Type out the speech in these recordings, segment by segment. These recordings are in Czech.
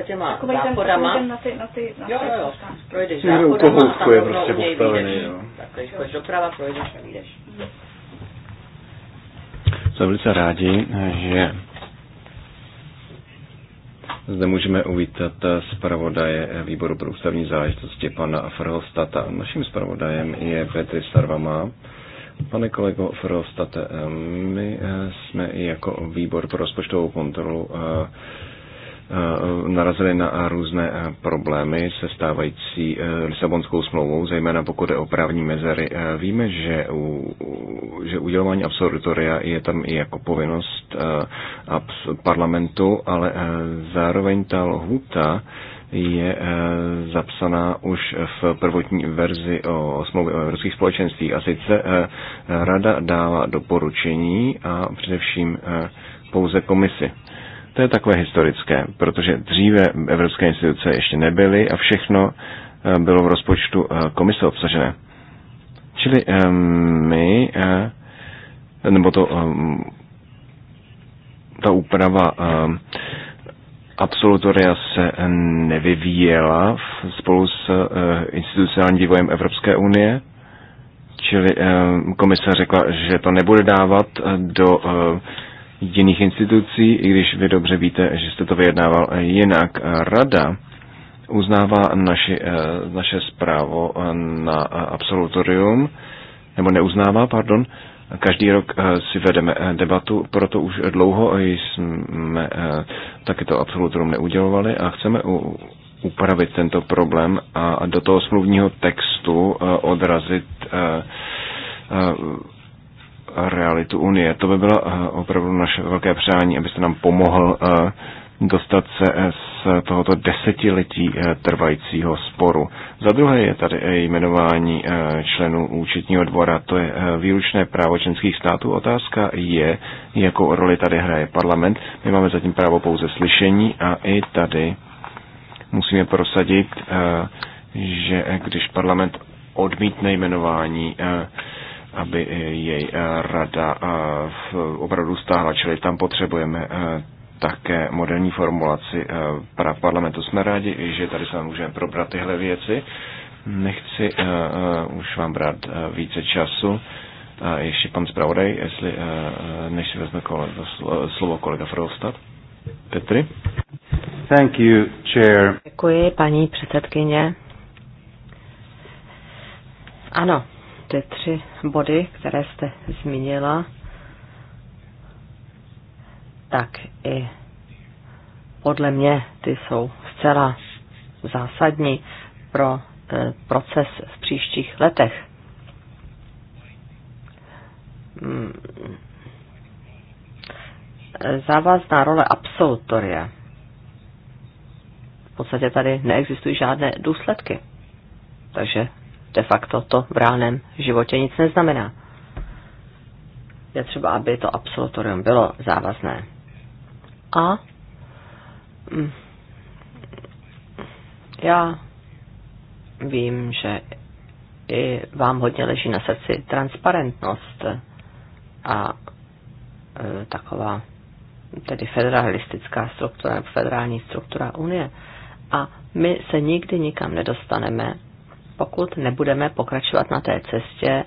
za těma Takový záchodama. Ten, na ty, na ty, na jo, jo, prostě jo. Projdeš záchodama a tam je prostě postavený, jo. Tak když jako doprava, projdeš a vyjdeš. Jsme velice rádi, že zde můžeme uvítat zpravodaje výboru pro ústavní záležitosti pana Frhostata. Naším zpravodajem je Petr Sarvama. Pane kolego Frhostate, my jsme i jako výbor pro rozpočtovou kontrolu eh, Eh, narazili na různé eh, problémy se stávající eh, Lisabonskou smlouvou, zejména pokud je o právní mezery. Víme, že, u, že udělování absolutoria je tam i jako povinnost parlamentu, ale zároveň ta lhuta je zapsaná už v prvotní verzi o smlouvě o evropských společenstvích. A sice rada dává doporučení a především pouze komisi. To je takové historické, protože dříve evropské instituce ještě nebyly a všechno eh, bylo v rozpočtu eh, komise obsažené. Čili eh, my, nebo to, ta úprava absolutoria se nevyvíjela spolu s institucionálním vývojem Evropské unie, čili komise řekla, že to nebude dávat do jiných institucí, i když vy dobře víte, že jste to vyjednával jinak. Rada uznává naši, eh, naše zprávo eh, na eh, absolutorium, nebo neuznává, pardon, Každý rok si vedeme debatu, proto už dlouho jsme taky to absolutorum neudělovali a chceme upravit tento problém a do toho smluvního textu odrazit realitu Unie. To by bylo eh, opravdu naše velké přání, abyste nám pomohl eh, dostat se eh, z tohoto desetiletí trvajícího sporu. Za druhé je tady jmenování členů účetního dvora. To je výlučné právo členských států. Otázka je, jakou roli tady hraje parlament. My máme zatím právo pouze slyšení a i tady musíme prosadit, že když parlament odmítne jmenování aby jej eh, rada eh, opravdu stáhla, čili tam potřebujeme eh, také moderní formulaci práv parlamentu. Jsme rádi, že tady se můžeme probrat tyhle věci. Nechci už vám brát více času. A ještě pan zpravodaj, jestli, než si vezme kolega, slovo kolega Frostad. Petri. Thank you, chair. Děkuji, paní předsedkyně. Ano, ty tři body, které jste zmínila, tak i podle mě ty jsou zcela zásadní pro eh, proces v příštích letech. Mm. Závazná role absolutoria. V podstatě tady neexistují žádné důsledky. Takže de facto to v reálném životě nic neznamená. Je třeba, aby to absolutorium bylo závazné. A mm, já vím, že i vám hodně leží na srdci transparentnost a e, taková tedy federalistická struktura nebo federální struktura Unie. A my se nikdy nikam nedostaneme, pokud nebudeme pokračovat na té cestě,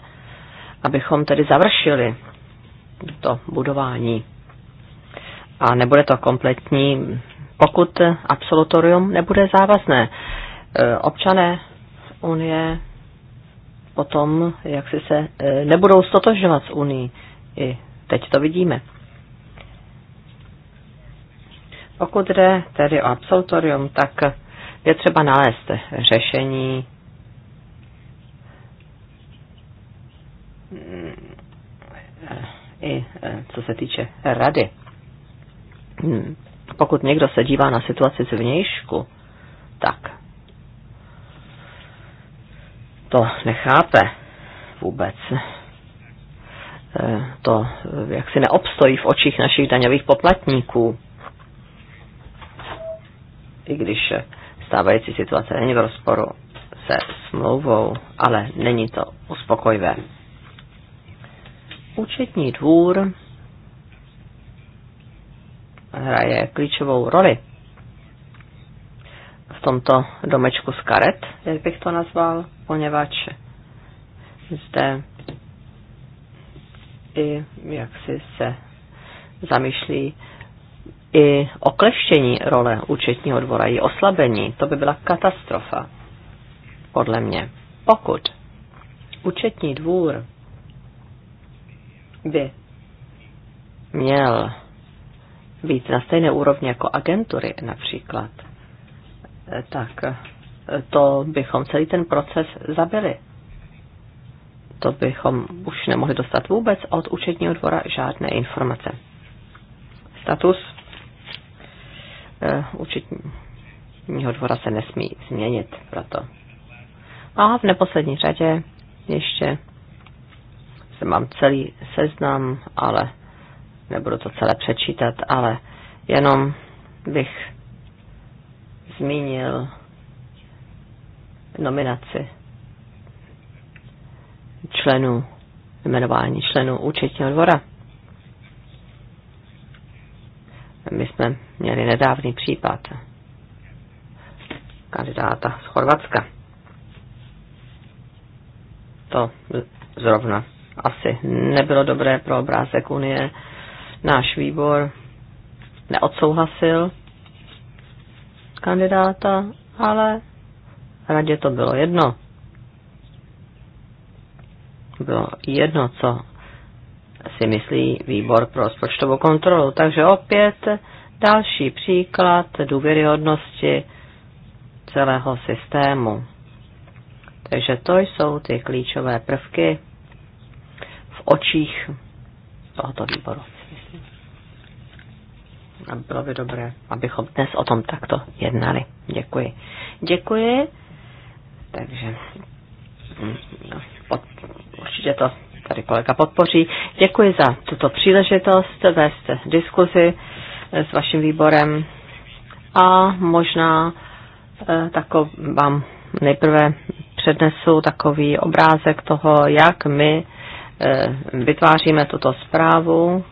abychom tedy završili to budování. A nebude to kompletní, pokud absolutorium nebude závazné. E, občané Unie potom, jak si se e, nebudou stotožňovat s Unii. I teď to vidíme. Pokud jde tedy o absolutorium, tak je třeba nalézt řešení, i eh, co se týče rady. Hmm. Pokud někdo se dívá na situaci zvnějšku, tak to nechápe vůbec. Eh, to eh, jak si neobstojí v očích našich daňových poplatníků. I když stávající situace není v rozporu se smlouvou, ale není to uspokojivé. Účetní dvůr hraje klíčovou roli v tomto domečku z karet, jak bych to nazval, poněvadž zde i jak si se zamýšlí i okleštění role účetního dvora, i oslabení. To by byla katastrofa, podle mě. Pokud účetní dvůr by měl být na stejné úrovni jako agentury například, eh, tak eh, to bychom celý ten proces zabili. To bychom už nemohli dostat vůbec od účetního dvora žádné informace. Status eh, účetního dvora se nesmí změnit proto. A v neposlední řadě ještě mám celý seznam, ale nebudu to celé přečítat, ale jenom bych zmínil nominaci členů, jmenování členů účetního dvora. My jsme měli nedávný případ kandidáta z Chorvatska. To zrovna asi nebylo dobré pro obrázek Unie. Náš výbor neodsouhlasil kandidáta, ale radě to bylo jedno. Bylo jedno, co si myslí výbor pro rozpočtovou kontrolu. Takže opět další příklad důvěryhodnosti celého systému. Takže to jsou ty klíčové prvky, v očích tohoto výboru. A bylo by dobré, abychom dnes o tom takto jednali. Děkuji. Děkuji. Takže mm, no, pod, určitě to tady kolega podpoří. Děkuji za tuto příležitost vést diskuzi s vaším výborem a možná eh, tako vám nejprve přednesu takový obrázek toho, jak my Eh, vytváříme tuto zprávu,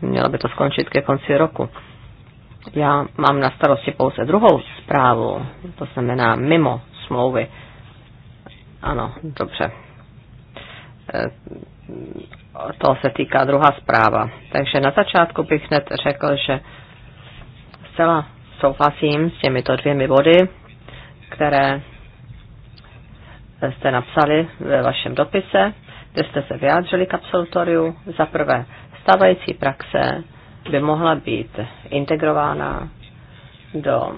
mělo by to skončit ke konci roku. Já mám na starosti pouze druhou zprávu, to znamená mimo smlouvy. Ano, dobře. Eh, to se týká druhá zpráva. Takže na začátku bych hned řekl, že zcela souhlasím s těmito dvěmi body, které jste napsali ve vašem dopise kde jste se vyjádřili k absolutoriu. Za prvé, stávající praxe by mohla být integrována do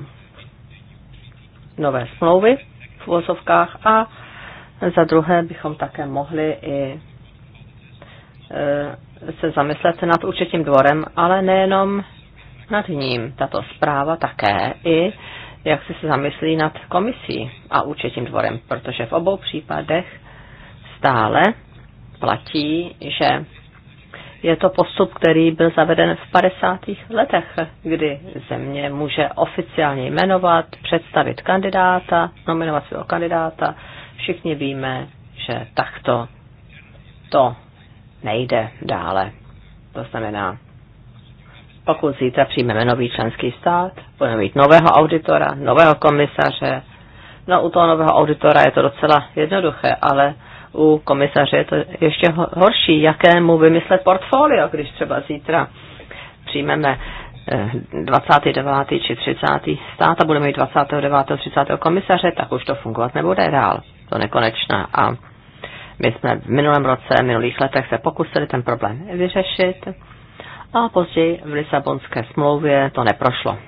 nové smlouvy v uvozovkách a za druhé bychom také mohli i e, se zamyslet nad určitým dvorem, ale nejenom nad ním. Tato zpráva také i jak si se zamyslí nad komisí a určitým dvorem, protože v obou případech stále platí, že je to postup, který byl zaveden v 50. letech, kdy země může oficiálně jmenovat, představit kandidáta, nominovat svého kandidáta. Všichni víme, že takto to nejde dále. To znamená, pokud zítra přijmeme nový členský stát, budeme mít nového auditora, nového komisaře. No u toho nového auditora je to docela jednoduché, ale u komisaře je to ještě horší, jakému vymyslet portfolio, když třeba zítra přijmeme 29. Eh, či 30. stát a budeme mít 29. 30. komisaře, tak už to fungovat nebude dál. To nekonečná. A my jsme v minulém roce, v minulých letech se pokusili ten problém vyřešit a později v Lisabonské smlouvě to neprošlo.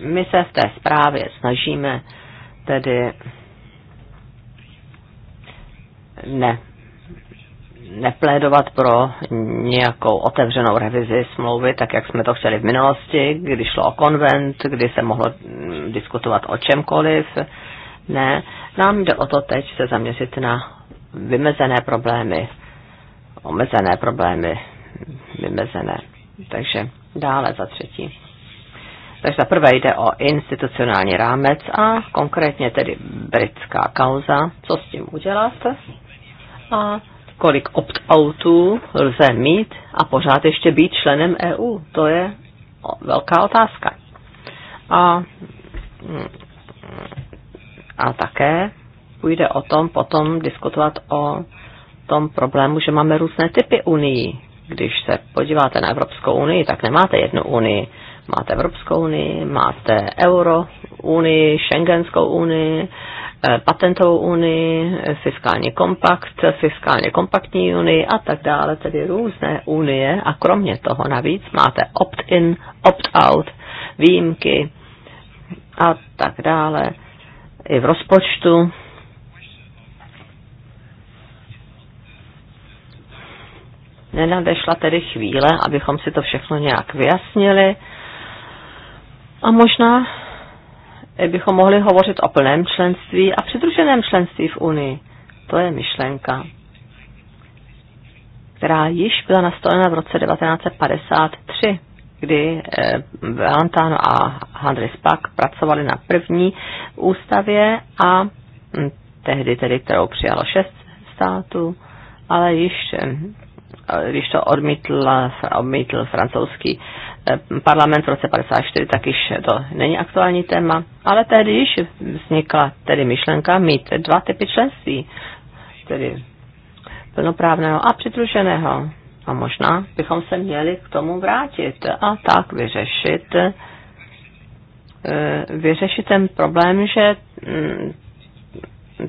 my se v té zprávě snažíme tedy ne, neplédovat pro nějakou otevřenou revizi smlouvy, tak jak jsme to chtěli v minulosti, kdy šlo o konvent, kdy se mohlo diskutovat o čemkoliv. Ne, nám jde o to teď se zaměřit na vymezené problémy, omezené problémy, vymezené. Takže dále za třetí. Takže za prvé jde o institucionální rámec a konkrétně tedy britská kauza, co s tím udělat a kolik opt-outů lze mít a pořád ještě být členem EU. To je velká otázka. A, a také půjde o tom potom diskutovat o tom problému, že máme různé typy unii. Když se podíváte na Evropskou unii, tak nemáte jednu unii Máte Evropskou unii, máte Euro unii, Schengenskou unii, eh, patentovou unii, fiskálně kompakt, fiskálně kompaktní unii a tak dále, tedy různé unie a kromě toho navíc máte opt-in, opt-out, výjimky a tak dále i v rozpočtu. Nenadešla tedy chvíle, abychom si to všechno nějak vyjasnili a možná eh, bychom mohli hovořit o plném členství a přidruženém členství v Unii. To je myšlenka, která již byla nastolena v roce 1953, kdy eh, Valentán a Andris Pak pracovali na první ústavě a hm, tehdy tedy, kterou přijalo šest států, ale již když eh, to odmítl, odmítl francouzský Eh, parlament v roce 54, tak již to není aktuální téma. Ale tehdy již vznikla tedy myšlenka mít dva typy členství, tedy plnoprávného a přidruženého. A možná bychom se měli k tomu vrátit a tak vyřešit, eh, vyřešit ten problém, že mm,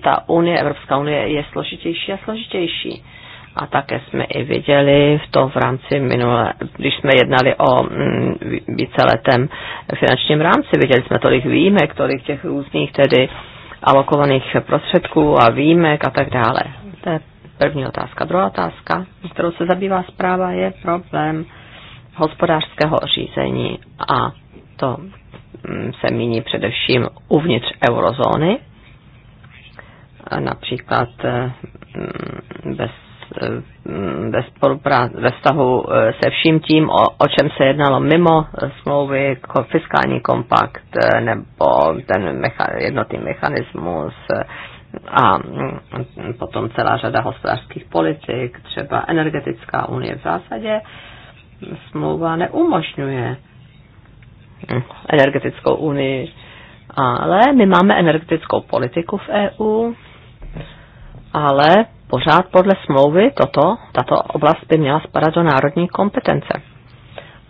ta unie, Evropská unie je složitější a složitější a také jsme i viděli v tom v rámci minulé, když jsme jednali o mm, víceletém finančním rámci, viděli jsme tolik výjimek, tolik těch různých tedy alokovaných prostředků a výjimek a tak dále. To je první otázka. Druhá otázka, kterou se zabývá zpráva, je problém hospodářského řízení a to mm, se míní především uvnitř eurozóny, například mm, bez ve, ve vztahu eh, se vším tím, o, o čem se jednalo mimo eh, smlouvy, jako fiskální kompakt eh, nebo ten mecha, jednotný mechanismus a mm, potom celá řada hospodářských politik, třeba energetická unie v zásadě smlouva neumožňuje hm, energetickou unii, ale my máme energetickou politiku v EU, ale pořád podle smlouvy toto, tato oblast by měla spadat do národní kompetence.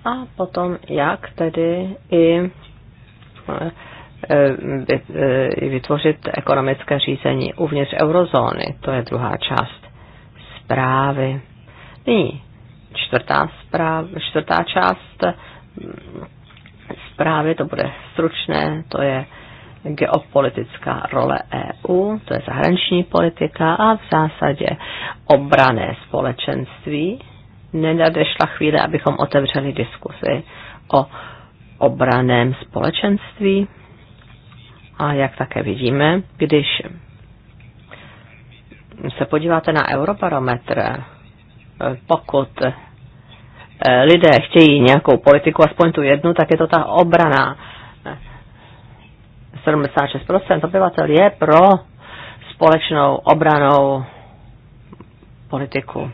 A potom jak tedy i eh, eh, eh, vytvořit ekonomické řízení uvnitř eurozóny. To je druhá část zprávy. Nyní čtvrtá, zpráv, čtvrtá část hm, zprávy, to bude stručné, to je geopolitická role EU, to je zahraniční politika a v zásadě obrané společenství. Nenadešla chvíle, abychom otevřeli diskuzi o obraném společenství. A jak také vidíme, když se podíváte na Eurobarometr, pokud eh, lidé chtějí nějakou politiku, aspoň tu jednu, tak je to ta obraná 76% obyvatel je pro společnou obranou politiku.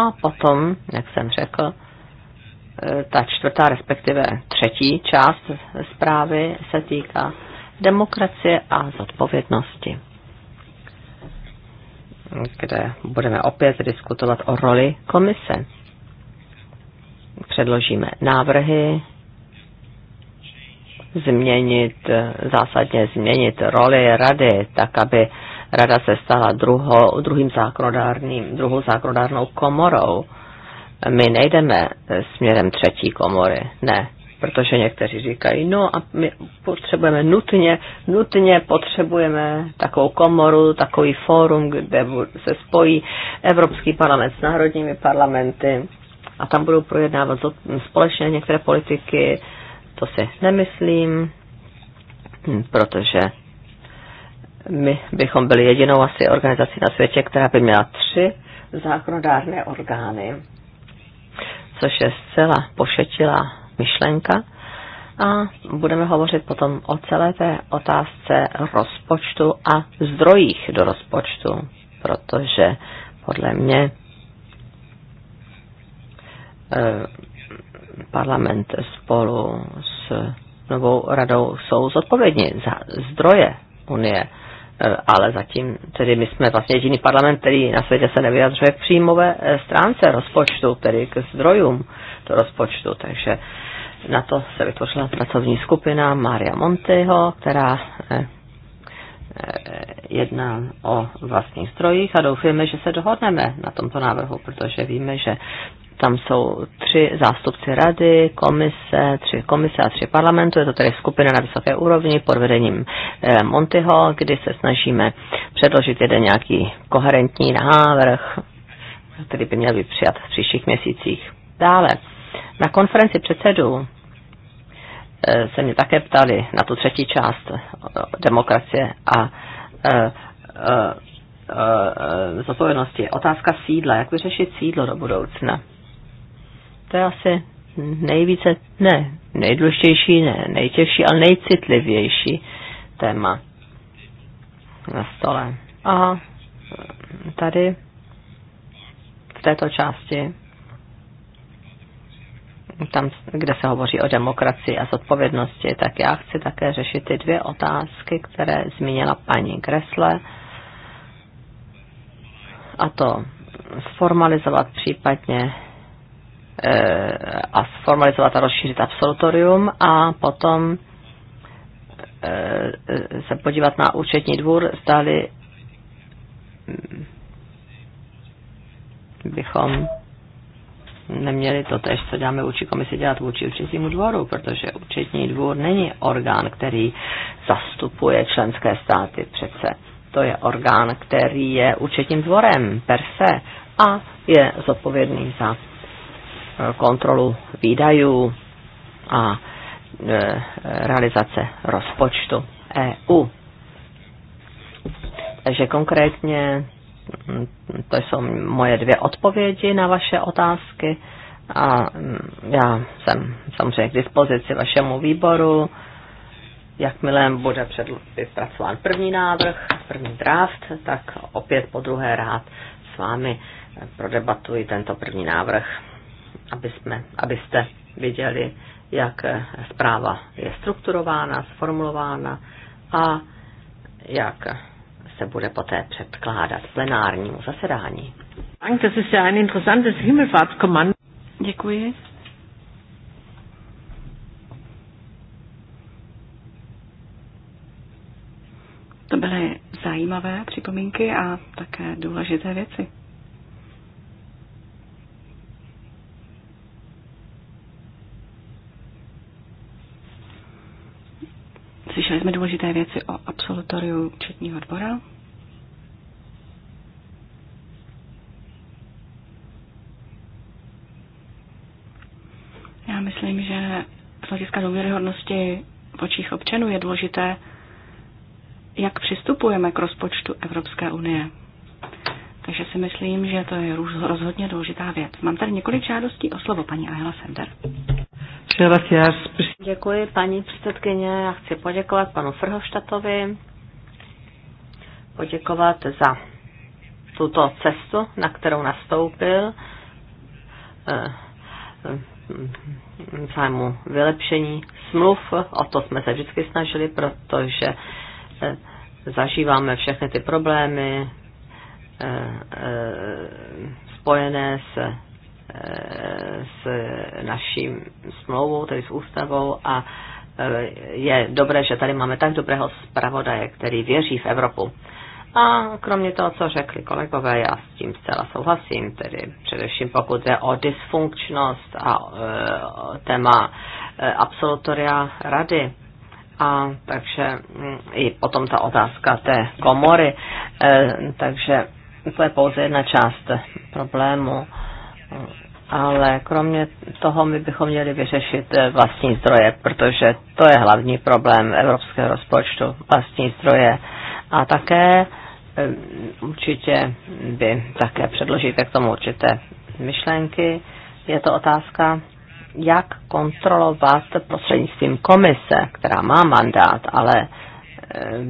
A potom, jak jsem řekl, eh, ta čtvrtá, respektive třetí část zprávy se týká demokracie a zodpovědnosti, kde budeme opět diskutovat o roli komise. Předložíme návrhy změnit, zásadně změnit roli rady, tak aby rada se stala druho, druhým zákonodárným, druhou zákonodárnou komorou. My nejdeme směrem třetí komory, ne, protože někteří říkají, no a my potřebujeme nutně, nutně potřebujeme takovou komoru, takový fórum, kde se spojí Evropský parlament s národními parlamenty a tam budou projednávat společně některé politiky, to si nemyslím, protože my bychom byli jedinou asi organizací na světě, která by měla tři zákonodárné orgány, což je zcela pošetilá myšlenka. A budeme hovořit potom o celé té otázce rozpočtu a zdrojích do rozpočtu, protože podle mě eh, parlament spolu s novou radou jsou zodpovědní za zdroje Unie, e, ale zatím, tedy my jsme vlastně jediný parlament, který na světě se nevyjadřuje k příjmové e, stránce rozpočtu, tedy k zdrojům do rozpočtu, takže na to se vytvořila pracovní skupina Maria Monteho, která e, jedná o vlastních strojích a doufujeme, že se dohodneme na tomto návrhu, protože víme, že tam jsou tři zástupci rady, komise, tři komise a tři parlamentu, je to tedy skupina na vysoké úrovni pod vedením eh, Montyho, kdy se snažíme předložit jeden nějaký koherentní návrh, který by měl být přijat v příštích měsících. Dále, na konferenci předsedů eh, se mě také ptali na tu třetí část eh, demokracie a zodpovědnosti. Otázka sídla, jak vyřešit sídlo do budoucna. To je asi nejvíce, ne, nejdůležitější, ne, nejtěžší, ale nejcitlivější téma na stole. A tady v této části, tam, kde se hovoří o demokracii a zodpovědnosti, tak já chci také řešit ty dvě otázky, které zmínila paní Kresle, a to formalizovat případně Eh, a formalizovat a rozšířit absolutorium a potom eh, se podívat na účetní dvůr, zdali bychom neměli to tež, co děláme vůči komisi, dělat vůči účetnímu dvoru, protože účetní dvůr není orgán, který zastupuje členské státy přece. To je orgán, který je účetním dvorem per se a je zodpovědný za kontrolu výdajů a e, realizace rozpočtu EU. Takže konkrétně to jsou moje dvě odpovědi na vaše otázky a já jsem samozřejmě k dispozici vašemu výboru, jakmile bude vypracován první návrh, první draft, tak opět po druhé rád s vámi prodebatuji tento první návrh aby jsme, abyste viděli, jak zpráva je strukturována, sformulována a jak se bude poté předkládat plenárnímu zasedání. Děkuji. To byly zajímavé připomínky a také důležité věci. jsme důležité věci o absolutoriu četního dvora. Já myslím, že z hlediska důvěryhodnosti v očích občanů je důležité, jak přistupujeme k rozpočtu Evropské unie. Takže si myslím, že to je rozhodně důležitá věc. Mám tady několik žádostí o slovo, paní Ayala Sender. Děkuji, paní předsedkyně. Já chci poděkovat panu Frhoštatovi, poděkovat za tuto cestu, na kterou nastoupil, eh, eh, zájmu vylepšení smluv. O to jsme se vždycky snažili, protože eh, zažíváme všechny ty problémy spojené s s naším smlouvou, tedy s ústavou a e, je dobré, že tady máme tak dobrého zpravodaje, který věří v Evropu. A kromě toho, co řekli kolegové, já s tím zcela souhlasím, tedy především pokud jde o dysfunkčnost a e, téma e, absolutoria rady. A takže mm, i potom ta otázka té komory, e, takže to je pouze jedna část problému. E, ale kromě toho my bychom měli vyřešit eh, vlastní zdroje, protože to je hlavní problém evropského rozpočtu, vlastní zdroje. A také eh, určitě by také předložíte k tomu určité myšlenky. Je to otázka, jak kontrolovat prostřednictvím komise, která má mandát, ale Eh,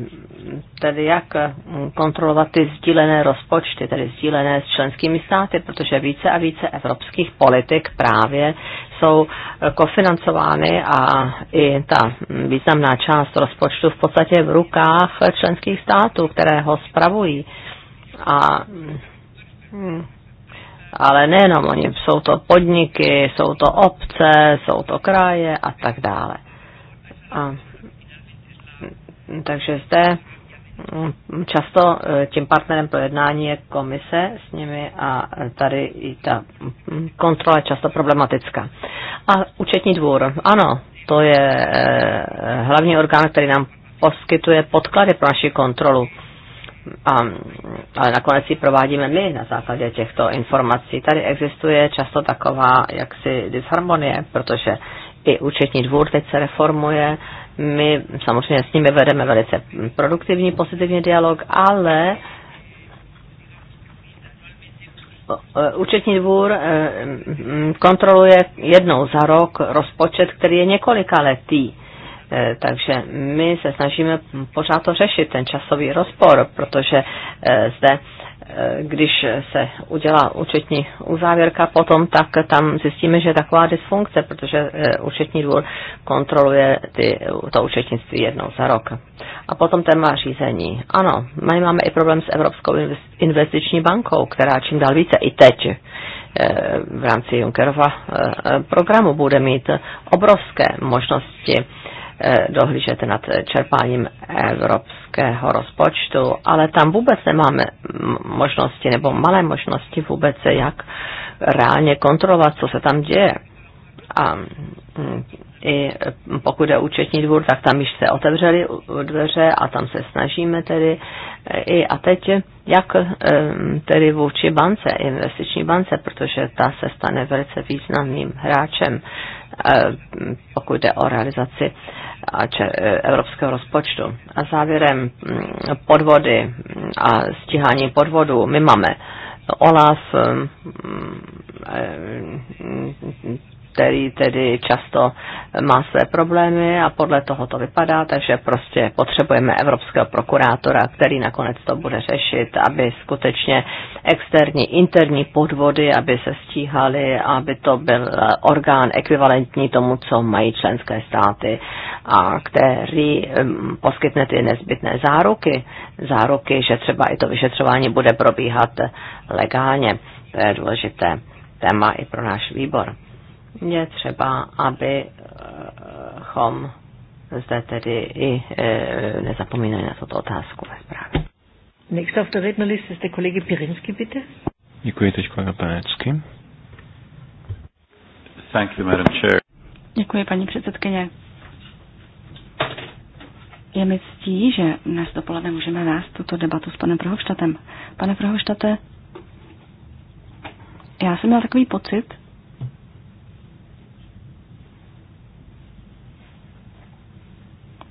tedy jak mm, kontrolovat ty sdílené rozpočty, tedy sdílené s členskými státy, protože více a více evropských politik právě jsou eh, kofinancovány a i ta významná část rozpočtu v podstatě je v rukách členských států, které ho spravují. A mm, ale nejenom oni, jsou to podniky, jsou to obce, jsou to kraje a tak dále. A takže zde mm, často eh, tím partnerem pro jednání je komise s nimi a tady i ta mm, kontrola je často problematická. A účetní dvůr, ano, to je eh, hlavní orgán, který nám poskytuje podklady pro naši kontrolu. A, mm, ale nakonec ji provádíme my na základě těchto informací. Tady existuje často taková jaksi disharmonie, protože i účetní dvůr teď se reformuje, my samozřejmě s nimi vedeme velice produktivní, pozitivní dialog, ale e, Účetní dvůr e, kontroluje jednou za rok rozpočet, který je několika letý. E, takže my se snažíme pořád to řešit, ten časový rozpor, protože zde Eh, když se udělá účetní uzávěrka potom, tak tam zjistíme, že je taková dysfunkce, protože eh, účetní dvůr kontroluje ty, to účetnictví jednou za rok. A potom téma řízení. Ano, my máme i problém s Evropskou investiční bankou, která čím dál více i teď eh, v rámci Junckerova programu bude mít obrovské možnosti Eh, dohlížet nad čerpáním evropského rozpočtu, ale tam vůbec nemáme možnosti nebo malé možnosti vůbec, jak reálně kontrolovat, co se tam děje. A mm, i pokud je účetní dvůr, tak tam již se otevřely dveře a tam se snažíme tedy eh, i a teď jak eh, tedy vůči bance, investiční bance, protože ta se stane velice významným hráčem Eh, pokud jde o realizaci eh, evropského rozpočtu. A závěrem mm, podvody mm, a stíhání podvodů. My máme OLAF, eh, mm, který tedy často eh, má své problémy a podle toho to vypadá, takže prostě potřebujeme evropského prokurátora, který nakonec to bude řešit, aby skutečně externí, interní podvody, aby se stíhaly, aby to byl eh, orgán ekvivalentní tomu, co mají členské státy a který eh, poskytne ty nezbytné záruky, záruky, že třeba i to vyšetřování bude probíhat legálně. To je důležité téma i pro náš výbor je třeba, abychom zde tedy i e, nezapomínali na tuto otázku ve zprávě. Nächster auf der Rednerliste ist der Kollege Pirinski, bitte. Děkuji, teď kolega Pirinski. Thank you, Madam Chair. Děkuji, paní předsedkyně. Je mi ctí, že dnes dopoledne můžeme vést tuto debatu s panem Prohoštatem. Pane Prohoštate, já jsem měl takový pocit,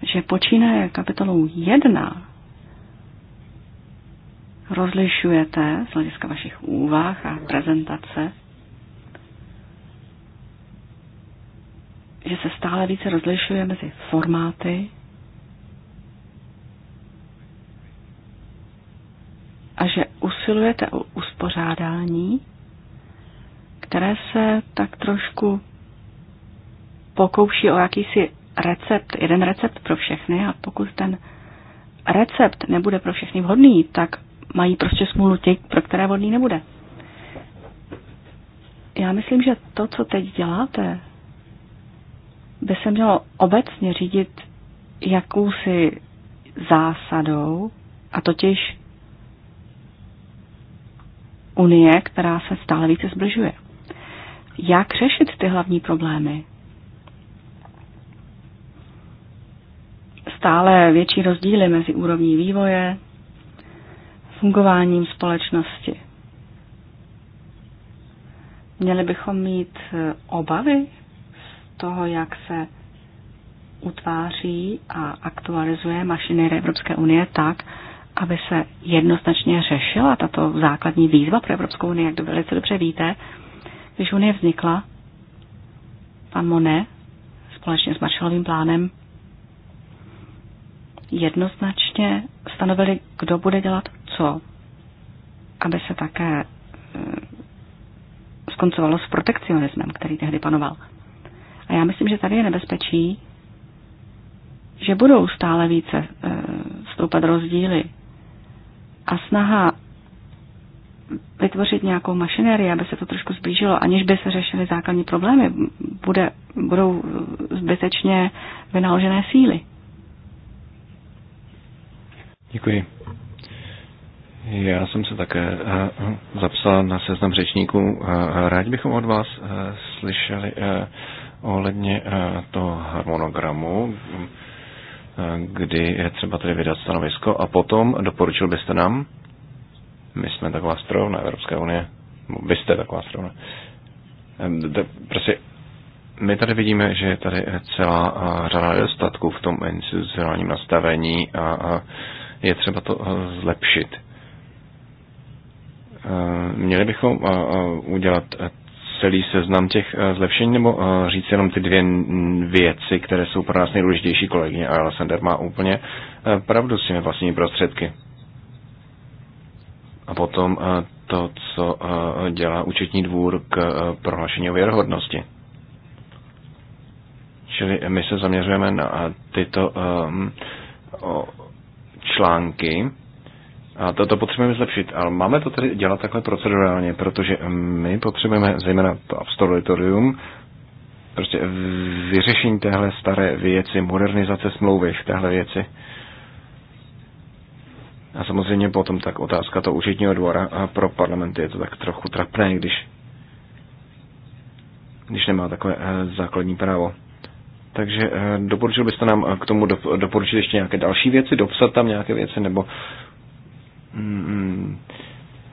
že počínaje kapitolou 1 rozlišujete z hlediska vašich úvah a prezentace, že se stále více rozlišuje mezi formáty a že usilujete o uspořádání, které se tak trošku pokouší o jakýsi recept, jeden recept pro všechny a pokud ten recept nebude pro všechny vhodný, tak mají prostě smůlu ti, pro které vhodný nebude. Já myslím, že to, co teď děláte, by se mělo obecně řídit jakousi zásadou, a totiž Unie, která se stále více zbližuje. Jak řešit ty hlavní problémy? stále větší rozdíly mezi úrovní vývoje, fungováním společnosti. Měli bychom mít e, obavy z toho, jak se utváří a aktualizuje mašinerie Evropské unie tak, aby se jednoznačně řešila tato základní výzva pro Evropskou unii, jak to velice dobře víte. Když unie vznikla, pan Monet společně s Marshallovým plánem jednoznačně stanovili, kdo bude dělat co, aby se také eh, skoncovalo s protekcionismem, který tehdy panoval. A já myslím, že tady je nebezpečí, že budou stále více e, stoupat rozdíly a snaha vytvořit nějakou mašinérii, aby se to trošku zblížilo, aniž by se řešily základní problémy, bude, budou zbytečně vynaložené síly. Děkuji. Já jsem se také eh, zapsal na seznam řečníků. Eh, rádi bychom od vás eh, slyšeli ohledně toho harmonogramu, mm, kdy je třeba tedy vydat stanovisko a potom doporučil byste nám, my jsme taková strovna Evropské unie, no, vy jste taková strana, prostě my tady vidíme, že je tady celá řada nedostatků v tom institucionálním nastavení a, a je třeba to eh, zlepšit. Eh, měli bychom eh, udělat celý seznam těch zlepšení, nebo říct jenom ty dvě věci, které jsou pro nás nejdůležitější kolegyně. A Alessander má úplně pravdu s těmi vlastními prostředky. A potom to, co dělá účetní dvůr k prohlášení o věrohodnosti. Čili my se zaměřujeme na tyto články. A to, to potřebujeme zlepšit, ale máme to tedy dělat takhle procedurálně, protože my potřebujeme zejména to absolutorium, prostě vyřešení téhle staré věci, modernizace smlouvy v téhle věci. A samozřejmě potom tak otázka to účetního dvora a pro parlamenty je to tak trochu trapné, když, když nemá takové eh, základní právo. Takže eh, doporučil byste nám eh, k tomu doporučit ještě nějaké další věci, dopsat tam nějaké věci, nebo mm, mm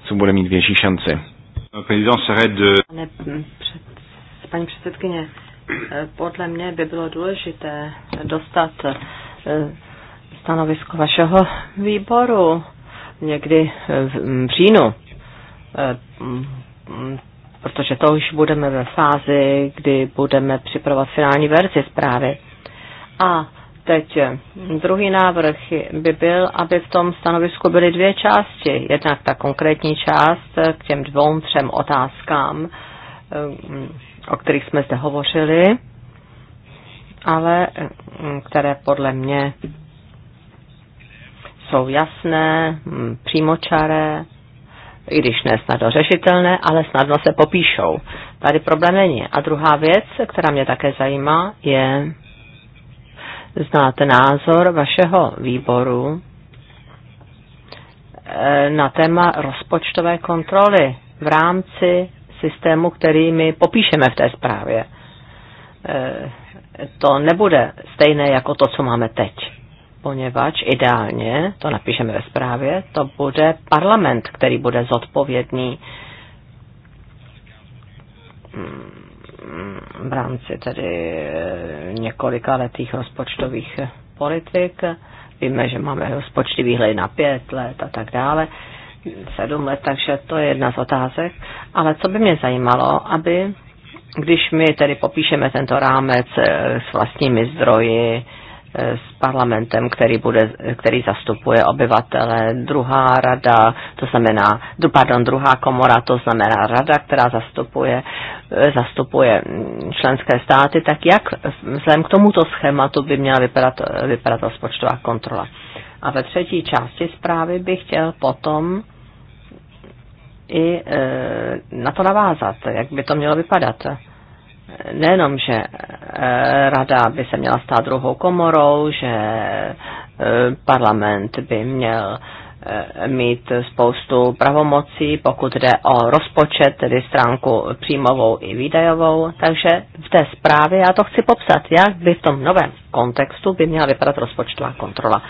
co bude mít větší šanci? Pane, před, paní předsedkyně, eh, podle mě by bylo důležité dostat stanovisko vašeho výboru někdy v říjnu protože to už budeme ve fázi, kdy budeme připravovat finální verzi zprávy. A teď druhý návrh by byl, aby v tom stanovisku byly dvě části. Jednak ta konkrétní část k těm dvou, třem otázkám, eh, o kterých jsme zde hovořili, ale eh, které podle mě jsou jasné, hm, přímočaré i když ne snadno řešitelné, ale snadno se popíšou. Tady problém není. A druhá věc, která mě také zajímá, je znáte názor vašeho výboru eh, na téma rozpočtové kontroly v rámci systému, který my popíšeme v té zprávě. Eh, to nebude stejné jako to, co máme teď poněvadž ideálně, to napíšeme ve zprávě, to bude parlament, který bude zodpovědný mm, v rámci tedy eh, několika letých rozpočtových politik. Víme, že máme rozpočty výhledy na pět let a tak dále, sedm let, takže to je jedna z otázek. Ale co by mě zajímalo, aby když my tedy popíšeme tento rámec eh, s vlastními zdroji, s parlamentem, který, bude, který zastupuje obyvatele. Druhá rada, to znamená, pardon, druhá komora, to znamená rada, která zastupuje, zastupuje členské státy, tak jak vzhledem k tomuto schématu by měla vypadat, vypadat rozpočtová kontrola. A ve třetí části zprávy bych chtěl potom i e, na to navázat, jak by to mělo vypadat nejenom, že eh, rada by se měla stát druhou komorou, že eh, parlament by měl eh, mít spoustu pravomocí, pokud jde o rozpočet, tedy stránku příjmovou i výdajovou. Takže v té zprávě já to chci popsat, jak by v tom novém kontextu by měla vypadat rozpočtová kontrola.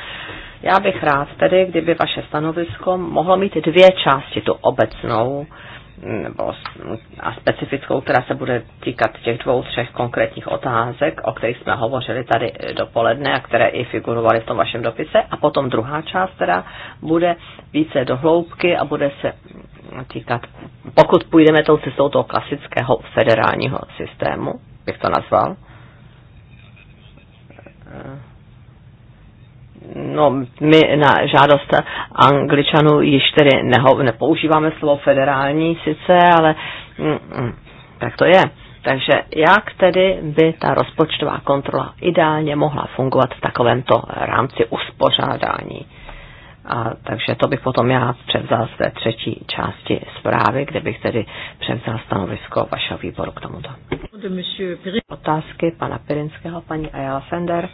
Já bych rád tedy, kdyby vaše stanovisko mohlo mít dvě části, tu obecnou, nebo a specifickou, která se bude týkat těch dvou, třech konkrétních otázek, o kterých jsme hovořili tady dopoledne a které i figurovaly v tom vašem dopise. A potom druhá část, která bude více dohloubky a bude se týkat, pokud půjdeme tou cestou toho klasického federálního systému, bych to nazval, no, my na žádost angličanů již tedy neho, nepoužíváme slovo federální sice, ale mm, mm, tak to je. Takže jak tedy by ta rozpočtová kontrola ideálně mohla fungovat v takovémto rámci uspořádání? A, takže to bych potom já převzal z té třetí části zprávy, kde bych tedy převzal stanovisko vašeho výboru k tomuto. Otázky pana Pirinského, paní Ayala Fender.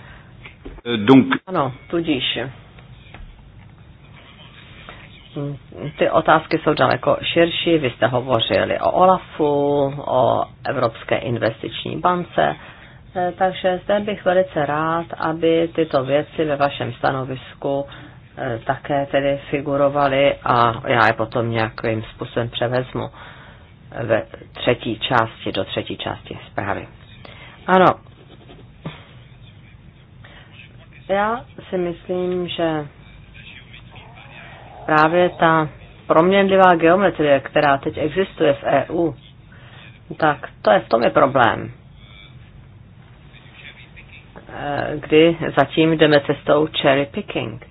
Eh, Dunk. Ano, tudíž ty otázky jsou daleko širší. Vy jste hovořili o OLAFu, o Evropské investiční bance, eh, takže zde bych velice rád, aby tyto věci ve vašem stanovisku eh, také tedy figurovaly a já je potom nějakým způsobem převezmu ve třetí části, do třetí části zprávy. Ano, já si myslím, že právě ta proměnlivá geometrie, která teď existuje v EU, tak to je, v tom je problém. Eh, kdy zatím jdeme cestou cherry picking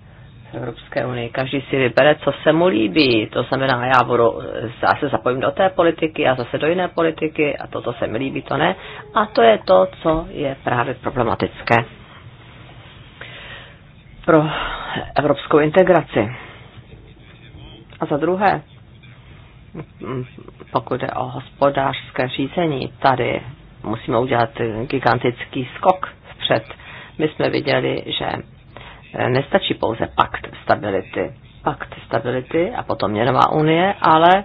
v Evropské unii. Každý si vybere, co se mu líbí. To znamená, já, budu, eh, já se zapojím do té politiky, já zase do jiné politiky a toto se mi líbí, to ne. A to je to, co je právě problematické pro evropskou integraci. A za druhé, pokud jde o hospodářské řízení, tady musíme udělat gigantický skok vpřed. My jsme viděli, že nestačí pouze pakt stability. Pakt stability a potom měnová unie, ale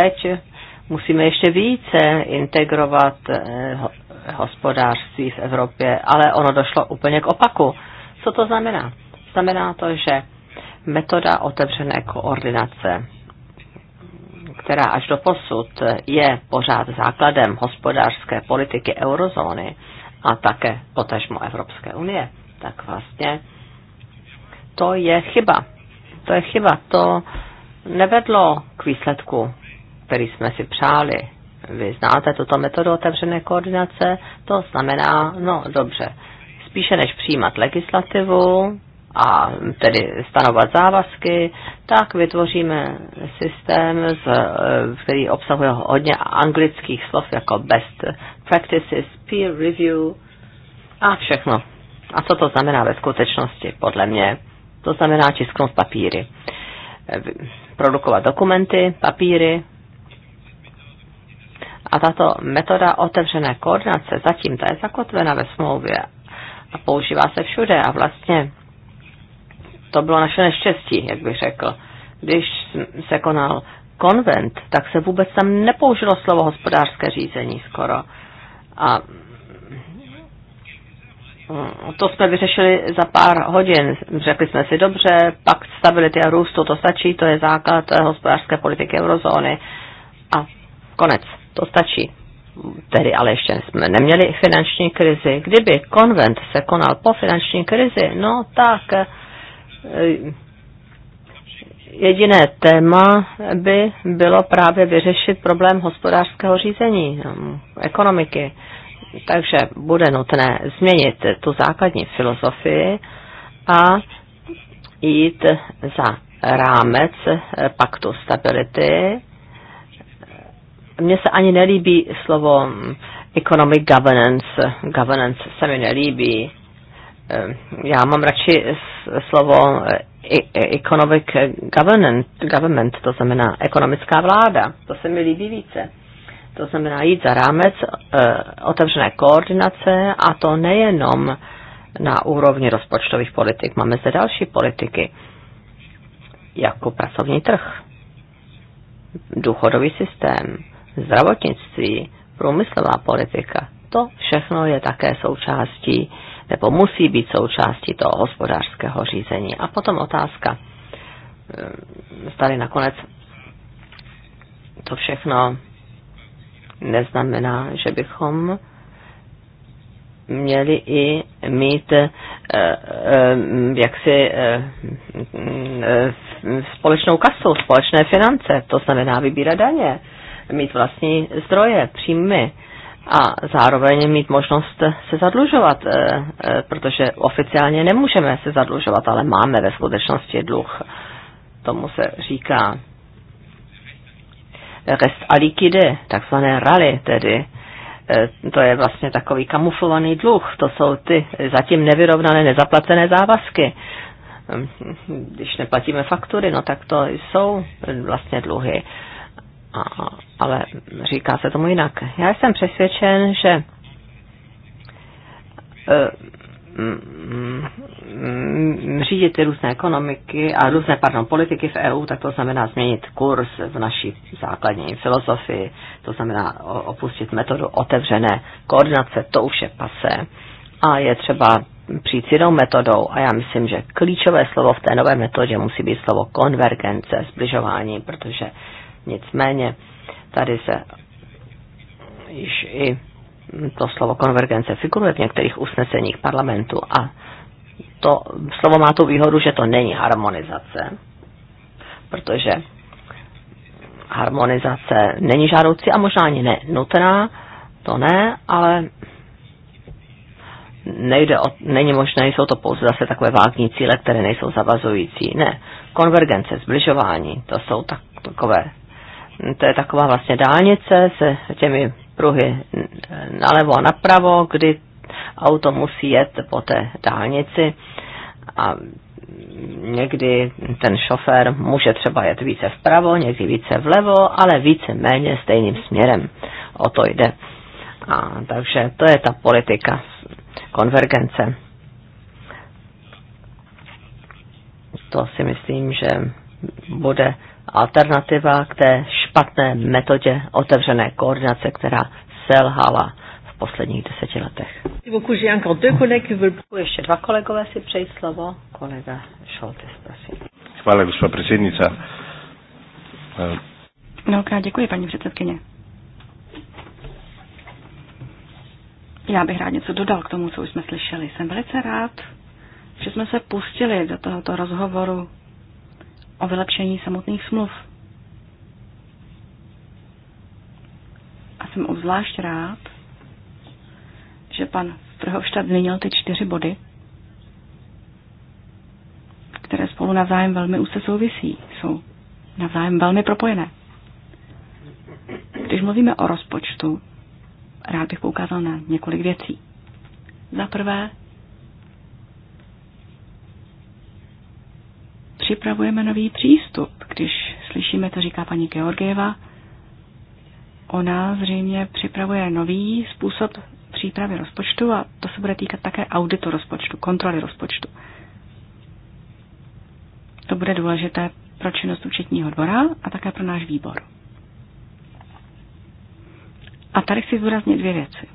teď musíme ještě více integrovat eh, hospodářství v Evropě, ale ono došlo úplně k opaku. Co to znamená? Znamená to, že metoda otevřené koordinace, která až do posud je pořád základem hospodářské politiky eurozóny a také potažmo Evropské unie, tak vlastně to je chyba. To je chyba. To nevedlo k výsledku, který jsme si přáli. Vy znáte tuto metodu otevřené koordinace, to znamená, no dobře, spíše než přijímat legislativu a tedy stanovat závazky, tak vytvoříme systém, z, e, který obsahuje hodně anglických slov jako best practices, peer review a všechno. A co to znamená ve skutečnosti, podle mě? To znamená tisknout papíry, e, produkovat dokumenty, papíry, a tato metoda otevřené koordinace, zatím ta je zakotvena ve smlouvě, a používá se všude a vlastně to bylo naše neštěstí, jak bych řekl. Když se konal konvent, tak se vůbec tam nepoužilo slovo hospodářské řízení skoro. A to jsme vyřešili za pár hodin. Řekli jsme si dobře, pak stability a růstu, to stačí, to je základ hospodářské politiky eurozóny. A konec, to stačí tedy ale ještě jsme neměli finanční krizi. Kdyby konvent se konal po finanční krizi, no tak eh, jediné téma by bylo právě vyřešit problém hospodářského řízení, mm, ekonomiky. Takže bude nutné změnit tu základní filozofii a jít za rámec eh, paktu stability mně se ani nelíbí slovo mm, economic governance, governance se mi nelíbí. Ehm, já mám radši slovo e, e, economic government, government, to znamená ekonomická vláda. To se mi líbí více. To znamená jít za rámec e, otevřené koordinace a to nejenom na úrovni rozpočtových politik. Máme zde další politiky, jako pracovní trh, důchodový systém, zdravotnictví, průmyslová politika, to všechno je také součástí, nebo musí být součástí toho hospodářského řízení. A potom otázka, ehm, tady nakonec to všechno neznamená, že bychom měli i mít e, e, jaksi e, společnou kasu, společné finance, to znamená vybírat daně mít vlastní zdroje, příjmy a zároveň mít možnost se zadlužovat, eh, eh, protože oficiálně nemůžeme se zadlužovat, ale máme ve skutečnosti dluh. Tomu se říká rest alikide, takzvané rally tedy. Eh, to je vlastně takový kamuflovaný dluh, to jsou ty zatím nevyrovnané nezaplacené závazky. Hm, hm, když neplatíme faktury, no tak to jsou vlastně dluhy a, ale říká se tomu jinak. Já jsem přesvědčen, že e, mm, mm, řídit ty různé ekonomiky a různé, pardon, politiky v EU, tak to znamená změnit kurz v naší základní filozofii, to znamená opustit metodu otevřené koordinace, to už je pase. A je třeba přijít s jinou metodou a já myslím, že klíčové slovo v té nové metodě musí být slovo konvergence, zbližování, protože Nicméně tady se již i to slovo konvergence figuruje v některých usneseních parlamentu a to slovo má tu výhodu, že to není harmonizace, protože harmonizace není žádoucí a možná ani ne nutná, to ne, ale nejde o, není možné, jsou to pouze zase takové vágní cíle, které nejsou zavazující. Ne, konvergence, zbližování, to jsou takové to je taková vlastně dálnice se těmi pruhy nalevo a napravo, kdy auto musí jet po té dálnici a někdy ten šofér může třeba jet více vpravo, někdy více vlevo, ale více méně stejným směrem. O to jde. A, takže to je ta politika konvergence. To si myslím, že bude alternativa k té špatné metodě otevřené koordinace, která selhala v posledních deseti letech. ještě dva kolegové si přejí slovo. Kolega Šoltes, prosím. Chvále, gospod předsednice. Mnohokrát děkuji, paní předsedkyně. Já bych rád něco dodal k tomu, co už jsme slyšeli. Jsem velice rád, že jsme se pustili do tohoto rozhovoru o vylepšení samotných smluv. A jsem obzvlášť rád, že pan Frhovštad zmínil ty čtyři body, které spolu navzájem velmi úzce souvisí, jsou navzájem velmi propojené. Když mluvíme o rozpočtu, rád bych poukázal na několik věcí. Za prvé, připravujeme nový přístup. Když slyšíme, co říká paní Georgieva, Ona zřejmě připravuje nový způsob přípravy rozpočtu a to se bude týkat také auditu rozpočtu, kontroly rozpočtu. To bude důležité pro činnost účetního dvora a také pro náš výbor. A tady chci zúraznit dvě věci.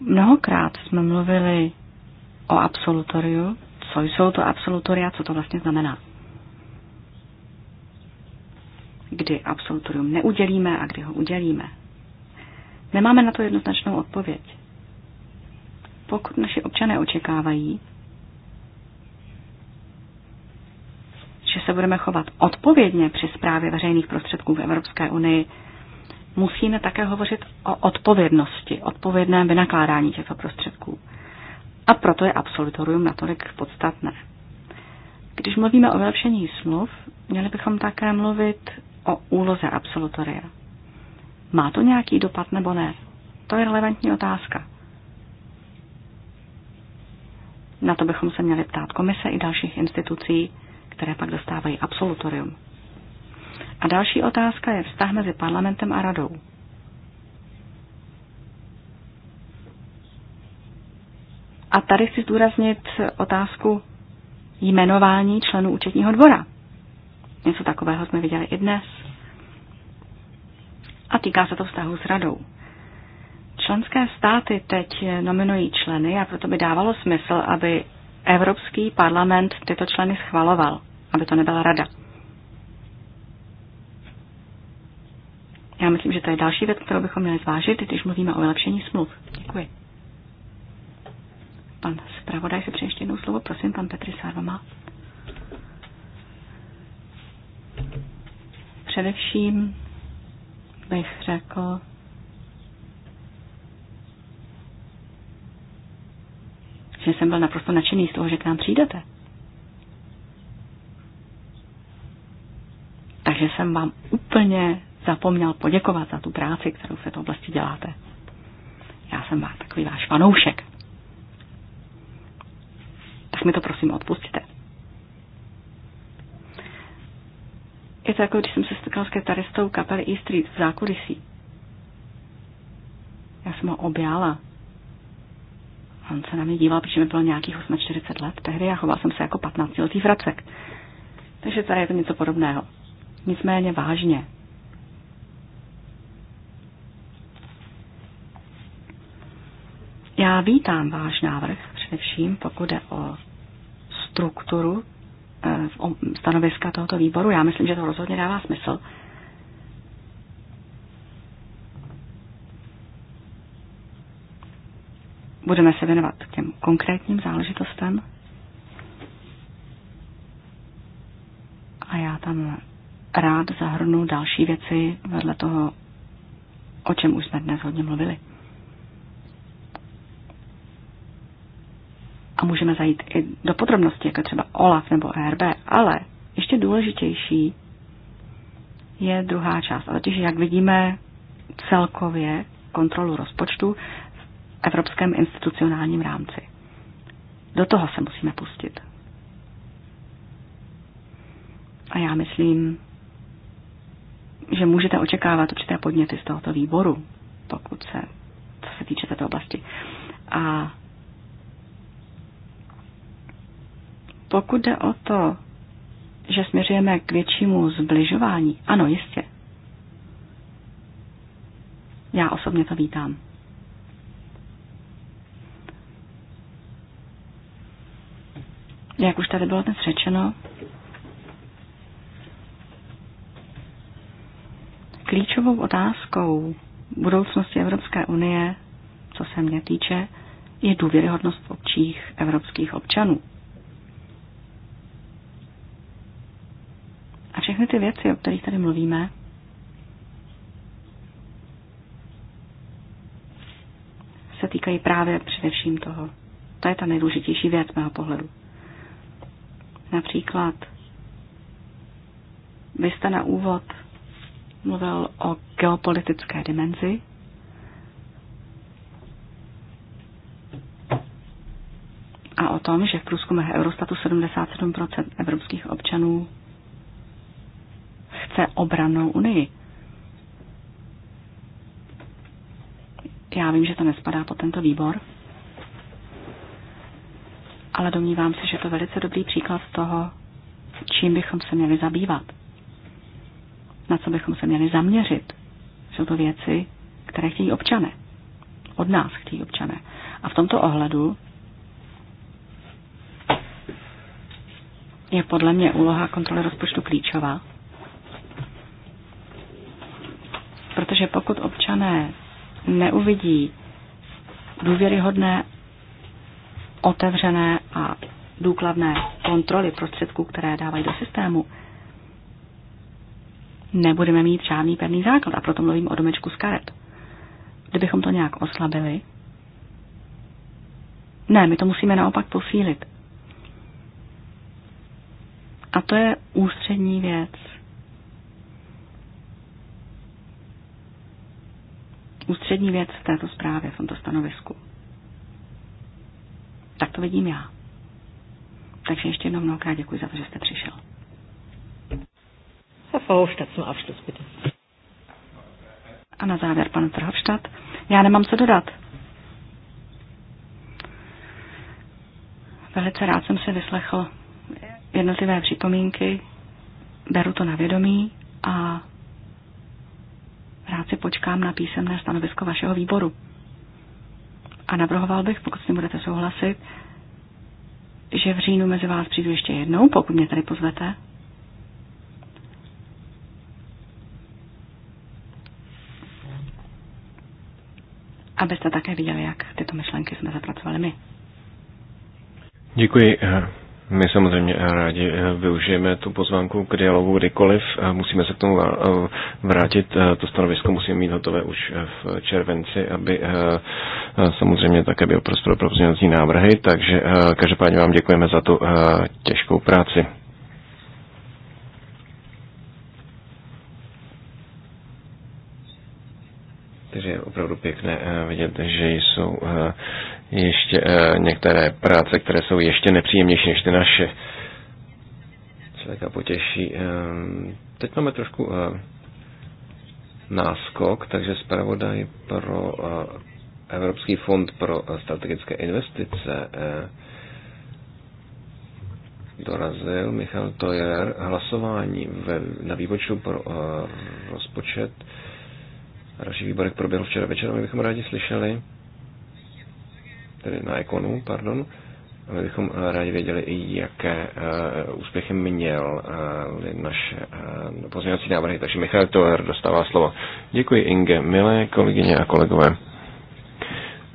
Mnohokrát jsme mluvili o absolutoriu, co jsou to absolutoria, co to vlastně znamená kdy absolutorium neudělíme a kdy ho udělíme. Nemáme na to jednoznačnou odpověď. Pokud naši občané očekávají, že se budeme chovat odpovědně při zprávě veřejných prostředků v Evropské unii, musíme také hovořit o odpovědnosti, odpovědném vynakládání těchto prostředků. A proto je absolutorium natolik podstatné. Když mluvíme o vylepšení smluv, měli bychom také mluvit o úloze absolutoria. Má to nějaký dopad nebo ne? To je relevantní otázka. Na to bychom se měli ptát komise i dalších institucí, které pak dostávají absolutorium. A další otázka je vztah mezi parlamentem a radou. A tady chci zdůraznit otázku jmenování členů účetního dvora. Něco takového jsme viděli i dnes. A týká se to vztahu s radou. Členské státy teď nominují členy a proto by dávalo smysl, aby Evropský parlament tyto členy schvaloval, aby to nebyla rada. Já myslím, že to je další věc, kterou bychom měli zvážit, když mluvíme o vylepšení smluv. Děkuji. Pan zpravodaj se přeje ještě jednou slovo. Prosím, pan Petr Sárva má Především bych řekl, že jsem byl naprosto nadšený z toho, že k nám přijdete. Takže jsem vám úplně zapomněl poděkovat za tu práci, kterou v této oblasti děláte. Já jsem vám takový váš fanoušek. Tak mi to prosím odpustíte. to jako když jsem se setkal s kytaristou kapely E Street v zákulisí. Já jsem ho objala. On se na mě díval, protože mi bylo nějakých 48 let tehdy a choval jsem se jako 15-letý vracek. Takže tady je to něco podobného. Nicméně vážně. Já vítám váš návrh, především pokud jde o strukturu Eh, stanoviska tohoto výboru. Já myslím, že to rozhodně dává smysl. Budeme se věnovat k těm konkrétním záležitostem. A já tam rád zahrnu další věci vedle toho, o čem už jsme dnes hodně mluvili. můžeme zajít i do podrobností, jako třeba OLAF nebo ERB, ale ještě důležitější je druhá část. A totiž, jak vidíme celkově kontrolu rozpočtu v evropském institucionálním rámci. Do toho se musíme pustit. A já myslím, že můžete očekávat určité podněty z tohoto výboru, pokud se, co se týče této oblasti. A Pokud jde o to, že směřujeme k většímu zbližování, ano, jistě. Já osobně to vítám. Jak už tady bylo dnes řečeno, klíčovou otázkou budoucnosti Evropské unie, co se mě týče, je důvěryhodnost občích evropských občanů. Všechny ty věci, o kterých tady mluvíme, se týkají právě především toho. To je ta nejdůležitější věc mého pohledu. Například, vy jste na úvod mluvil o geopolitické dimenzi. A o tom, že v průzkumech Eurostatu 77% evropských občanů chce obranou unii. Já vím, že to nespadá pod tento výbor, ale domnívám se, že to je velice dobrý příklad z toho, čím bychom se měli zabývat, na co bychom se měli zaměřit. Jsou to věci, které chtějí občané. Od nás chtějí občané. A v tomto ohledu je podle mě úloha kontroly rozpočtu klíčová. Protože pokud občané neuvidí důvěryhodné, otevřené a důkladné kontroly prostředků, které dávají do systému, nebudeme mít žádný pevný základ a proto mluvím o domečku z karet. Kdybychom to nějak oslabili, ne, my to musíme naopak posílit. A to je ústřední věc poslední věc v této zprávě, v tomto stanovisku. Tak to vidím já. Takže ještě jednou mnohokrát děkuji za to, že jste přišel. A na závěr, pan Verhofstadt. Já nemám co dodat. Velice rád jsem si vyslechl jednotlivé připomínky, beru to na vědomí a si počkám na písemné stanovisko vašeho výboru. A navrhoval bych, pokud s tím budete souhlasit, že v říjnu mezi vás přijdu ještě jednou, pokud mě tady pozvete. Abyste také viděli, jak tyto myšlenky jsme zapracovali my. Děkuji. My samozřejmě eh, rádi eh, využijeme tu pozvánku k dialogu kdykoliv. Musíme se k tomu eh, vrátit. To stanovisko musíme mít hotové už v červenci, aby samozřejmě také byl prostor pro pozměňovací návrhy. Takže každopádně vám děkujeme za tu těžkou práci. Takže je opravdu pěkné vidět, že jsou ještě eh, některé práce, které jsou ještě nepříjemnější než ty naše. Člověka potěší. Eh, teď máme trošku eh, náskok, takže zpravodaj pro Evropský fond pro strategické investice dorazil Michal Tojer hlasování ve, na výpočtu pro rozpočet. Další výborek proběhl včera večer, my bychom rádi slyšeli tedy na ikonu, pardon, my bychom eh, rádi věděli, jaké uh, úspěchy měl uh, eh, naše uh, pozměňovací návrhy. Takže Michal Toher dostává slovo. Děkuji Inge, milé kolegyně a kolegové.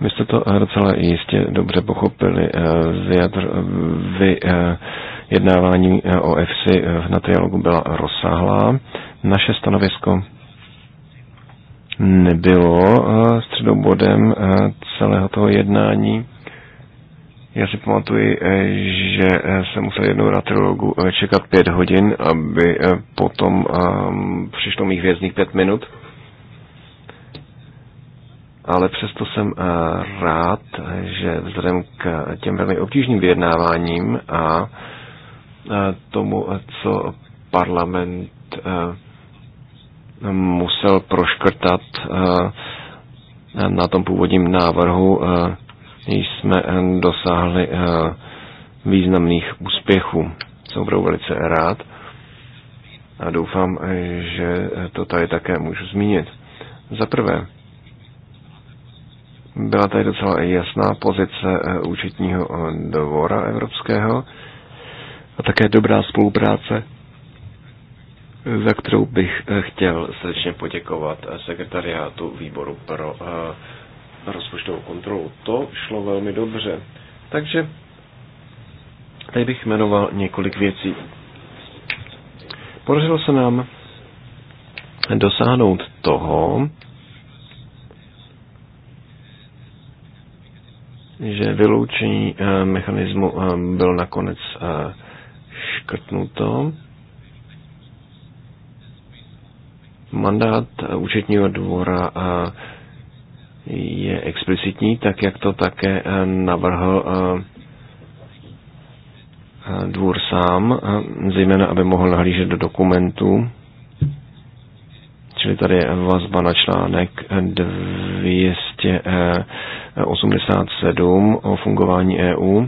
Vy jste to docela jistě dobře pochopili jadr. vy, jednávání o EFSI na trialogu byla rozsáhlá. Naše stanovisko nebylo eh, středobodem eh, celého toho jednání. Já si pamatuji, eh, že jsem musel jednou na trilogu čekat pět hodin, aby potom ehm, přišlo mých vězných pět minut. Ale přesto jsem rád, že vzhledem k těm velmi obtížným vyjednáváním a tomu, co parlament musel proškrtat eh, na tom původním návrhu, eh, jsme eh, dosáhli významných úspěchů. Jsem budou velice rád a doufám, že to tady také můžu zmínit. Za prvé, byla tady docela jasná pozice účetního dvora evropského a také dobrá spolupráce za kterou bych eh, chtěl srdečně poděkovat sekretariátu výboru pro eh, rozpočtovou kontrolu. To šlo velmi dobře. Takže tady bych jmenoval několik věcí. Podařilo se nám dosáhnout toho, že vyloučení eh, mechanismu bylo nakonec škrtnuto Mandát účetního dvora eh, je explicitní, tak jak to také eh, navrhl eh, dvůr sám, zejména aby mohl nahlížet do dokumentů. Čili tady je vazba na článek 287 o fungování EU.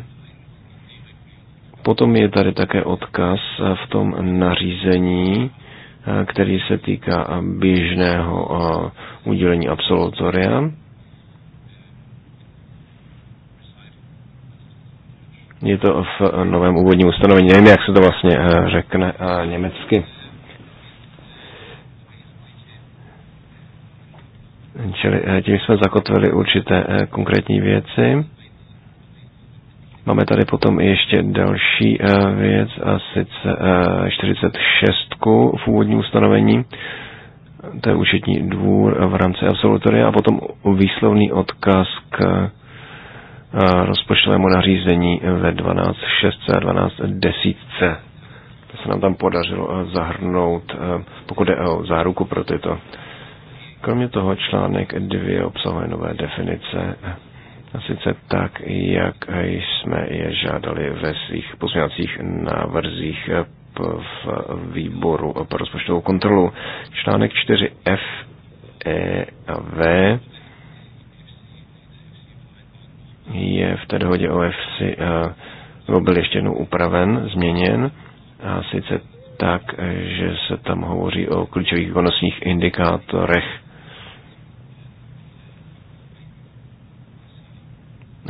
Potom je tady také odkaz v tom nařízení Eh, který se týká eh, běžného eh, udělení absolutoria. Je to v novém úvodním ustanovení, nevím, jak se to vlastně řekne německy. Čili tím jsme zakotvili určité konkrétní věci. Máme tady potom i ještě další eh, věc, a sice 46 eh, v úvodním ustanovení, to je účetní dvůr v rámci absolutoria, a potom výslovný odkaz k eh, rozpočtovému nařízení ve 12.6 a 12.10. To se nám tam podařilo zahrnout, pokud je o záruku pro tyto. Kromě toho článek 2 obsahuje nové definice a sice tak, jak jsme je žádali ve svých pozměňovacích návrzích v výboru pro rozpočtovou kontrolu. Článek 4F, E a V je v té dohodě o EFSI eh, byl ještě jednou upraven, změněn a sice tak, že se tam hovoří o klíčových výkonnostních indikátorech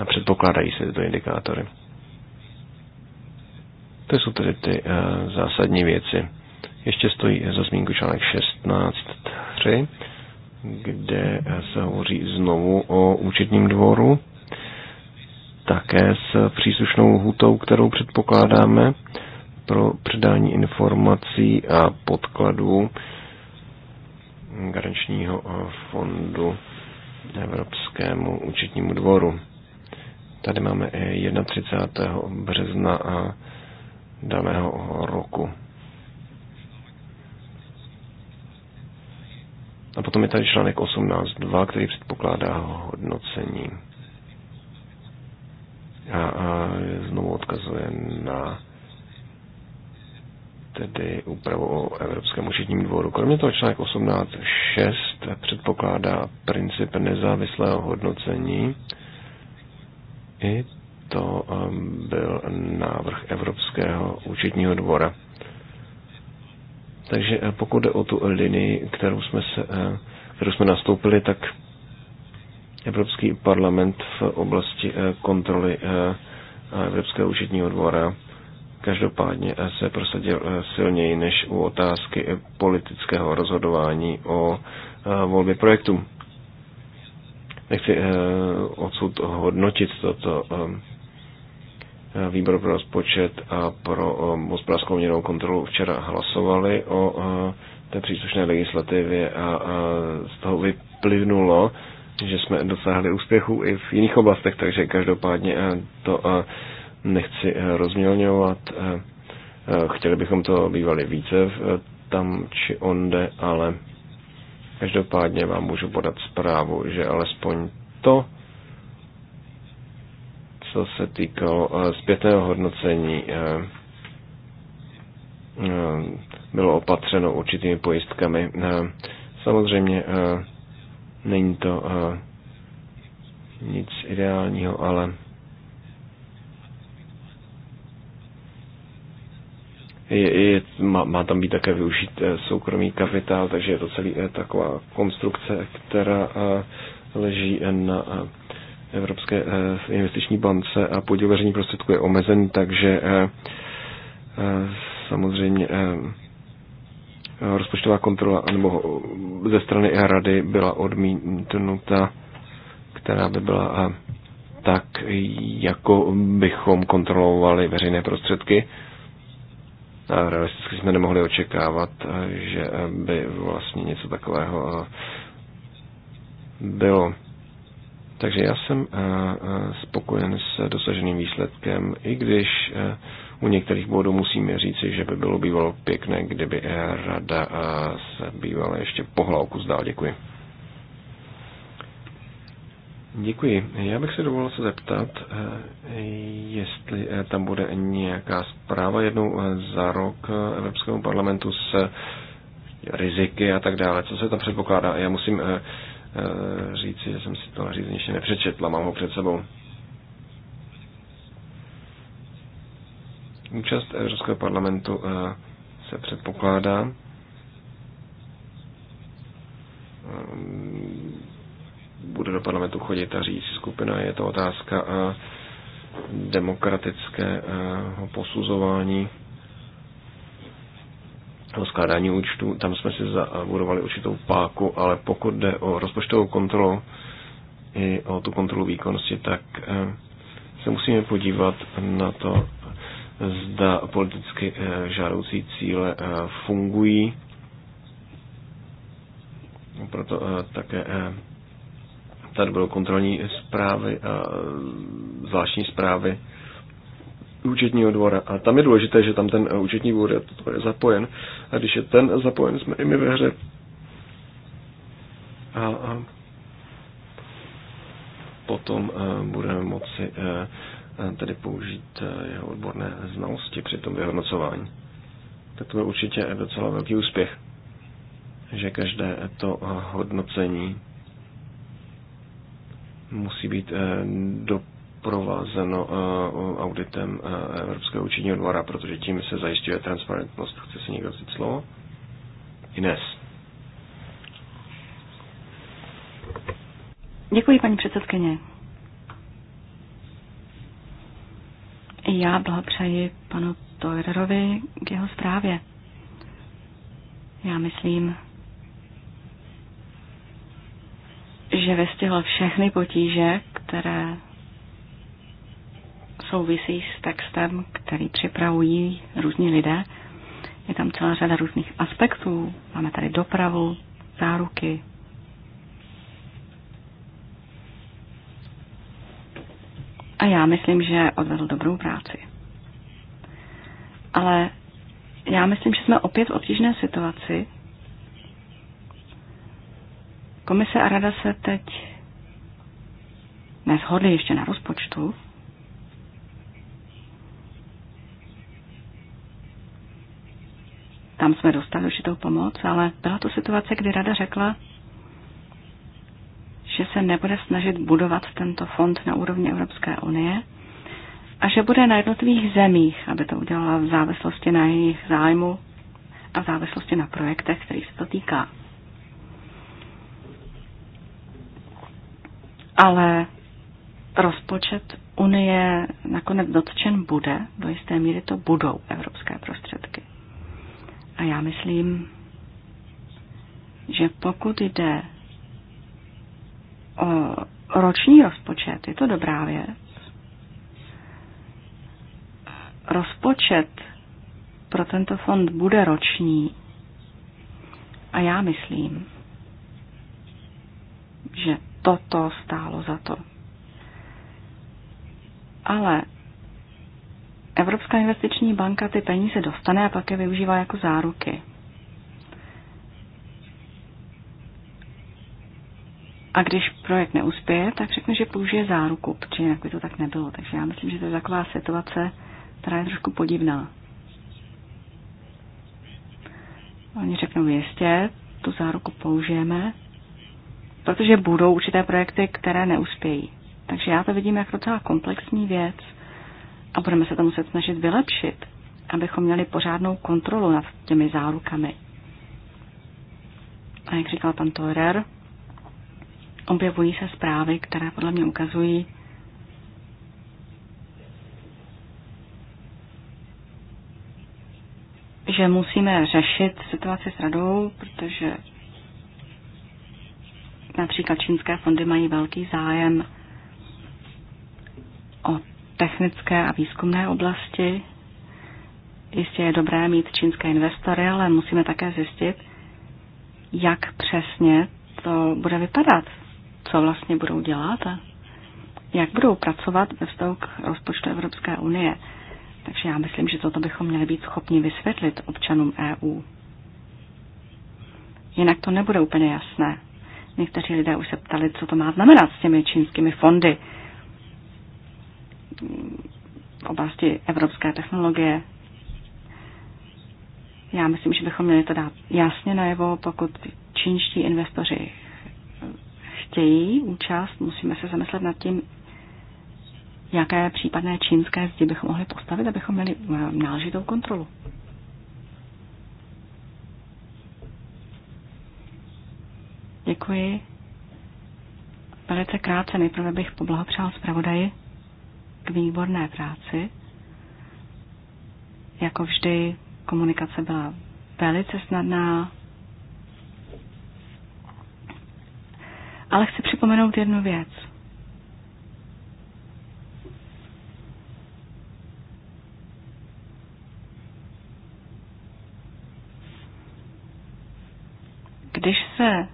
a předpokládají se tyto indikátory. To jsou tedy ty uh, zásadní věci. Ještě stojí za zmínku článek 16.3, kde eh, se hovoří znovu o účetním dvoru, také s příslušnou lhutou, kterou předpokládáme pro předání informací a podkladů garančního eh, fondu Evropskému účetnímu dvoru. Tady máme 31. března a eh, daného roku. A potom je tady článek 18.2, který předpokládá hodnocení. A, a znovu odkazuje na tedy úpravu o Evropském účetním dvoru. Kromě toho článek 18.6 předpokládá princip nezávislého hodnocení i to um, byl návrh Evropského účetního dvora. Takže eh, pokud jde o tu linii, kterou jsme, se, eh, kterou jsme nastoupili, tak Evropský parlament v oblasti eh, kontroly Evropského účetního dvora každopádně se prosadil silněji než u otázky politického rozhodování o volbě projektů nechci eh, odsud hodnotit toto eh, výbor pro rozpočet a pro eh, hospodářskou měnou kontrolu včera hlasovali o té příslušné legislativě a z toho vyplynulo, že jsme dosáhli úspěchu i v jiných oblastech, takže každopádně to nechci rozmělňovat. Chtěli bychom to bývali více tam či onde, ale Každopádně vám můžu podat zprávu, že alespoň to, co se týkalo eh, zpětného hodnocení, eh, eh, bylo opatřeno určitými pojistkami. Samozřejmě není to nic ideálního, ale je, je, má, má tam být také využít eh, soukromý kapitál, takže je to celý eh, taková konstrukce, která eh, leží na Evropské investiční bance a podíl veřejných prostředků je omezen, takže samozřejmě rozpočtová kontrola nebo ze strany rady byla odmítnuta, která by byla tak, jako bychom kontrolovali veřejné prostředky Realisticky jsme nemohli očekávat, eh, že eh, by vlastně něco takového eh, bylo. Takže já jsem spokojen s dosaženým výsledkem, i když u některých bodů musíme říci, že by bylo bývalo pěkné, kdyby rada se bývala ještě pohla o kus Děkuji. Děkuji. Já bych se dovolil se zeptat, eh, jestli eh, tam bude nějaká zpráva jednou eh, za rok Evropskému parlamentu s riziky a tak dále. Co se tam předpokládá? Já musím říci, že jsem si to nařízení ještě nepřečetla, mám ho před sebou. Účast Evropského parlamentu se předpokládá bude do parlamentu chodit a říct skupina, je to otázka a demokratického posuzování o skládání účtů. Tam jsme si zabudovali určitou páku, ale pokud jde o rozpočtovou kontrolu i o tu kontrolu výkonnosti, tak eh, se musíme podívat na to, zda politicky eh, žádoucí cíle eh, fungují. Proto také Tady budou kontrolní zprávy a zvláštní zprávy účetního dvora. A tam je důležité, že tam ten účetní dvor je zapojen. A když je ten zapojen, jsme i my ve hře. A, a potom a eh, budeme moci a eh, eh, tedy použít a jeho odborné znalosti při tom vyhodnocování. Tak to byl určitě docela velký úspěch, že každé to hodnocení musí být eh, doprovázeno eh, auditem eh, Evropského účetního dvora, protože tím se zajišťuje transparentnost. Chce se někdo vzít slovo? Ines. Děkuji, paní předsedkyně. Já blahopřeji panu Toilerovi k jeho zprávě. Já myslím, že vystihl všechny potíže, které souvisí s textem, který připravují různí lidé. Je tam celá řada různých aspektů. Máme tady dopravu, záruky, A já myslím, že odvedl dobrou práci. Ale já myslím, že jsme opět v obtížné situaci, Komise a rada se teď neshodly ještě na rozpočtu. Tam jsme dostali určitou pomoc, ale byla to situace, kdy rada řekla, že se nebude snažit budovat tento fond na úrovni Evropské unie a že bude na jednotlivých zemích, aby to udělala v závislosti na jejich zájmu a v závislosti na projektech, kterých se to týká. ale rozpočet Unie nakonec dotčen bude, do jisté míry to budou evropské prostředky. A já myslím, že pokud jde o roční rozpočet, je to dobrá věc. Rozpočet pro tento fond bude roční. A já myslím, že toto stálo za to. Ale Evropská investiční banka ty peníze dostane a pak je využívá jako záruky. A když projekt neuspěje, tak řekne, že použije záruku, protože jinak by to tak nebylo. Takže já myslím, že to je taková situace, která je trošku podivná. Oni řeknou, jistě, tu záruku použijeme, protože budou určité projekty, které neuspějí. Takže já to vidím jako docela komplexní věc a budeme se to muset snažit vylepšit, abychom měli pořádnou kontrolu nad těmi zárukami. A jak říkal pan Torer, objevují se zprávy, které podle mě ukazují, že musíme řešit situaci s radou, protože Například čínské fondy mají velký zájem o technické a výzkumné oblasti. Jistě je dobré mít čínské investory, ale musíme také zjistit, jak přesně to bude vypadat, co vlastně budou dělat a jak budou pracovat ve vztahu k rozpočtu Evropské unie. Takže já myslím, že toto bychom měli být schopni vysvětlit občanům EU. Jinak to nebude úplně jasné. Někteří lidé už se ptali, co to má znamenat s těmi čínskými fondy v oblasti evropské technologie. Já myslím, že bychom měli to dát jasně najevo, pokud čínští investoři chtějí účast, musíme se zamyslet nad tím, jaké případné čínské zdi bychom mohli postavit, abychom měli eh, náležitou kontrolu. Děkuji. Velice krátce nejprve bych poblahopřál zpravodaji k výborné práci. Jako vždy komunikace byla velice snadná, ale chci připomenout jednu věc. Když se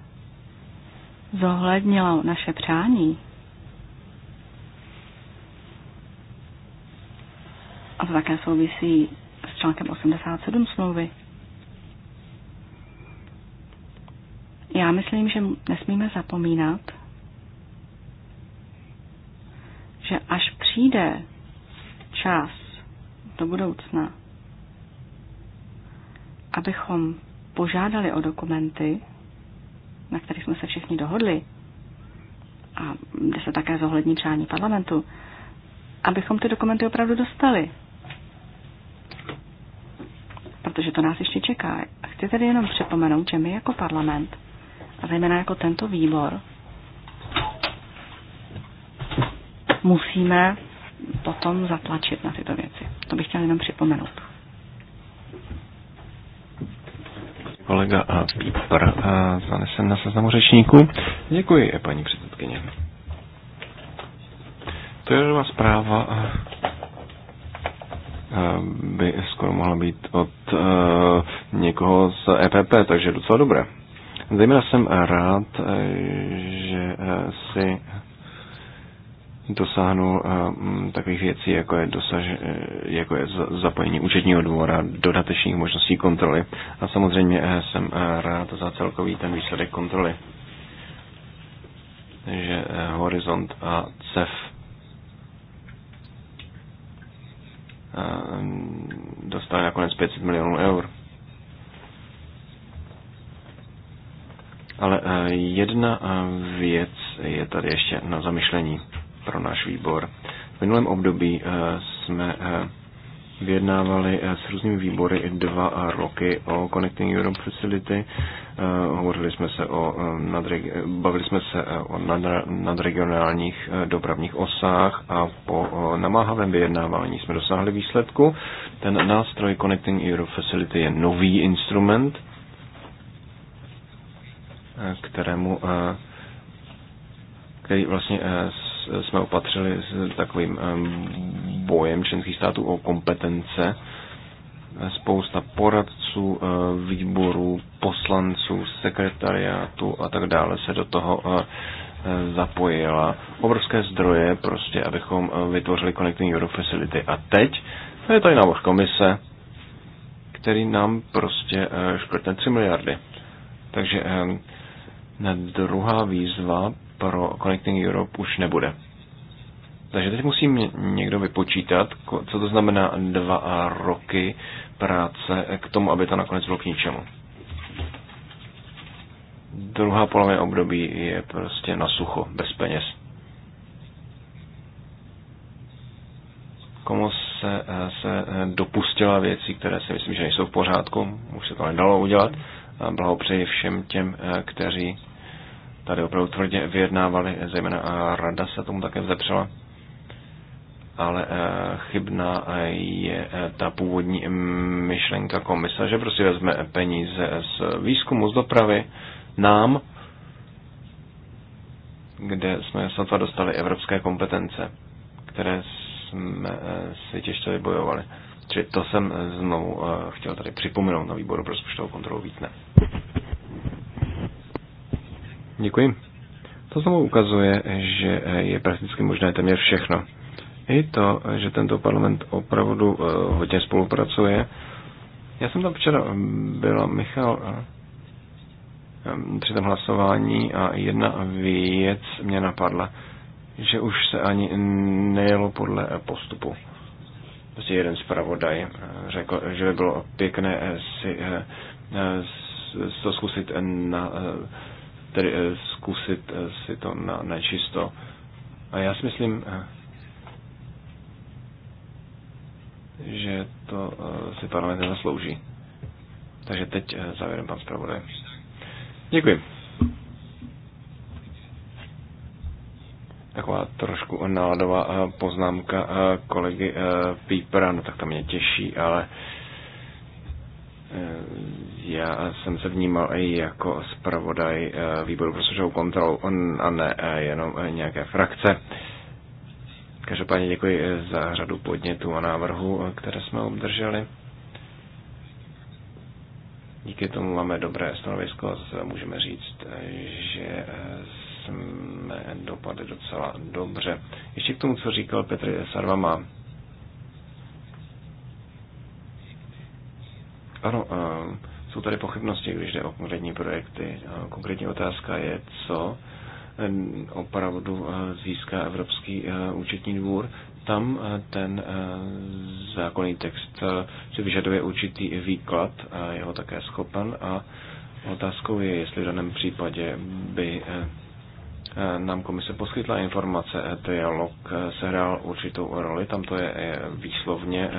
zohlednilo naše přání a to také souvisí s článkem 87 smlouvy, já myslím, že nesmíme zapomínat, že až přijde čas do budoucna, abychom požádali o dokumenty, na kterých jsme se všichni dohodli, a kde se také zohlední přání parlamentu, abychom ty dokumenty opravdu dostali. Protože to nás ještě čeká. Chci tedy jenom připomenout, že my jako parlament, a zejména jako tento výbor, musíme potom zatlačit na tyto věci. To bych chtěla jenom připomenout. kolega Pípr eh, zanesen na seznamu řečníků. Děkuji, paní předsedkyně. To je nová zpráva eh, eh, by skoro mohla být od někoho z EPP, takže docela dobré. Zejména jsem rád, že si dosáhnul eh, mm, takových věcí, jako je, dosaž, eh, jako je zapojení účetního dvora, dodatečných možností kontroly. A samozřejmě eh, jsem rád za celkový ten výsledek kontroly, že Horizont a CEF dostali nakonec 500 milionů eur. Ale jedna věc je tady ještě na zamyšlení pro náš výbor. V minulém období eh, jsme eh, vyjednávali eh, s různými výbory dva roky o Connecting Europe Facility. Hovořili jsme se o, bavili jsme se o nadregionálních dopravních osách a po namáhavém vyjednávání jsme dosáhli výsledku. Ten nástroj Connecting Europe Facility je nový instrument, kterému který vlastně jsme opatřili s takovým bojem členských států o kompetence. Spousta poradců, eh, výborů, poslanců, sekretariátu a tak dále se do toho eh, zapojila. Obrovské zdroje prostě, abychom eh, vytvořili konektivní Euro Facility. A teď je tady návrh komise, který nám prostě škrtne 3 miliardy. Takže druhá výzva pro Connecting Europe už nebude. Takže teď musím někdo vypočítat, co to znamená dva roky práce k tomu, aby to nakonec bylo k ničemu. Druhá polovina období je prostě na sucho, bez peněz. Komu se, eh, se eh, dopustila věcí, které si myslím, že nejsou v pořádku, už se to nedalo udělat. Blahopřeji všem těm, eh, kteří tady opravdu tvrdě vyjednávali, zejména a eh, rada se tomu také zepřela. Ale eh, chybná eh, je ta původní mm, myšlenka komise, že prostě vezme peníze z výzkumu, z dopravy nám, kde jsme sotva dostali evropské kompetence, které jsme si těžce vybojovali. Čili to jsem znovu chtěl tady připomenout na výboru pro rozpočtovou kontrolu víc ne. Děkuji. To znovu ukazuje, že je prakticky možné téměř všechno. I to, že tento parlament opravdu eh, hodně spolupracuje. Já jsem tam včera eh, byla, Michal, eh, při tom hlasování a jedna věc mě napadla, že už se ani nejelo podle postupu. Prostě jeden zpravodaj řekl, že by bylo pěkné si to zkusit na tedy eh, zkusit eh, si to na, nečisto. A já si myslím, eh, že to si parlament zaslouží. Takže teď závěrem pan zpravodaj. Děkuji. Taková trošku náladová poznámka kolegy Pípera, no tak to mě těší, ale já jsem se vnímal i jako zpravodaj eh, výboru pro služovou kontrolu a ne eh, jenom eh, nějaké frakce. Každopádně děkuji za řadu podnětů a návrhů, které jsme obdrželi. Díky tomu máme dobré stanovisko, můžeme říct, že jsme dopadli docela dobře. Ještě k tomu, co říkal Petr Sarvama. Ano, jsou tady pochybnosti, když jde o konkrétní projekty. Konkrétní otázka je, co eh, opravdu eh, získá Evropský eh, účetní dvůr. Tam ten zákonný text si vyžaduje určitý výklad a je ho také schopen a otázkou je, jestli v daném případě by nám komise poskytla informace. Dialog sehrál určitou roli, tam to je výslovně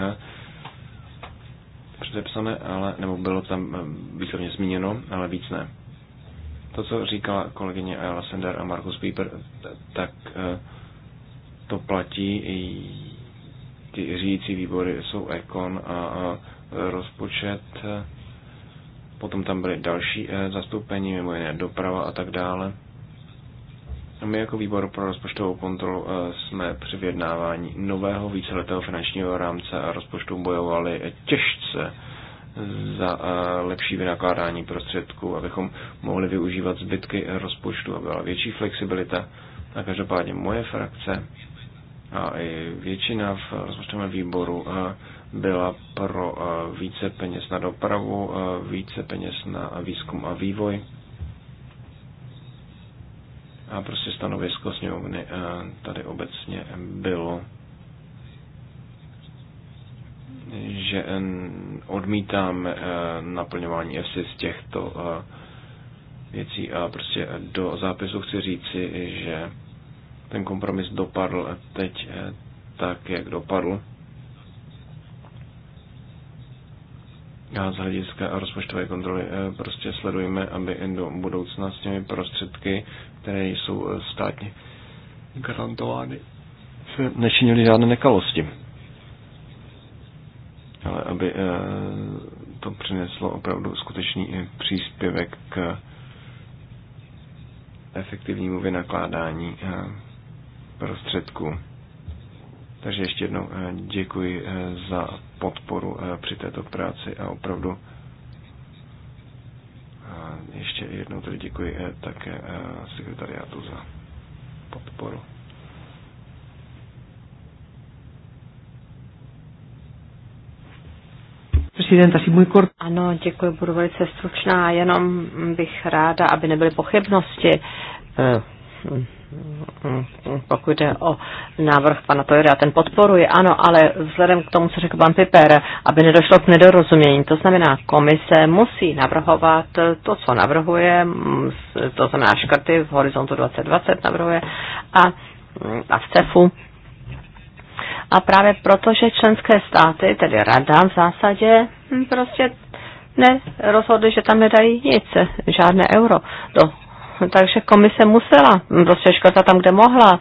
předepsané, ale, nebo bylo tam eh, výslovně zmíněno, ale víc ne. To, co říkala kolegyně Ayala Sender a Markus Pieper, tak eh, to platí i ty řídící výbory jsou ekon a rozpočet. Eh, potom tam byly další zastoupení, mimo jiné doprava a tak dále. My jako výbor pro rozpočtovou kontrolu eh, jsme při vyjednávání nového víceletého finančního rámce a rozpočtu bojovali těžce za eh, lepší vynakládání prostředků, abychom mohli využívat zbytky rozpočtu, aby byla větší flexibilita. A každopádně moje frakce a i většina v rozpočtovém výboru eh, byla pro více peněz na dopravu, více peněz na výzkum a vývoj a prostě stanovisko sněmovny eh, tady obecně bylo, že eh, odmítám eh, naplňování EFSI z těchto věcí a prostě do zápisu chci říci, že ten kompromis dopadl teď tak, jak dopadl Já z hlediska rozpočtové kontroly eh, prostě sledujeme, aby do budoucna s těmi prostředky, které jsou eh, státně garantovány, se nečinily žádné nekalosti. Ale aby eh, to přineslo opravdu skutečný příspěvek k efektivnímu vynakládání prostředků. Takže ještě jednou eh, děkuji eh, za podporu eh, při této práci a opravdu ještě jednou tedy děkuji také sekretariátu za podporu. prezident, asi můj kort. Ano, děkuji, budu velice stručná, jenom bych ráda, aby nebyly pochybnosti hm pokud jde o návrh pana Tojera, ten podporuje, ano, ale vzhledem k tomu, co řekl pan Piper, aby nedošlo k nedorozumění, to znamená, komise musí navrhovat to, co navrhuje, to znamená škrty v horizontu 2020 navrhuje a, a v CEFu. A právě proto, že členské státy, tedy rada v zásadě, prostě ne, rozhodli, že tam nedají nic, žádné euro do takže komise musela prostě škrtat tam, kde mohla.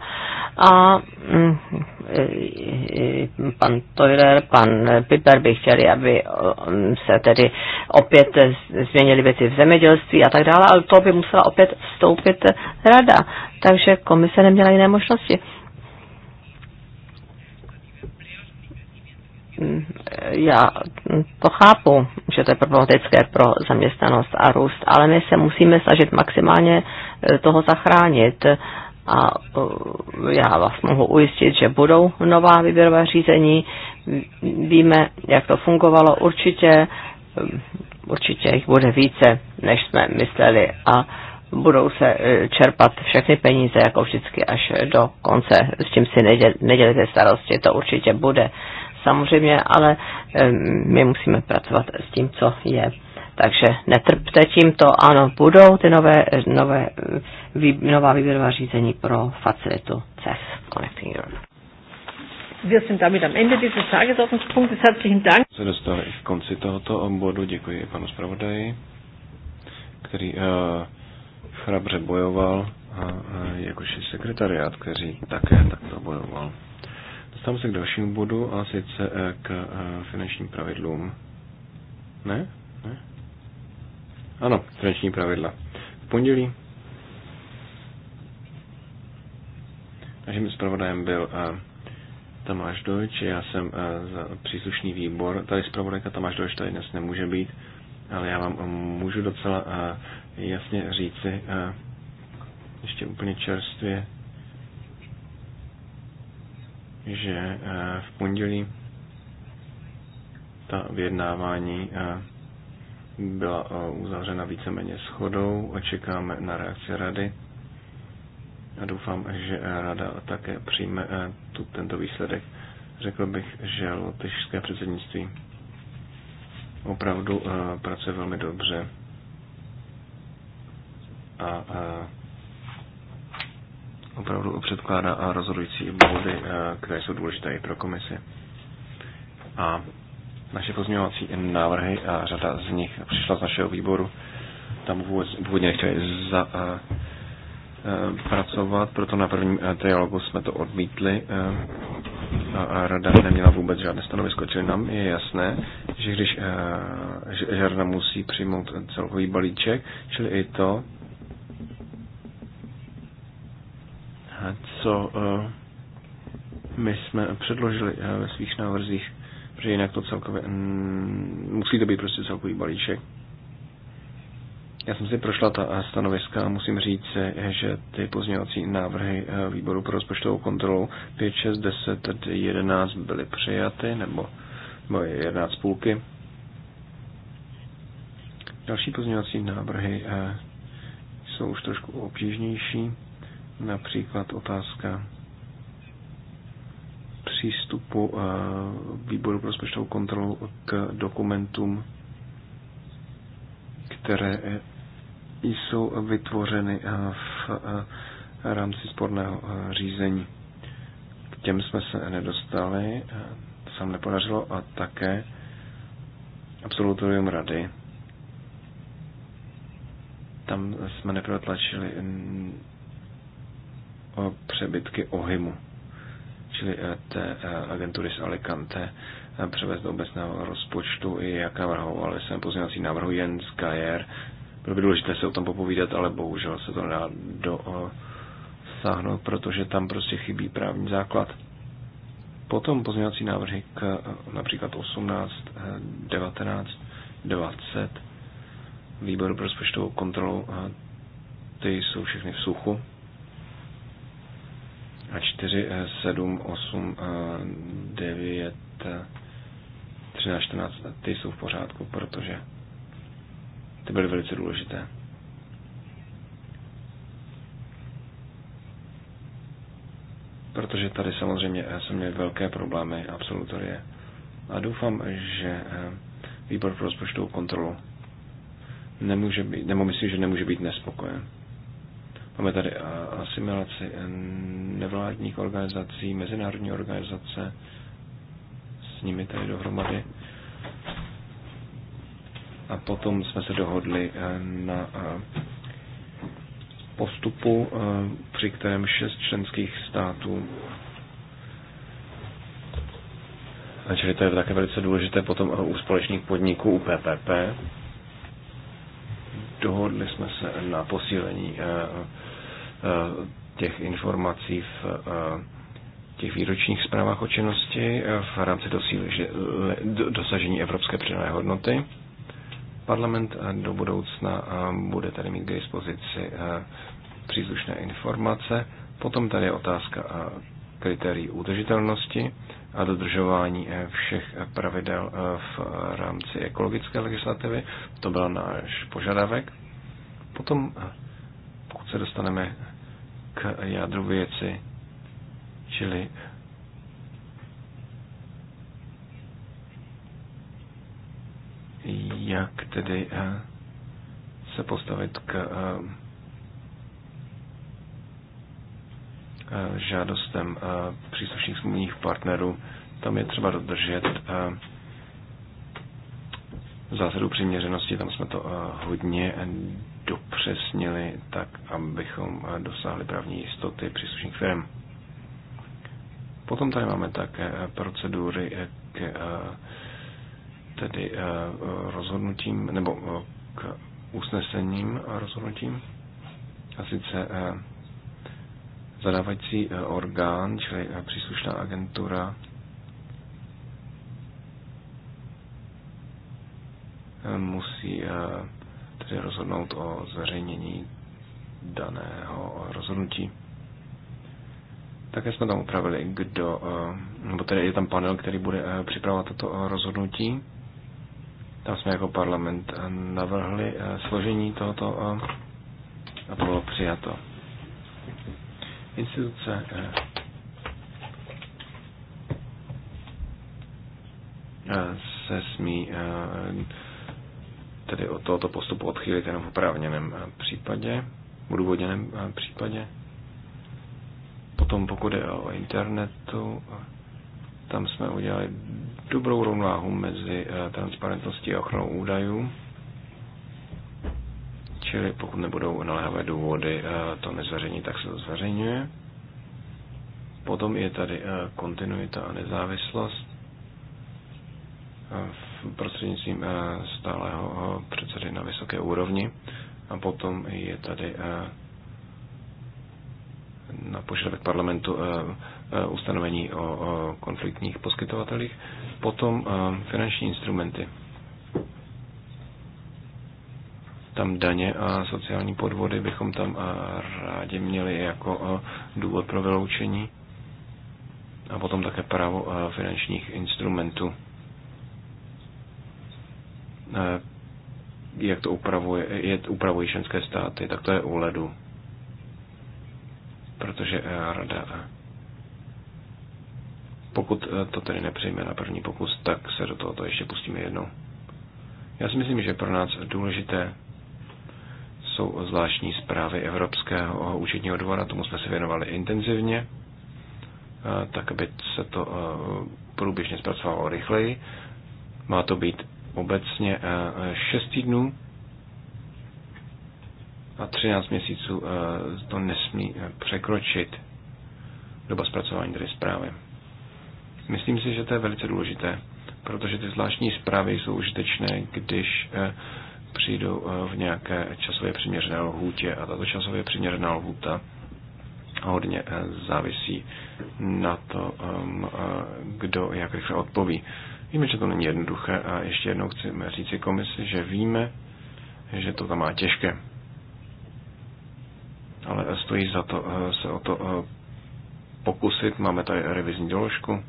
A mm, pan Toiler, pan Piper by chtěli, aby mm, se tedy opět změnili věci v zemědělství a tak dále, ale to by musela opět vstoupit rada. Takže komise neměla jiné možnosti. já to chápu, že to je problematické pro zaměstnanost a růst, ale my se musíme snažit maximálně eh, toho zachránit. A eh, já vás mohu ujistit, že budou nová výběrová řízení. Víme, jak to fungovalo. Určitě, eh, určitě jich bude více, než jsme mysleli. A budou se čerpat všechny peníze, jako vždycky, až do konce. S tím si nedělejte starosti, to určitě bude samozřejmě, ale my musíme pracovat s tím, co je. Takže netrpte tímto, ano, budou ty nové, nové, vý, nová výběrová řízení pro facilitu CES Connecting Europe. Wir sind damit am Ende dieses Tagesordnungspunktes. Herzlichen Dank. Se dostali k konci tohoto bodu. Děkuji panu zpravodaji, který uh, chrabře bojoval, a, uh, jakož i sekretariát, který také takto bojoval. Tam se k dalšímu bodu a sice eh, k eh, finančním pravidlům. Ne? Ne? Ano, finanční pravidla. V pondělí naším zpravodajem byl eh, Tamáš Dojč, já jsem za příslušný výbor. Tady zpravodajka Tamáš Dojč tady dnes nemůže být, ale já vám můžu docela jasně říci, ještě úplně čerstvě, že eh, v pondělí ta vyjednávání eh, byla eh, uzavřena víceméně shodou. Očekáme na reakci rady. A doufám, že rada také přijme tu, tento výsledek. Řekl bych, že lotyšské předsednictví opravdu pracuje velmi dobře a opravdu předkládá rozhodující body, eh, které jsou důležité i pro komisi. A naše pozměňovací návrhy, a řada z nich přišla z našeho výboru, tam vůbec, původně nechtěli za, a, eh, eh, pracovat, proto na prvním trialogu jsme to odmítli a rada neměla vůbec žádné stanovisko, čili nám je jasné, že když že rada musí přijmout celkový balíček, čili i to, co eh, my jsme předložili eh, ve svých návrzích, protože jinak to celkově mm, musí to být prostě celkový balíček. Já jsem si prošla ta eh, stanoviska a musím říct, že ty pozměňovací návrhy výboru pro rozpočtovou kontrolu 5, 6, 10, 11 byly přijaty, nebo, nebo 11 půlky. Další pozměňovací návrhy jsou už trošku obtížnější. Například otázka přístupu eh, výboru pro rozpočtovou kontrolu k dokumentům, které eh, jsou vytvořeny eh, v rámci sporného řízení. K těm jsme se nedostali, to se nám nepodařilo a také absolutorium rady. Tam jsme neprotlačili přebytky OHIMu, čili eh, té eh, agentury z Alicante, eh, převést do obecného rozpočtu, i jak navrhovali jsem pozměňovací návrhu Jens Gajer. Bylo by důležité se o tom popovídat, ale bohužel se to nedá dosáhnout, protože tam prostě chybí právní základ. Potom pozměňovací návrhy k například 18, 19, 20 výboru pro rozpočtovou kontrolu, ty jsou všechny v suchu a 4, 7, 8, 9, 13, 14, ty jsou v pořádku, protože ty byly velice důležité. Protože tady samozřejmě eh, jsem měl velké problémy absolutorie. A doufám, že eh, výbor pro rozpočtovou kontrolu nemůže být, nebo myslím, že nemůže být nespokojen. Máme tady asimilaci eh, nevládních organizací, mezinárodní organizace, s nimi tady dohromady. A potom jsme se dohodli eh, na eh, postupu, při kterém šest členských států A čili to je také velice důležité potom u společných podniků, u PPP. Dohodli jsme se na posílení Eh, těch informací v eh, těch výročních zprávách o činnosti eh, v rámci dosažení evropské přidané hodnoty. Parlament do budoucna bude tady mít k dispozici příslušné informace. Potom tady je otázka kritérií udržitelnosti a dodržování všech pravidel v rámci ekologické legislativy. To byl náš požadavek. Potom, pokud se dostaneme jádru věci, čili jak tedy eh, se postavit k eh, eh, žádostem příslušných smluvních partnerů. Tam je třeba dodržet zásadu přiměřenosti, tam jsme to hodně dopřesnili tak, abychom dosáhli právní jistoty příslušných firm. Potom tady máme také procedury k eh, tedy eh, rozhodnutím nebo eh, k usnesením a rozhodnutím. A sice zadávající orgán, čili příslušná agentura, musí tedy rozhodnout o zveřejnění daného rozhodnutí. Také jsme tam upravili, kdo, eh, nebo tedy je tam panel, který bude eh, připravovat toto eh, rozhodnutí. Tam jsme jako parlament navrhli složení tohoto a to bylo přijato. Instituce se smí tedy od tohoto postupu odchýlit jenom v oprávněném eh, případě, v odůvodněném eh, případě. Potom pokud je o internetu, tam jsme udělali dobrou rovnáhu mezi eh, transparentností a ochranou údajů. Čili pokud nebudou naléhavé důvody to nezveřejnit, tak se to zveřejňuje. Potom je tady kontinuita a nezávislost. V prostřednictvím eh, stáleho eh, předsedy na vysoké úrovni. A potom je tady eh, na požadavek parlamentu ustanovení o konfliktních poskytovatelích. Potom finanční instrumenty. Tam daně a sociální podvody bychom tam rádi měli jako důvod pro vyloučení. A potom také právo finančních instrumentů. Eh, jak to upravuje, je, upravují ženské státy, tak to je u ledu. Protože eh, rada, eh, pokud to tedy nepřijme na první pokus, tak se do tohoto ještě pustíme jednou. Já si myslím, že pro nás důležité jsou zvláštní zprávy Evropského účetního dvora, tomu jsme se věnovali intenzivně, tak aby se to průběžně zpracovalo rychleji. Má to být obecně 6 eh, týdnů a 13 měsíců eh, to nesmí eh, překročit doba zpracování tedy zprávy. Myslím si, že to je velice důležité, protože ty zvláštní zprávy jsou užitečné, když přijdou v nějaké časově přiměřené lhůtě a tato časově přiměřená lhůta hodně závisí na to, kdo jak rychle odpoví. Víme, že to není jednoduché a ještě jednou chci říci komisi, že víme, že to tam má těžké. Ale stojí za to eh, se o to eh, pokusit. Máme tady revizní doložku.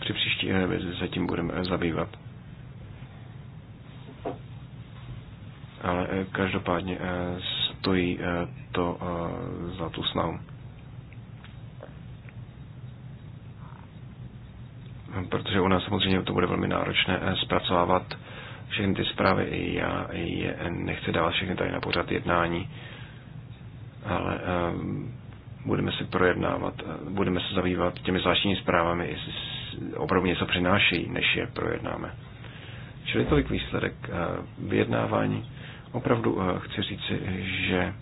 Při příští revizi se tím budeme zabývat. Ale eh, každopádně stojí to za tu snahu. protože u nás samozřejmě to bude velmi náročné eh, zpracovávat všechny ty zprávy. I já je eh, nechci dávat všechny tady na pořad jednání, ale um, budeme se projednávat, budeme se zabývat těmi zvláštními zprávami, jestli opravdu něco přináší, než je projednáme. Čili tolik výsledek vyjednávání. Opravdu chci říci, že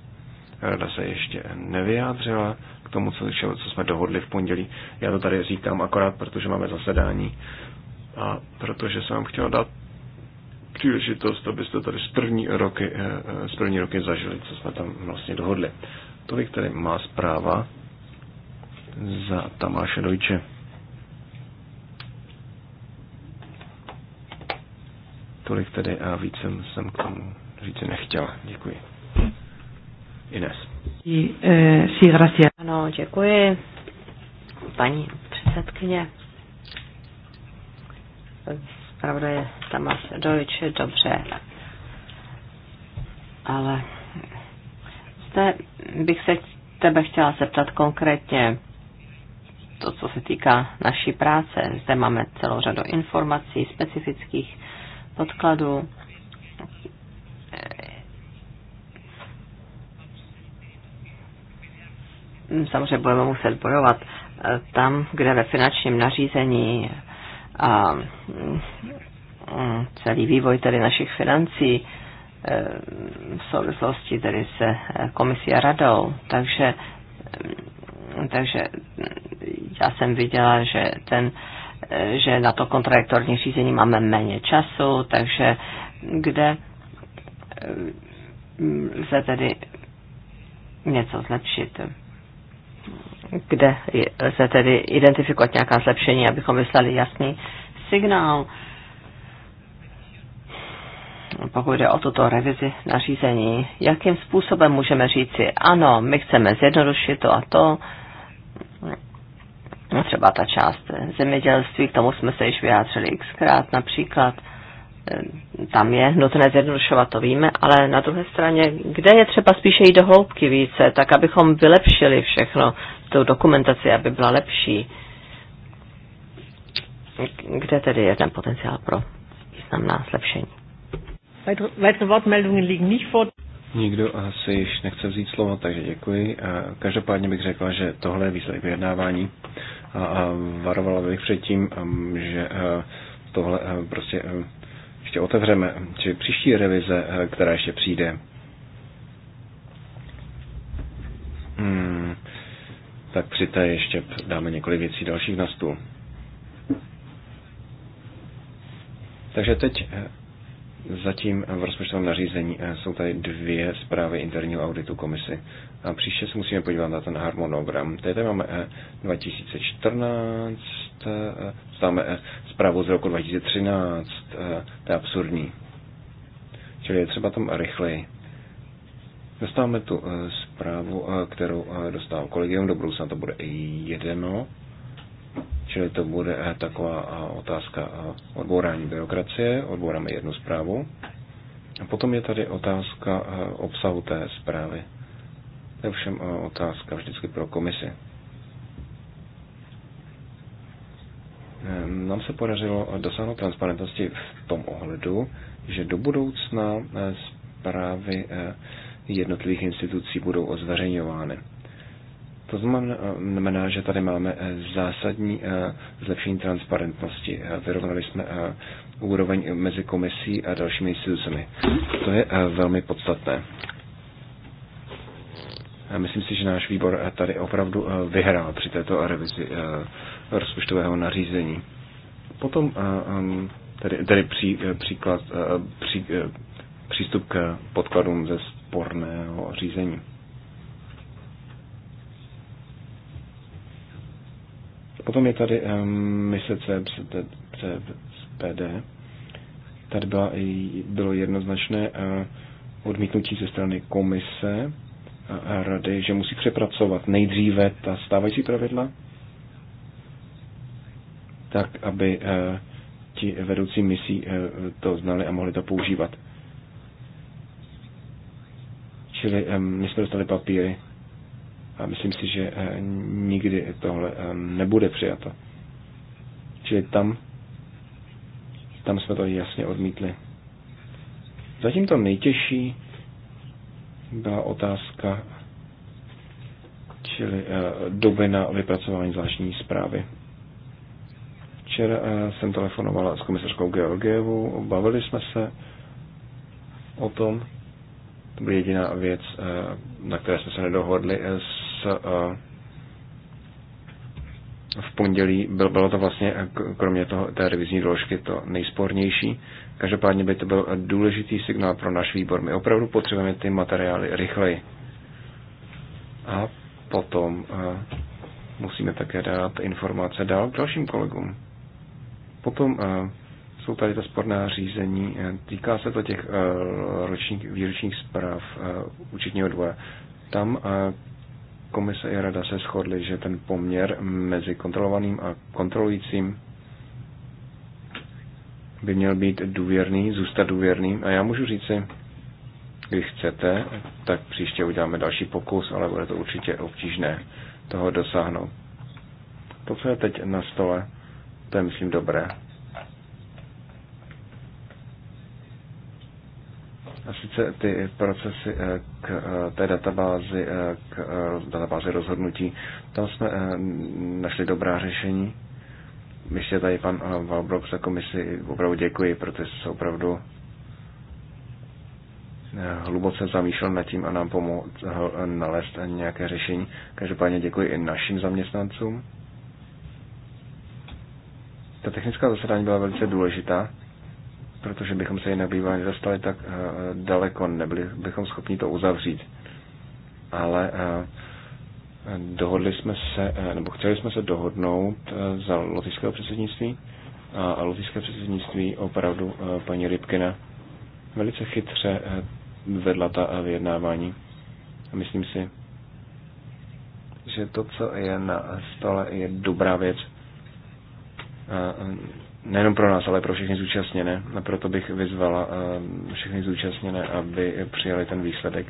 Rada se ještě nevyjádřila k tomu, co, co jsme dohodli v pondělí. Já to tady říkám akorát, protože máme zasedání a protože jsem vám chtěl dát příležitost, abyste tady z první roky, eh, eh, z první roky zažili, co jsme tam vlastně dohodli. Tolik tady má zpráva za Tamáše Dojče. Tolik tedy a víc jsem, jsem k tomu říci nechtěl. Děkuji. Ines. E, sí, gracias. Ano, děkuji, paní předsedkyně. Pravda je tam Dojč, dobře. Ale zde bych se tebe chtěla zeptat konkrétně to, co se týká naší práce. Zde máme celou řadu informací, specifických podkladů Mm, samozřejmě budeme muset bojovat eh, tam, kde ve finančním nařízení a mm, celý vývoj tedy našich financí eh, v souvislosti tedy se eh, komisí a radou. Takže, mm, takže já jsem viděla, že ten že na to kontradiktorní řízení máme méně času, takže kde se tedy něco zlepšit kde se tedy identifikovat nějaká zlepšení, abychom vyslali jasný signál, pokud jde o tuto revizi nařízení, jakým způsobem můžeme říci, ano, my chceme zjednodušit to a to, třeba ta část zemědělství, k tomu jsme se již vyjádřili xkrát například, Ehm, tam je nutné zjednodušovat, to víme, ale na druhé straně, kde je třeba spíše jít do hloubky více, tak abychom vylepšili všechno, tu dokumentaci, aby byla lepší. Kde tedy je ten potenciál pro významná zlepšení? Nikdo asi již nechce vzít slovo, takže děkuji. každopádně bych řekla, že tohle je výsledek vyjednávání a, varovala bych předtím, um, že eh, tohle eh, prostě eh, ještě otevřeme, či příští revize, eh, která ještě přijde, hmm, tak při té ještě dáme několik věcí dalších na stůl. Takže teď eh, Zatím v rozpočtovém nařízení eh, jsou tady dvě zprávy interního auditu komisy. A příště se musíme podívat na ten harmonogram. Tady, tady máme 2014, eh, eh, máme zprávu z roku 2013, to je absurdní. Čili je třeba tam rychleji. Dostáváme tu zprávu, kterou dostávám kolegium do budoucna, to bude jedno Čili to bude eh, taková eh, otázka eh, odbourání byrokracie, odbouráme jednu zprávu. A potom je tady otázka obsahu té zprávy. To je všem otázka vždycky pro komisi. Ehm, nám se podařilo dosáhnout transparentnosti v tom ohledu, že do budoucna zprávy jednotlivých institucí budou ozveřejňovány. To znamená, že tady máme eh, zásadní eh, zlepšení transparentnosti. Eh, vyrovnali jsme úroveň mezi komisí a dalšími institucemi. To je velmi podstatné. Myslím si, že náš výbor tady opravdu vyhrál při této revizi rozpočtového nařízení. Potom tady tady pří, příklad, pří, přístup k podkladům ze sporného řízení. Potom je tady mise CPD. Tady byla, bylo jednoznačné e, odmítnutí ze strany komise a rady, že musí přepracovat nejdříve ta stávající pravidla, tak aby e, ti vedoucí misí e, to znali a mohli to používat. Čili my jsme dostali papíry a myslím si, že eh, nikdy tohle eh, nebude přijato. Čili tam, tam jsme to jasně odmítli. Zatím to nejtěžší byla otázka, čili eh, doby na vypracování zvláštní zprávy. Včera jsem telefonovala s komisařkou Georgievou, bavili jsme se o tom. To byla jediná věc, na které jsme se nedohodli s E, v pondělí, bylo to vlastně e, kromě toho, té revizní doložky to nejspornější. Každopádně by to byl důležitý signál pro náš výbor. My opravdu potřebujeme ty materiály rychleji. A potom e, musíme také dát informace dál k dalším kolegům. Potom jsou tady ta sporná řízení. Týká se to těch ročních, výročních zpráv účetního dvoje. Tam komise i rada se shodly, že ten poměr mezi kontrolovaným a kontrolujícím by měl být důvěrný, zůstat důvěrný. A já můžu říci, když chcete, tak příště uděláme další pokus, ale bude to určitě obtížné toho dosáhnout. To, co je teď na stole, to je, myslím, dobré. A sice ty procesy eh, k eh, té databázi, eh, k databázi rozhodnutí, tam jsme našli dobrá řešení. Ještě tady pan Valbrok za komisi opravdu děkuji, protože se opravdu hluboce zamýšlel nad tím a nám pomohl nalézt nějaké řešení. Každopádně děkuji i našim zaměstnancům. Ta technická zasedání byla velice důležitá protože bychom se jinak bývali dostali tak eh, daleko, nebyli bychom schopni to uzavřít. Ale eh, dohodli jsme se, eh, nebo chtěli jsme se dohodnout za lotyšského předsednictví a lotyšské předsednictví opravdu paní Rybkina velice chytře vedla ta vyjednávání. myslím si, že to, co je na stole, je dobrá věc nejenom pro nás, ale pro všechny zúčastněné. A proto bych vyzvala eh, všechny zúčastněné, aby přijali ten výsledek.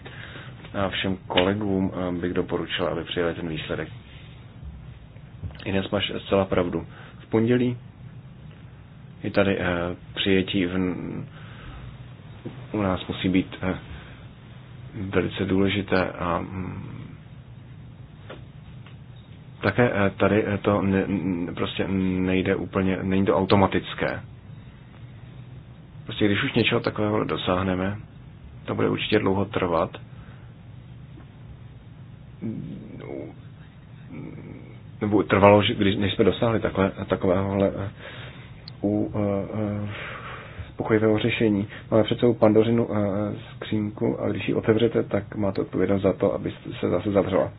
A všem kolegům eh, bych doporučila, aby přijali ten výsledek. Ines, máš zcela pravdu. V pondělí je tady eh, přijetí v, u nás musí být velice důležité a hm, také eh, tady eh, to ne, prostě nejde úplně, není to automatické. Prostě když už něčeho takového dosáhneme, to bude určitě dlouho trvat. Nebo trvalo, když, než jsme dosáhli takhle, takového eh, u, uh, uh, spokojivého řešení. Máme před sebou pandořinu uh, skřínku a když ji otevřete, tak máte odpovědnost za to, aby se zase zavřela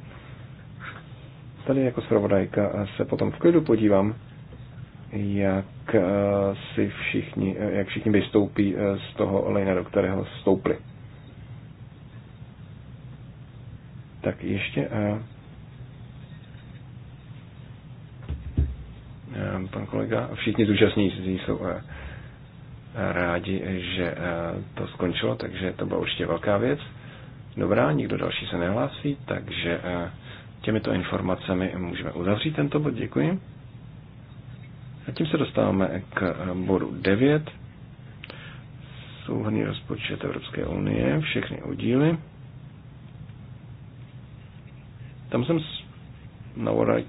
tady jako zpravodajka se potom v klidu podívám, jak eh, si všichni, eh, jak všichni vystoupí eh, z toho lejna, do kterého stoupli. Tak ještě pan kolega, všichni zúčastní jsou rádi, že to skončilo, takže to byla určitě velká věc. Dobrá, nikdo další se nehlásí, takže Těmito informacemi můžeme uzavřít tento bod. Děkuji. A tím se dostáváme k bodu 9. Souhrný rozpočet Evropské unie, všechny oddíly. Tam jsem s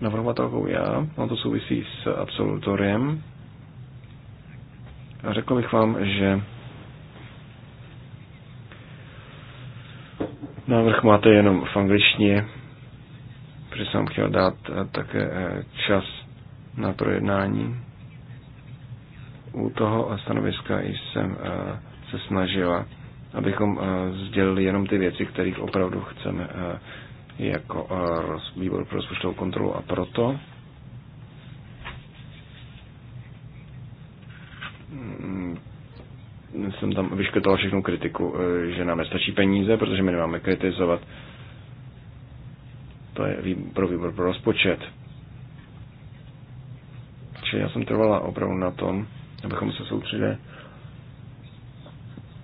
navrhovatelkou já, ono to souvisí s absolutoriem. A řekl bych vám, že návrh máte jenom v angličtině, protože jsem chtěl dát eh, také eh, čas na projednání. U toho eh, stanoviska jsem se snažila, abychom sdělili jenom ty věci, kterých opravdu chceme jako výbor pro rozpočtovou kontrolu a proto mm, jsem tam vyškrtal všechnu kritiku, že nám nestačí peníze, protože my nemáme kritizovat to je pro výbor pro rozpočet. Čili já jsem trvala opravdu na tom, abychom se soustředili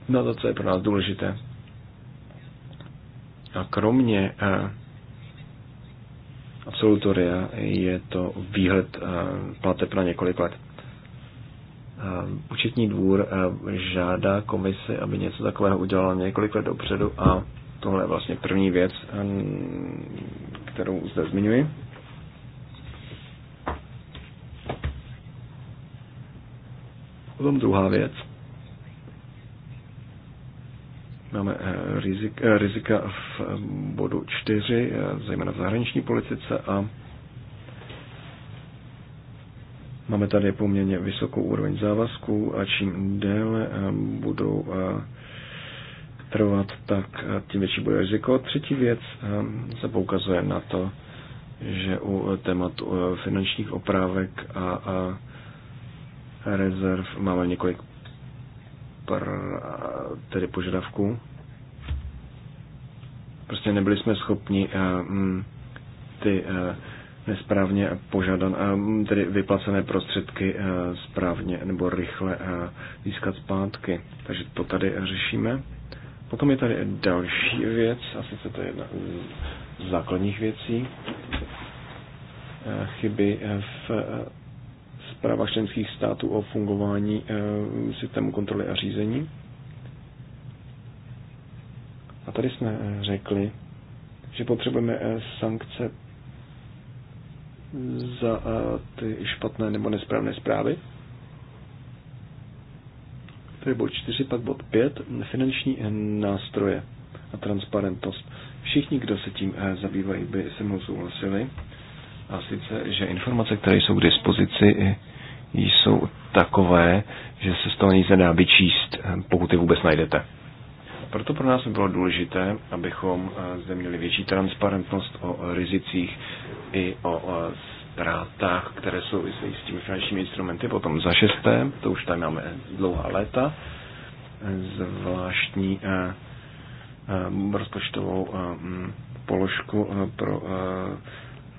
na to, co je pro nás důležité. A kromě eh, absolutoria je to výhled eh, plateb na několik let. Eh, Účetní dvůr eh, žádá komisi, aby něco takového udělala několik let dopředu a tohle je vlastně první věc, ehm, kterou zde zmiňuji. Potom druhá věc. Máme eh, rizik, eh, rizika v eh, bodu 4, zejména v zahraniční politice a Máme tady poměrně vysokou úroveň závazků a čím déle budou trvat, tak eh, tím větší bude riziko. Třetí věc eh, se poukazuje na to, že u eh, tématu finančních oprávek a, a rezerv máme několik pr, tedy požadavků. Prostě nebyli jsme schopni mm, ty nesprávně požadan, mm, tedy vyplacené prostředky správně nebo rychle získat zpátky. Takže to tady řešíme. Potom je tady další věc, asi se to je jedna z základních věcí. Eh, chyby eh, v eh, zprávách členských států o fungování systému kontroly a řízení. A tady jsme řekli, že potřebujeme sankce za ty špatné nebo nesprávné zprávy. To je bod 4, pak bod 5, finanční eh, nástroje a transparentnost. Všichni, kdo se tím eh, zabývají, by se mnou souhlasili. A sice, že informace, které jsou k dispozici, eh, jsou takové, že se z toho nic nedá vyčíst, pokud je vůbec najdete. Proto pro nás by bylo důležité, abychom zde měli větší transparentnost o rizicích i o ztrátách, které souvisejí s těmi finančními instrumenty. Potom za šesté, to už tam máme dlouhá léta, zvláštní eh, eh, rozpočtovou eh, hm, položku pro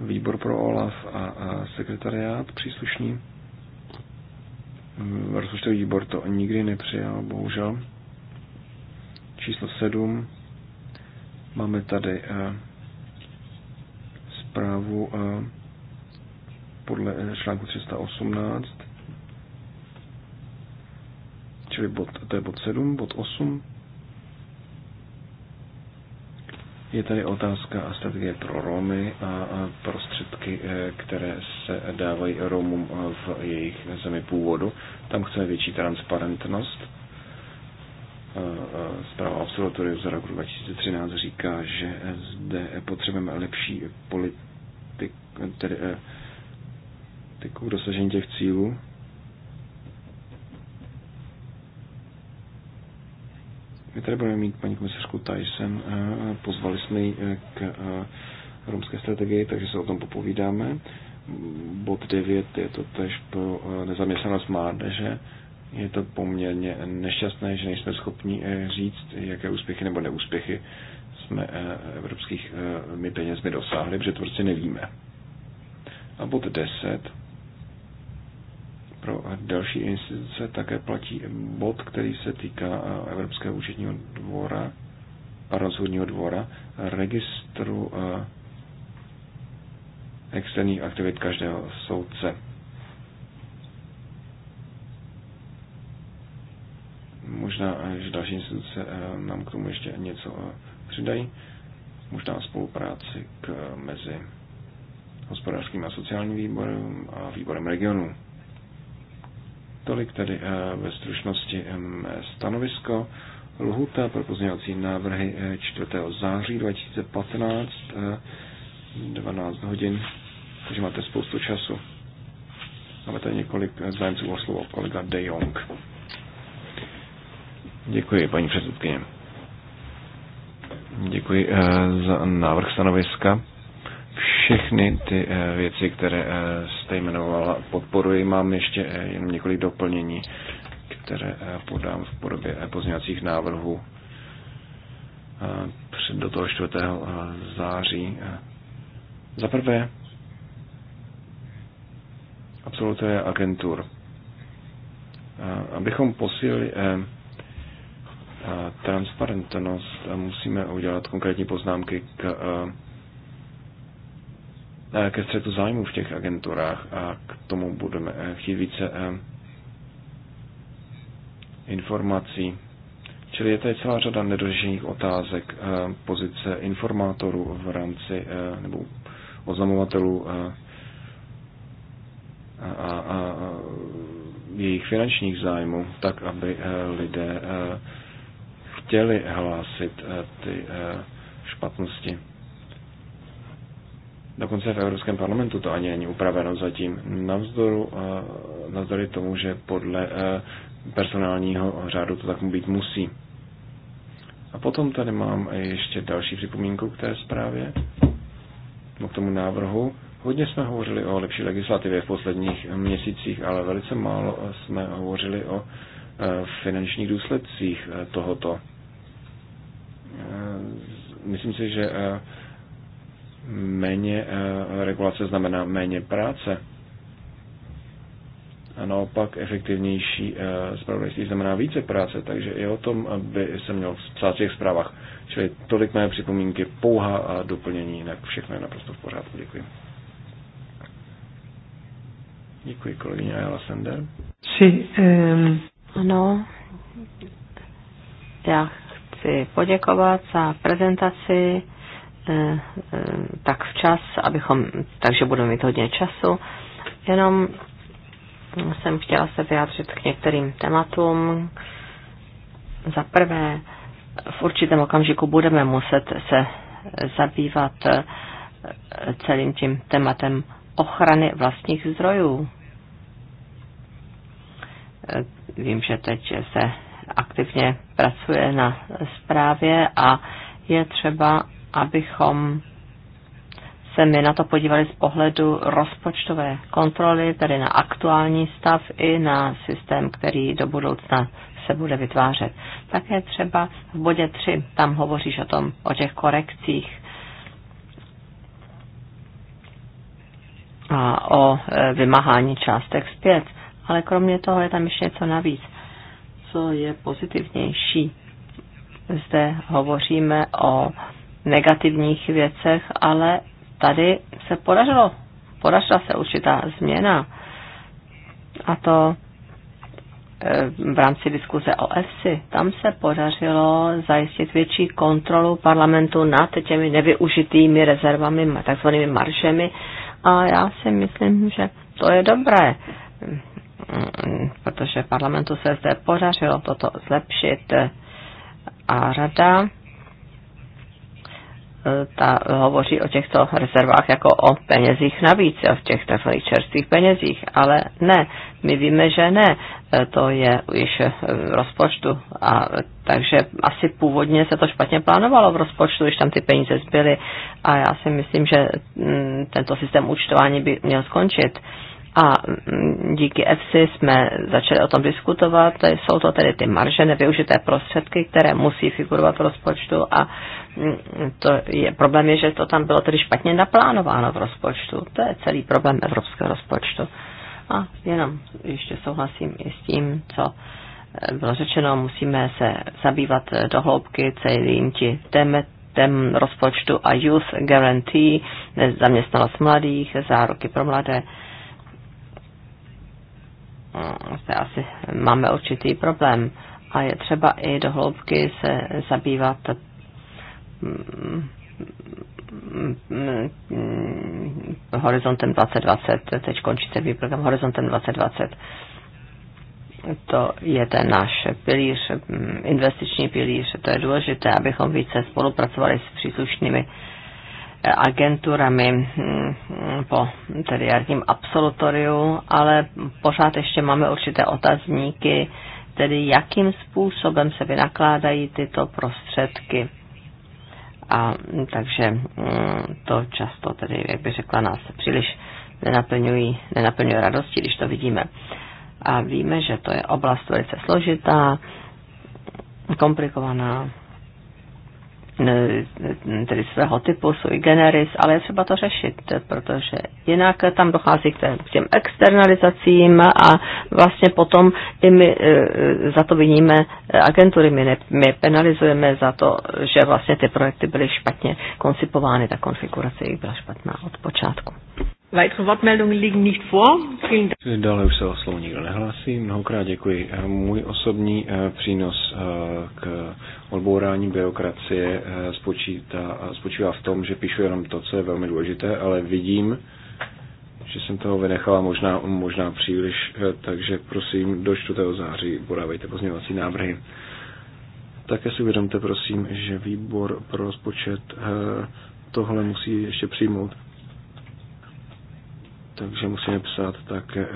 výbor pro OLAF a sekretariát příslušný. Mm, rozpočtový výbor to nikdy nepřijal, bohužel. Číslo 7. Máme tady zprávu podle článku 318, čili bod, to je bod 7, bod 8. Je tady otázka a strategie pro Romy a prostředky, eh, které se dávají Romům eh, v jejich zemi původu. Tam chceme větší transparentnost. Eh, zpráva Observatory z roku 2013 říká, že zde potřebujeme lepší politiku, tedy praktiku k dosažení těch cílů. My tady budeme mít paní komisařku Tyson, eh, eh, pozvali jsme ji eh, k romské strategii, takže se o tom popovídáme. Bod 9 je to tež pro nezaměstnanost mládeže. Je to poměrně nešťastné, že nejsme schopni říct, jaké úspěchy nebo neúspěchy jsme evropskými penězmi dosáhli, protože tvrdci prostě nevíme. A bod 10 pro další instituce také platí bod, který se týká eh, Evropského účetního dvora a rozhodního dvora registru eh, externích aktivit každého soudce. Možná, že další instituce eh, nám k tomu ještě něco přidají. Možná spolupráci k, mezi hospodářským a sociálním výborem a výborem regionu. Tolik tedy eh, ve stručnosti eh, stanovisko. Lhuta pro pozměňovací návrhy 4. Eh, září 2015, 12 hodin, takže máte spoustu času. Máme tady několik zájemců o slovo, kolega De Jong. Děkuji, paní předsedkyně. Děkuji za návrh stanoviska. Všechny ty eh, věci, které eh, jste jmenovala, podporuji. Mám ještě eh, jenom několik doplnění, které podám v podobě pozměňovacích návrhů do toho 4. září. Za prvé, absolutuje agentur. Abychom posílili transparentnost, musíme udělat konkrétní poznámky k Eh, ke střetu zájmu v těch agenturách a k tomu budeme eh, chtít více eh, informací. Čili je tady celá řada nedořešených otázek pozice informátorů v rámci nebo oznamovatelů a, a, a jejich finančních zájmů, tak aby lidé chtěli hlásit ty špatnosti. Dokonce v Evropském parlamentu to ani není upraveno zatím. Navzdoru, eh, navzdory tomu, že podle eh, personálního řádu to tak být musí. A potom tady mám ještě další připomínku k té zprávě, no, k tomu návrhu. Hodně jsme hovořili o lepší legislativě v posledních měsících, ale velice málo jsme hovořili o eh, finančních důsledcích tohoto. Myslím si, že méně eh, regulace znamená méně práce. A naopak efektivnější eh, zpravodajství znamená více práce, takže i o tom by se měl v těch zprávách. Čili tolik mé připomínky, pouha a doplnění, jinak všechno je naprosto v pořádku. Děkuji. Děkuji, kolegyně Ayala Sender. Si, um, ano, já chci poděkovat za prezentaci Eh, tak včas, abychom, takže budeme mít hodně času. Jenom jsem chtěla se vyjádřit k některým tématům. Za prvé, v určitém okamžiku budeme muset se zabývat eh, celým tím tématem ochrany vlastních zdrojů. Eh, vím, že teď se aktivně pracuje na zprávě a je třeba, abychom se my na to podívali z pohledu rozpočtové kontroly, tedy na aktuální stav i na systém, který do budoucna se bude vytvářet. Také třeba v bodě 3, tam hovoříš o tom, o těch korekcích a o e, vymáhání částek zpět. Ale kromě toho je tam ještě něco navíc, co je pozitivnější. Zde hovoříme o negativních věcech, ale tady se podařilo, podařila se určitá změna. A to eh, v rámci diskuze o EFSI. Tam se podařilo zajistit větší kontrolu parlamentu nad těmi nevyužitými rezervami, takzvanými maržemi. A já si myslím, že to je dobré, protože parlamentu se zde podařilo toto zlepšit. A rada E, ta hovoří o těchto rezervách jako o penězích navíc, o těch takových čerstvých penězích, ale ne, my víme, že ne, e, to je již v rozpočtu. A, takže asi původně se to špatně plánovalo v rozpočtu, když tam ty peníze zbyly a já si myslím, že mm, tento systém účtování by měl skončit. A mm, díky EFSI jsme začali o tom diskutovat. Jsou to tedy ty marže, nevyužité prostředky, které musí figurovat v rozpočtu a Mm, to je, problém je, že to tam bylo tedy špatně naplánováno v rozpočtu. To je celý problém evropského rozpočtu. A jenom ještě souhlasím i s tím, co eh, bylo řečeno, musíme se zabývat eh, do hloubky celým ti tématem rozpočtu a Youth Guarantee, zaměstnanost mladých, záruky pro mladé. Mm, to asi máme určitý problém a je třeba i do hloubky se zabývat Mm. Horizontem 2020, teď končí celý program Horizontem 2020. To je ten náš pilíř, mm, investiční pilíř. To je důležité, abychom více spolupracovali s příslušnými eh, agenturami mm, po tedy jarním absolutoriu, ale pořád ještě máme určité otazníky, tedy jakým způsobem se vynakládají tyto prostředky a mm, takže mm, to často tedy, jak by řekla nás, příliš nenaplňují, nenaplňuje radosti, když to vidíme. A víme, že to je oblast velice složitá, komplikovaná E, tedy svého typu, sui generis, ale je třeba to řešit, protože jinak tam dochází k těm externalizacím a vlastně potom i my e, za to viníme agentury, my, ne, my penalizujeme za to, že vlastně ty projekty byly špatně koncipovány, ta konfigurace jich byla špatná od počátku. Weitere Wortmeldungen liegen nicht vor. Vielen Dank. Dále už se o slovo nikdo nehlásí. Mnohokrát děkuji. Eh, můj osobní eh, přínos eh, k odbourání byrokracie spočívá v tom, že píšu jenom to, co je velmi důležité, ale vidím, že jsem toho vynechala možná, možná příliš, takže prosím, do 4. září podávejte pozměňovací návrhy. Také si uvědomte, prosím, že výbor pro rozpočet tohle musí ještě přijmout takže musíme psát e,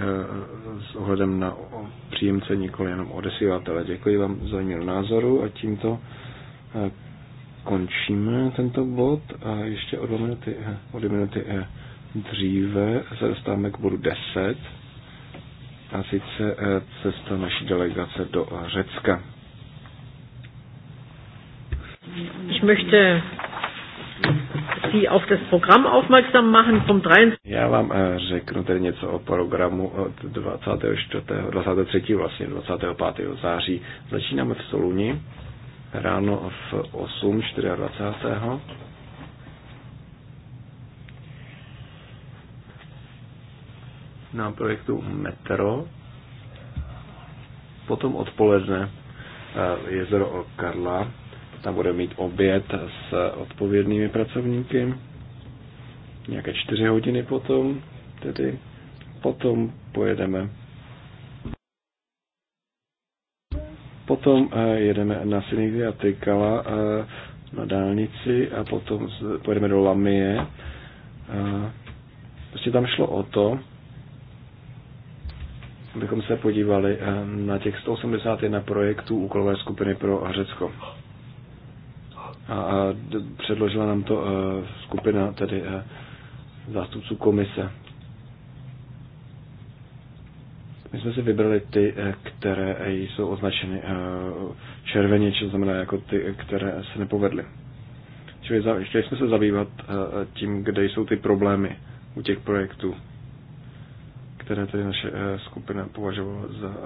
s ohledem na příjemce, nikoli jenom odesílatele. Děkuji vám za měl názoru a tímto eh, končíme tento bod a ještě o dvě minuty, eh, o dvě minuty dříve se dostáváme k bodu 10 a sice cesta naší delegace do Řecka. Ich möchte Sie auf das Programm aufmerksam machen vom 23. Já vám eh, řeknu tedy něco o programu od 24. 23. vlastně 25. září. Začínáme v Soluni ráno v 8. 24. na projektu Metro. Potom odpoledne eh, jezero Karla tam budeme mít oběd s odpovědnými pracovníky, nějaké čtyři hodiny potom, tedy potom pojedeme. Potom eh, jedeme na Sinigdy a Tykala eh, na dálnici a potom pojedeme do Lamie. Eh, prostě tam šlo o to, abychom se podívali na těch 181 projektů úkolové skupiny pro Řecko a předložila nám to e, skupina tedy e, zástupců komise. My jsme si vybrali ty, e, které jsou označeny červeně, či znamená jako ty, které se nepovedly. Čili chtěli jsme se zabývat tím, kde jsou ty problémy u těch projektů, které tedy naše skupina považovala za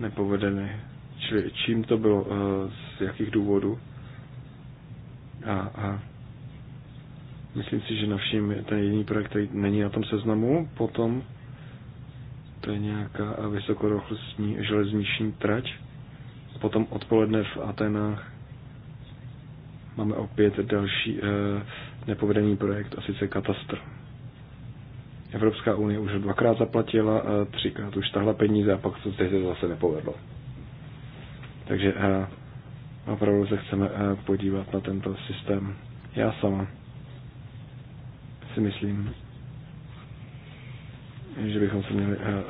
nepovedené. Čili čím to bylo, z jakých důvodů. A, a myslím si, že Navším je ten jediný projekt, který není na tom seznamu. Potom to je nějaká vysokorychlostní železniční trať. Potom odpoledne v Atenách máme opět další e, nepovedený projekt, a sice katastr. Evropská unie už dvakrát zaplatila, a třikrát už tahle peníze a pak se zase nepovedlo. Takže e, opravdu se chceme eh, podívat na tento systém. Já sama si myslím, že bychom se měli eh,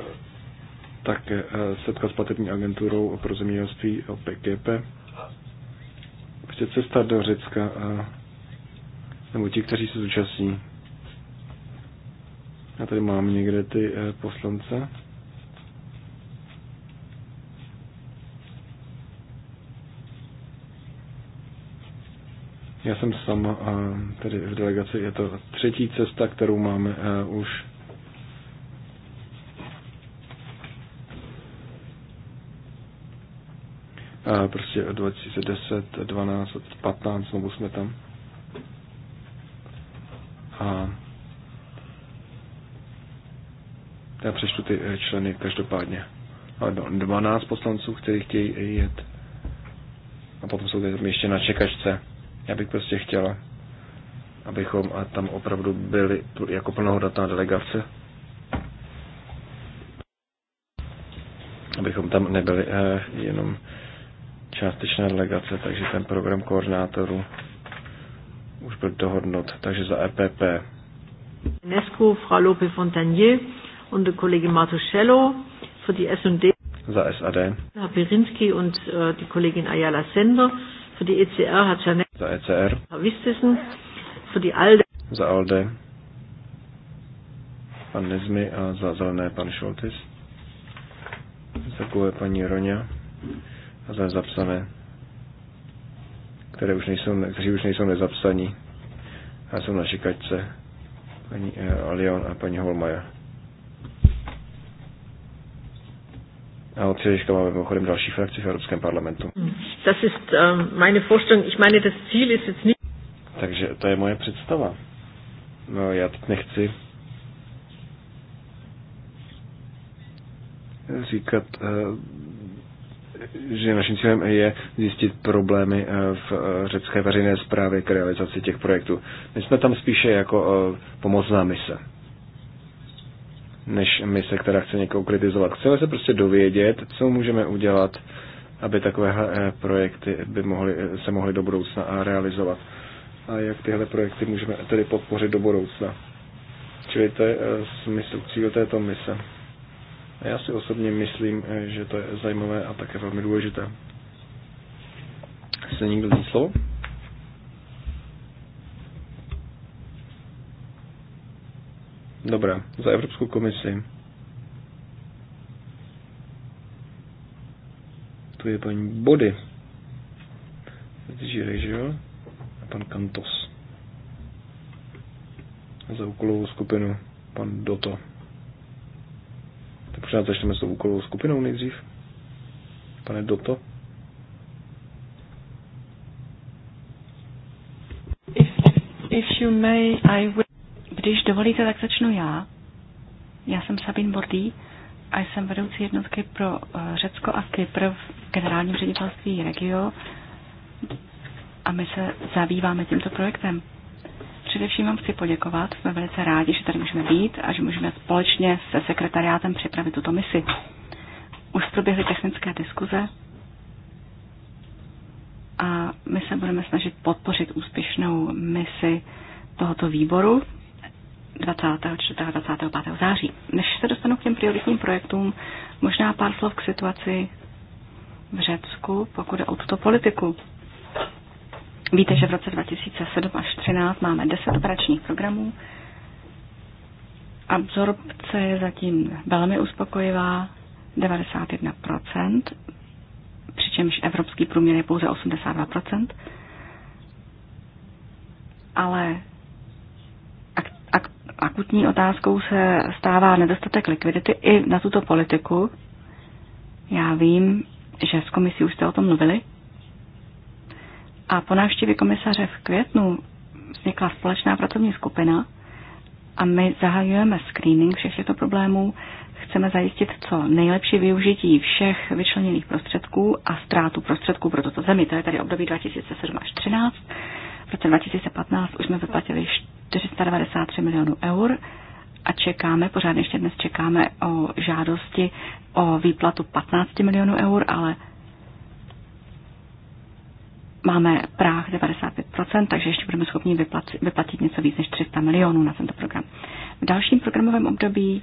také eh, setkat s platební agenturou pro zemědělství o PKP. Prostě cesta do Řecka, nebo ti, kteří se zúčastní. Já tady mám někde ty poslance. Já jsem sám eh, tady v delegaci, je to třetí cesta, kterou máme eh, už prostě od 2010, 12, 15, znovu jsme tam. A já přečtu ty eh, členy každopádně. Ale 12 no, poslanců, kteří chtějí jet. A potom jsou tady ještě na čekačce. Já bych prostě chtěla, abychom a tam opravdu byli jako plnohodnotná delegace, abychom tam nebyli eh, jenom částečná delegace, takže ten program koordinátorů už byl dohodnut. Takže za EPP. Nesku, Frau Lope Fontanier und der Kollege Martuschello für die S&D. Za SAD. Herr Pirinski und äh, die Kollegin Ayala Sender. Für die ECR hat Janel za ECR. Za ALDE. Pan Nezmi a za zelené pan Šoltis. Za kůže paní Roňa a za zapsané, které už nejsou, kteří už nejsou nezapsaní. A jsou na šikačce paní eh, Alion a paní Holmaja. A od Čežka máme mimochodem další frakci v Evropském parlamentu. Hm. Das ist ähm, meine Vorstellung. Ich meine, das Ziel ist jetzt nicht... Takže to je moje představa. No, já teď nechci říkat, eh, že naším cílem je zjistit problémy eh, v eh, řecké veřejné zprávě k realizaci těch projektů. My jsme tam spíše jako pomocná mise než mise, která chce někoho kritizovat. Chceme se prostě dovědět, co můžeme udělat, aby takové eh, projekty by mohly, eh, se mohly do budoucna a eh, realizovat. A jak tyhle projekty můžeme tedy podpořit do budoucna. Čili to je smysl, cíl této mise. A já si osobně myslím, že to je zajímavé a také velmi důležité. Se někdo slovo? Dobrá, za Evropskou komisi. Tu je paní Body. Žírej, že jo? A pan Kantos. A za úkolovou skupinu pan Doto. Tak pořád začneme s tou úkolovou skupinou nejdřív. Pane Doto. If, if you may, I will... Když dovolíte, tak začnu já. Já jsem Sabine Bordý a jsem vedoucí jednotky pro eh, Řecko a Kypr v generálním ředitelství Regio a my se zabýváme tímto projektem. Především vám chci poděkovat, jsme velice rádi, že tady můžeme být a že můžeme společně se sekretariátem připravit tuto misi. Už proběhly technické diskuze a my se budeme snažit podpořit úspěšnou misi tohoto výboru 24. 25. září. Než se dostanu k těm prioritním projektům, možná pár slov k situaci v Řecku, pokud je o tuto politiku. Víte, že v roce 2007 až 2013 máme 10 operačních programů. Absorpce je zatím velmi uspokojivá, 91%, přičemž evropský průměr je pouze 82%. Ale akutní otázkou se stává nedostatek likvidity i na tuto politiku. Já vím, že s komisí už jste o tom mluvili. A po návštěvě komisaře v květnu vznikla společná pracovní skupina a my zahajujeme screening všech těchto problémů. Chceme zajistit co nejlepší využití všech vyčleněných prostředků a ztrátu prostředků pro toto zemi. To je tady období 2007 až 2013. V roce 2015 už jsme vyplatili 493 milionů eur a čekáme, pořád ještě dnes čekáme o žádosti o výplatu 15 milionů eur, ale máme práh 95%, takže ještě budeme schopni vyplatit, vyplatit něco víc než 300 milionů na tento program. V dalším programovém období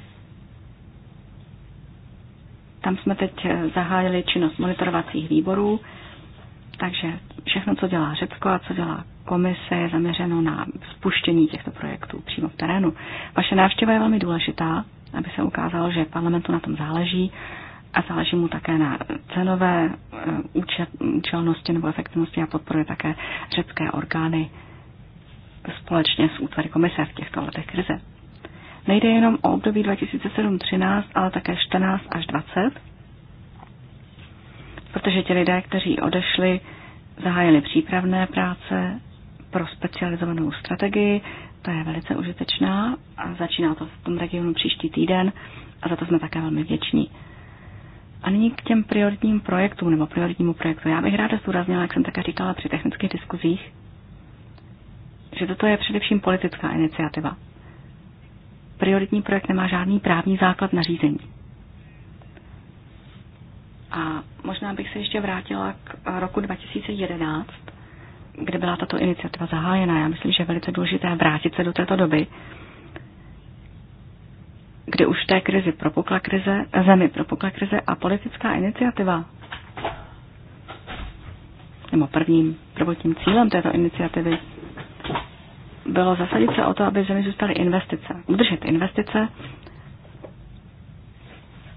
tam jsme teď zahájili činnost monitorovacích výborů, takže všechno, co dělá Řecko a co dělá komise je zaměřeno na spuštění těchto projektů přímo v terénu. Vaše návštěva je velmi důležitá, aby se ukázalo, že parlamentu na tom záleží a záleží mu také na cenové eh, účelnosti nebo efektivnosti a podporuje také řecké orgány společně s útvary komise v těchto letech krize. Nejde jenom o období 2007-13, ale také 14 až 20, protože ti lidé, kteří odešli, zahájili přípravné práce pro specializovanou strategii. Ta je velice užitečná a začíná to v tom regionu příští týden a za to jsme také velmi vděční. A nyní k těm prioritním projektům nebo prioritnímu projektu. Já bych ráda zdůraznila, jak jsem také říkala při technických diskuzích, že toto je především politická iniciativa. Prioritní projekt nemá žádný právní základ na řízení. A možná bych se ještě vrátila k roku 2011, kdy byla tato iniciativa zahájena. Já myslím, že je velice důležité vrátit se do této doby, kdy už v té krizi propukla krize, zemi propukla krize a politická iniciativa nebo prvním prvotním cílem této iniciativy bylo zasadit se o to, aby v zemi zůstaly investice, udržet investice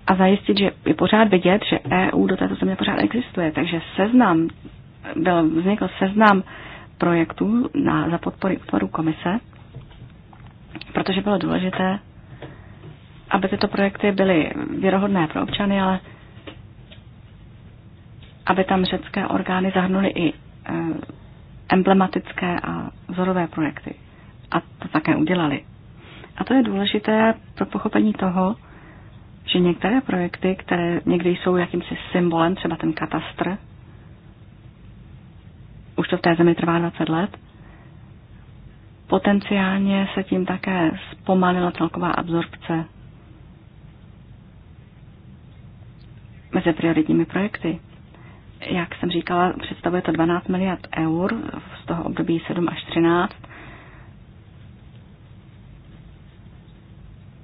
a zajistit, že je pořád vidět, že EU do této země pořád existuje. Takže seznam byl, vznikl seznam projektů na, za podpory útvaru komise, protože bylo důležité, aby tyto projekty byly věrohodné pro občany, ale aby tam řecké orgány zahrnuly i eh, emblematické a vzorové projekty. A to také udělali. A to je důležité pro pochopení toho, že některé projekty, které někdy jsou jakýmsi symbolem, třeba ten katastr, už to v té zemi trvá 20 let. Potenciálně se tím také zpomalila celková absorpce mezi prioritními projekty. Jak jsem říkala, představuje to 12 miliard eur, z toho období 7 až 13.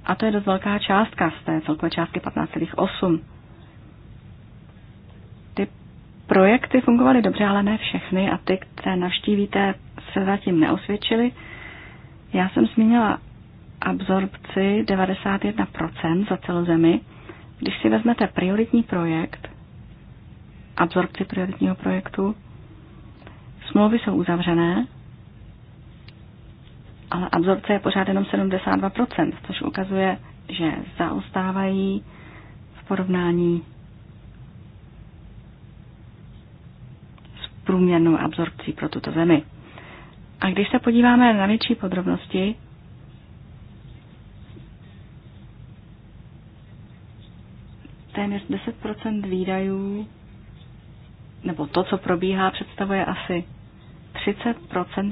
A to je dost velká částka z té celkové částky 15,8 projekty fungovaly dobře, ale ne všechny a ty, které navštívíte, se zatím neosvědčily. Já jsem zmínila absorpci 91% za celou zemi. Když si vezmete prioritní projekt, absorpci prioritního projektu, smlouvy jsou uzavřené, ale absorpce je pořád jenom 72%, což ukazuje, že zaostávají v porovnání průměrnou absorpcí pro tuto zemi. A když se podíváme na větší podrobnosti, téměř 10 výdajů, nebo to, co probíhá, představuje asi 30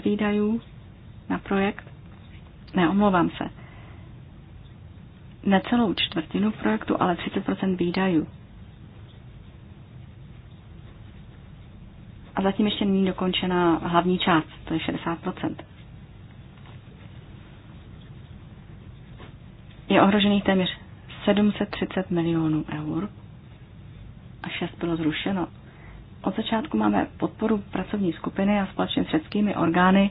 výdajů na projekt. Ne, omlouvám se. Necelou čtvrtinu projektu, ale 30 výdajů. a zatím ještě není dokončena hlavní část, to je 60 Je ohrožených téměř 730 milionů eur a 6 bylo zrušeno. Od začátku máme podporu pracovní skupiny a společně s řeckými orgány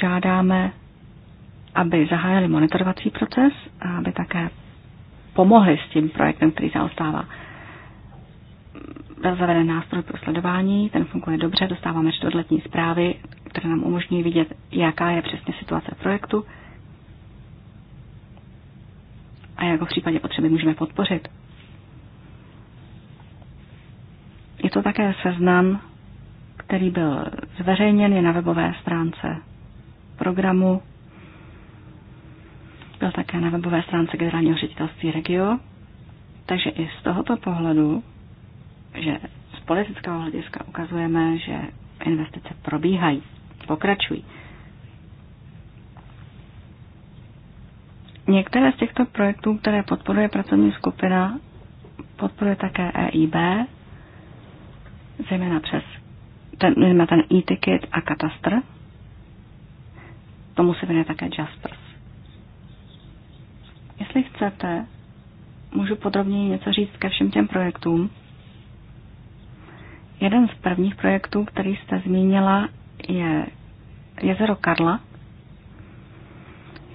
žádáme, aby zahájili monitorovací proces a aby také pomohli s tím projektem, který zaostává byl zaveden nástroj pro sledování, ten funguje dobře, dostáváme čtvrtletní zprávy, které nám umožňují vidět, jaká je přesně situace projektu a jak ho v případě potřeby můžeme podpořit. Je to také seznam, který byl zveřejněn, je na webové stránce programu, byl také na webové stránce generálního ředitelství Regio, takže i z tohoto pohledu že z politického hlediska ukazujeme, že investice probíhají, pokračují. Některé z těchto projektů, které podporuje pracovní skupina, podporuje také EIB, zejména přes ten, ten e-ticket a katastr. Tomu se věnuje také Jaspers. Jestli chcete, můžu podrobněji něco říct ke všem těm projektům, Jeden z prvních projektů, který jste zmínila, je jezero Karla.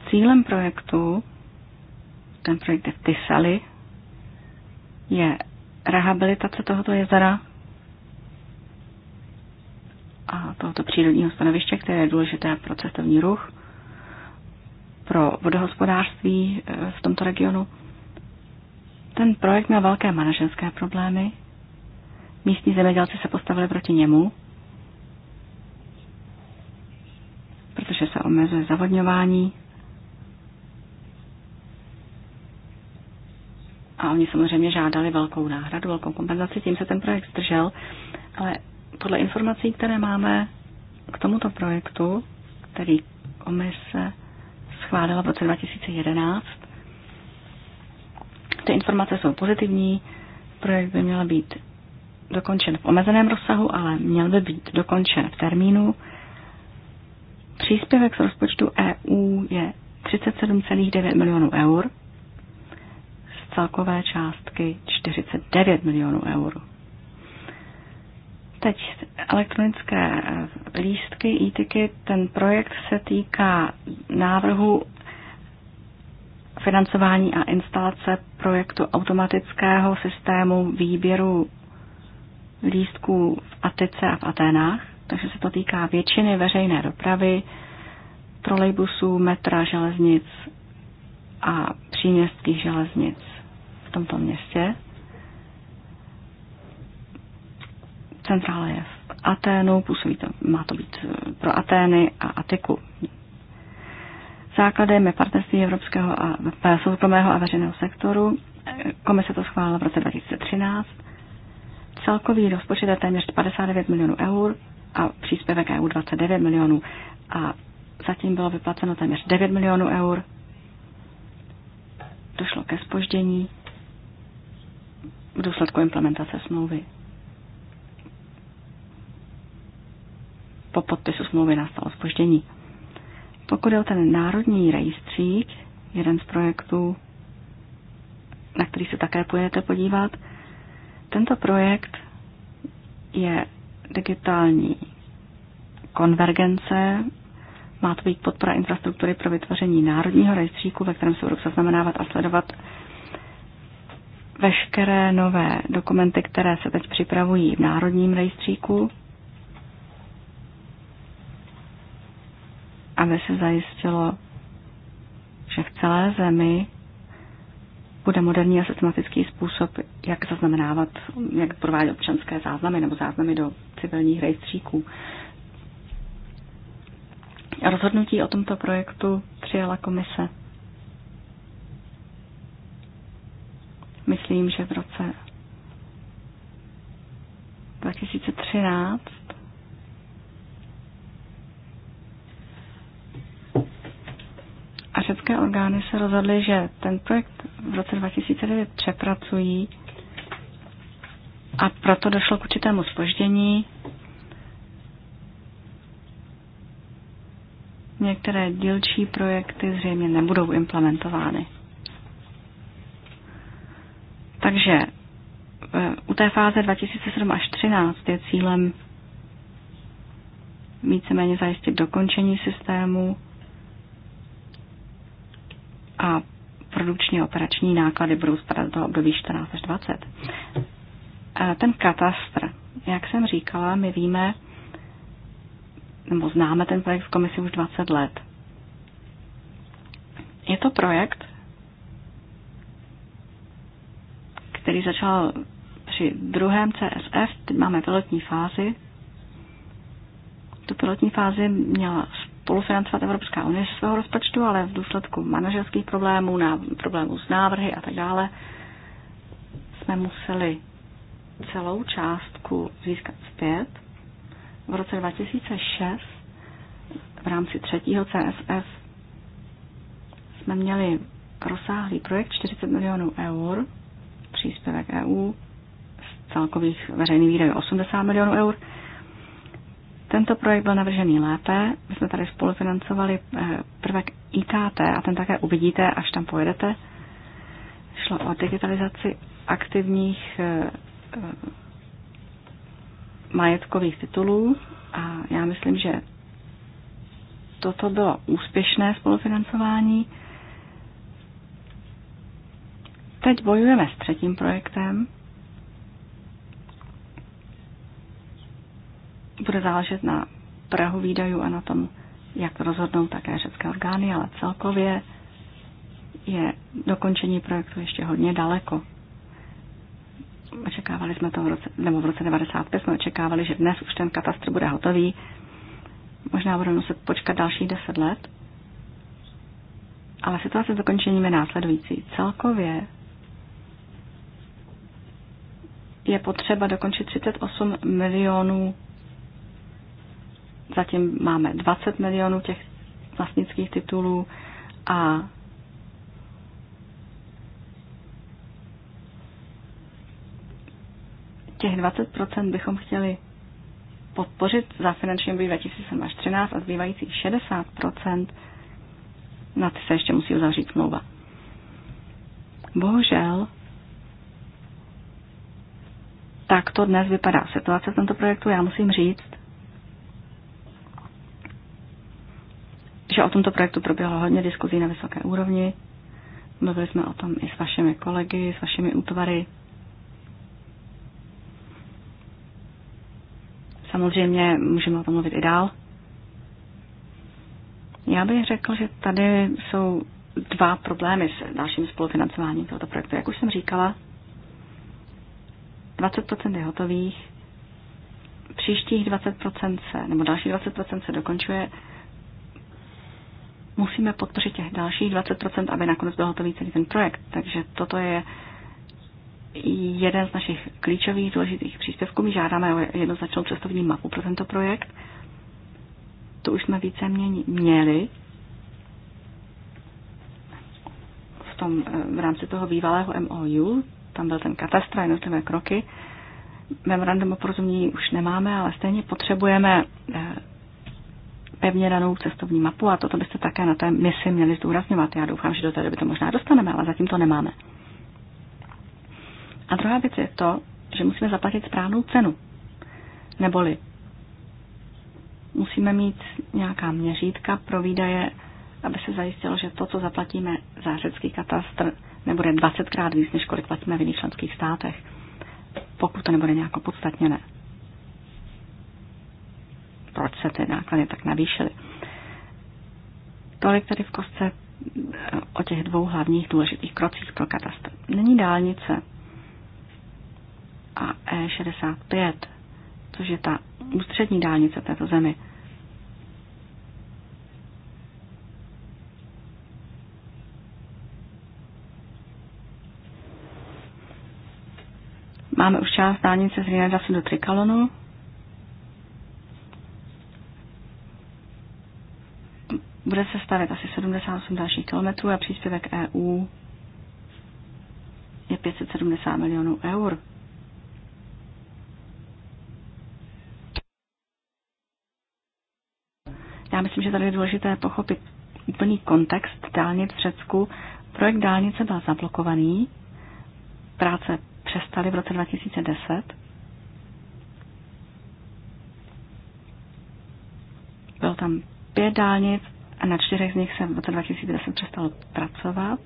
Cílem projektu, ten projekt je v Tysali, je rehabilitace tohoto jezera a tohoto přírodního stanoviště, které je důležité pro cestovní ruch, pro vodohospodářství eh, v tomto regionu. Ten projekt měl velké manažerské problémy, Místní zemědělci se postavili proti němu, protože se omezuje zavodňování. A oni samozřejmě žádali velkou náhradu, velkou kompenzaci, tím se ten projekt zdržel, ale podle informací, které máme k tomuto projektu, který komise schválila v roce 2011, ty informace jsou pozitivní, projekt by měl být dokončen v omezeném rozsahu, ale měl by být dokončen v termínu. Příspěvek z rozpočtu EU je 37,9 milionů eur z celkové částky 49 milionů eur. Teď elektronické eh, lístky, e-ticket, ten projekt se týká návrhu financování a instalace projektu automatického systému výběru lístků v Atece a v Aténách, takže se to týká většiny veřejné dopravy, trolejbusů, metra, železnic a příměstských železnic v tomto městě. Centrále je v Aténu, působí to, má to být eh, pro Atény a Atiku. Základem je partnerství evropského a eh, soukromého a veřejného sektoru. Eh, komise to schválila v roce 2013 Celkový rozpočet je téměř 59 milionů eur a příspěvek EU 29 milionů. A zatím bylo vyplaceno téměř 9 milionů eur. Došlo ke spoždění v důsledku implementace smlouvy. Po podpisu smlouvy nastalo spoždění. Pokud je o ten národní rejstřík, jeden z projektů, na který se také pojedete podívat, tento projekt je digitální konvergence. Má to být podpora infrastruktury pro vytvoření národního rejstříku, ve kterém se budou zaznamenávat a sledovat veškeré nové dokumenty, které se teď připravují v národním rejstříku, aby se zajistilo, že v celé zemi bude moderní a systematický způsob, jak zaznamenávat, jak provádět občanské záznamy nebo záznamy do civilních rejstříků. Rozhodnutí o tomto projektu přijala komise. Myslím, že v roce 2013 a řecké orgány se rozhodly, že ten projekt v roce 2009 přepracují a proto došlo k určitému spoždění. Některé dílčí projekty zřejmě nebudou implementovány. Takže eh, u té fáze 2007 až 2013 je cílem víceméně zajistit dokončení systému a produkční operační náklady budou spadat do období 14 až 20. A ten katastr, jak jsem říkala, my víme, nebo známe ten projekt v komisi už 20 let. Je to projekt, který začal při druhém CSF, teď máme pilotní fázi. Tu pilotní fázi měla spolufinancovat Evropská unie z svého rozpočtu, ale v důsledku manažerských problémů, na problémů s návrhy a tak dále, jsme museli celou částku získat zpět. V roce 2006 v rámci třetího CSF jsme měli rozsáhlý projekt 40 milionů eur, příspěvek EU z celkových veřejných výdajů 80 milionů eur tento projekt byl navržený lépe, my jsme tady spolufinancovali eh, prvek IKT a ten také uvidíte, až tam pojedete. Šlo o digitalizaci aktivních eh, eh, majetkových titulů a já myslím, že toto bylo úspěšné spolufinancování. Teď bojujeme s třetím projektem, bude záležet na Prahu výdajů a na tom, jak rozhodnou také řecké orgány, ale celkově je dokončení projektu ještě hodně daleko. Očekávali jsme to v roce, nebo v roce 95 jsme očekávali, že dnes už ten katastr bude hotový. Možná budeme muset počkat dalších 10 let. Ale situace s dokončením je následující. Celkově je potřeba dokončit 38 milionů Zatím máme 20 milionů těch vlastnických titulů a těch 20% bychom chtěli podpořit za finanční období 2013 a zbývajících 60% na ty se ještě musí uzavřít smlouva. Bohužel, tak to dnes vypadá situace v tomto projektu. Já musím říct, že o tomto projektu proběhlo hodně diskuzí na vysoké úrovni. Mluvili jsme o tom i s vašimi kolegy, s vašimi útvary. Samozřejmě můžeme o tom mluvit i dál. Já bych řekl, že tady jsou dva problémy s dalším spolufinancováním tohoto projektu. Jak už jsem říkala, 20% je hotových, příštích 20% se, nebo další 20% se dokončuje musíme podpořit těch dalších 20%, aby nakonec byl hotový celý ten projekt. Takže toto je jeden z našich klíčových důležitých příspěvků. My žádáme o jednoznačnou cestovní mapu pro tento projekt. To už jsme více měli v, tom, eh, v rámci toho bývalého MOU. Tam byl ten katastr, jednotlivé kroky. Memorandum o porozumění už nemáme, ale stejně potřebujeme eh, pevně danou cestovní mapu a toto byste také na té misi měli zdůrazňovat. Já doufám, že do té doby to možná dostaneme, ale zatím to nemáme. A druhá věc je to, že musíme zaplatit správnou cenu. Neboli musíme mít nějaká měřítka pro výdaje, aby se zajistilo, že to, co zaplatíme za řecký katastr, nebude 20krát víc, než kolik platíme v jiných členských státech, pokud to nebude nějak opodstatněné. Ne proč se ty náklady tak navýšily. Tolik tedy v kostce eh, o těch dvou hlavních důležitých krocích pro katastr. Není dálnice a E65, což je ta ústřední dálnice této zemi. Máme už část dálnice z Rinadasi do Trikalonu, Bude se stavět asi 78 dalších kilometrů a příspěvek EU je 570 milionů eur. Já myslím, že tady je důležité pochopit úplný kontext dálnic v Řecku. Projekt dálnice byl zablokovaný, práce přestaly v roce 2010. Bylo tam pět dálnic, a na čtyřech z nich se v roce 2010 přestalo pracovat,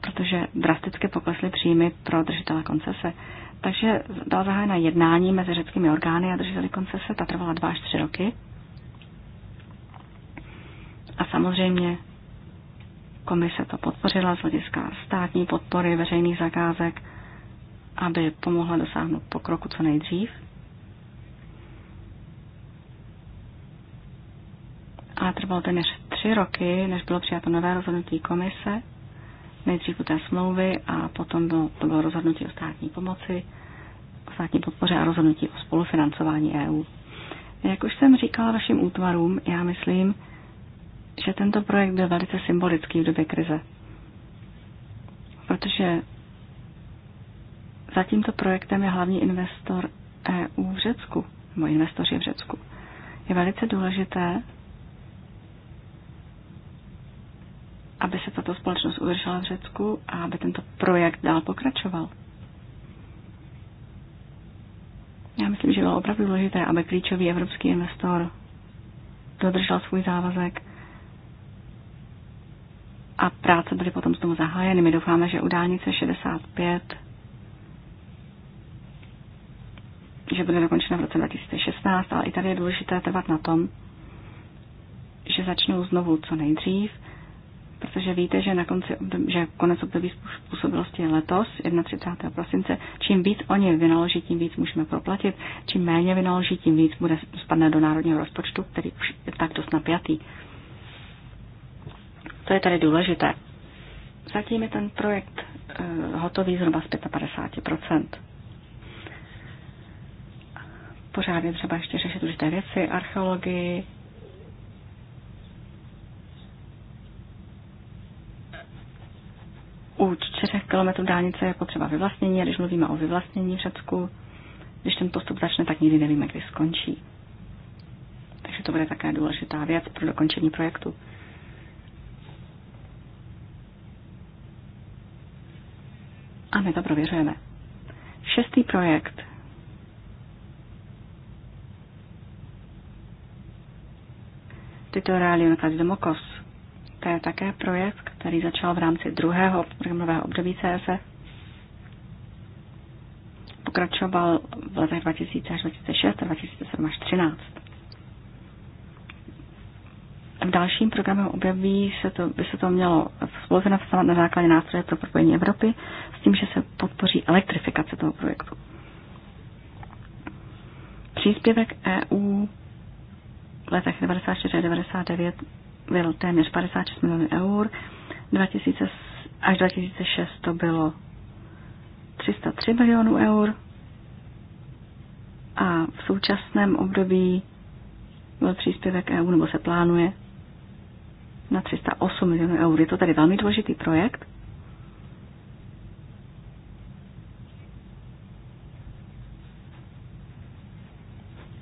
protože drasticky poklesly příjmy pro držitele koncese. Takže byla zahájena jednání mezi řeckými orgány a drželi koncese, ta trvala dva až tři roky. A samozřejmě komise to podpořila z hlediska státní podpory, veřejných zakázek, aby pomohla dosáhnout pokroku co nejdřív. a trvalo téměř tři roky, než bylo přijato nové rozhodnutí komise, nejdřív u té smlouvy a potom bylo, to bylo rozhodnutí o státní pomoci, o státní podpoře a rozhodnutí o spolufinancování EU. Jak už jsem říkala vašim útvarům, já myslím, že tento projekt byl velice symbolický v době krize. Protože za tímto projektem je hlavní investor EU v Řecku, nebo investoři v Řecku. Je velice důležité, aby se tato společnost udržela v Řecku a aby tento projekt dál pokračoval. Já myslím, že bylo opravdu důležité, aby klíčový evropský investor dodržel svůj závazek a práce byly potom znovu zahájeny. My doufáme, že u dálnice 65 že bude dokončena v roce 2016, ale i tady je důležité trvat na tom, že začnou znovu co nejdřív protože víte, že, na konci období, že konec období způsobilosti je letos, 31. prosince. Čím víc oni vynaloží, tím víc můžeme proplatit. Čím méně vynaloží, tím víc bude spadne do národního rozpočtu, který už je tak dost napjatý. To je tady důležité. Zatím je ten projekt uh, hotový zhruba z 55%. Pořád je třeba ještě řešit určité věci, archeologii, U čtyřech kilometrů dálnice je potřeba vyvlastnění a když mluvíme o vyvlastnění v Řecku, když ten postup začne, tak nikdy nevíme, kdy skončí. Takže to bude také důležitá věc pro dokončení projektu. A my to prověřujeme. Šestý projekt Tito Realion Demokos to je také projekt, který začal v rámci druhého programového období CSF. E. Pokračoval v letech 2000 až 2006 a 2007 až 2013. V dalším programu objeví se to, by se to mělo spolufinancovat na základě nástroje pro propojení Evropy s tím, že se podpoří elektrifikace toho projektu. Příspěvek EU v letech 1994 a 99 byl téměř 56 milionů eur, 2000, až 2006 to bylo 303 milionů eur a v současném období byl příspěvek EU, nebo se plánuje na 308 milionů eur. Je to tady velmi důležitý projekt.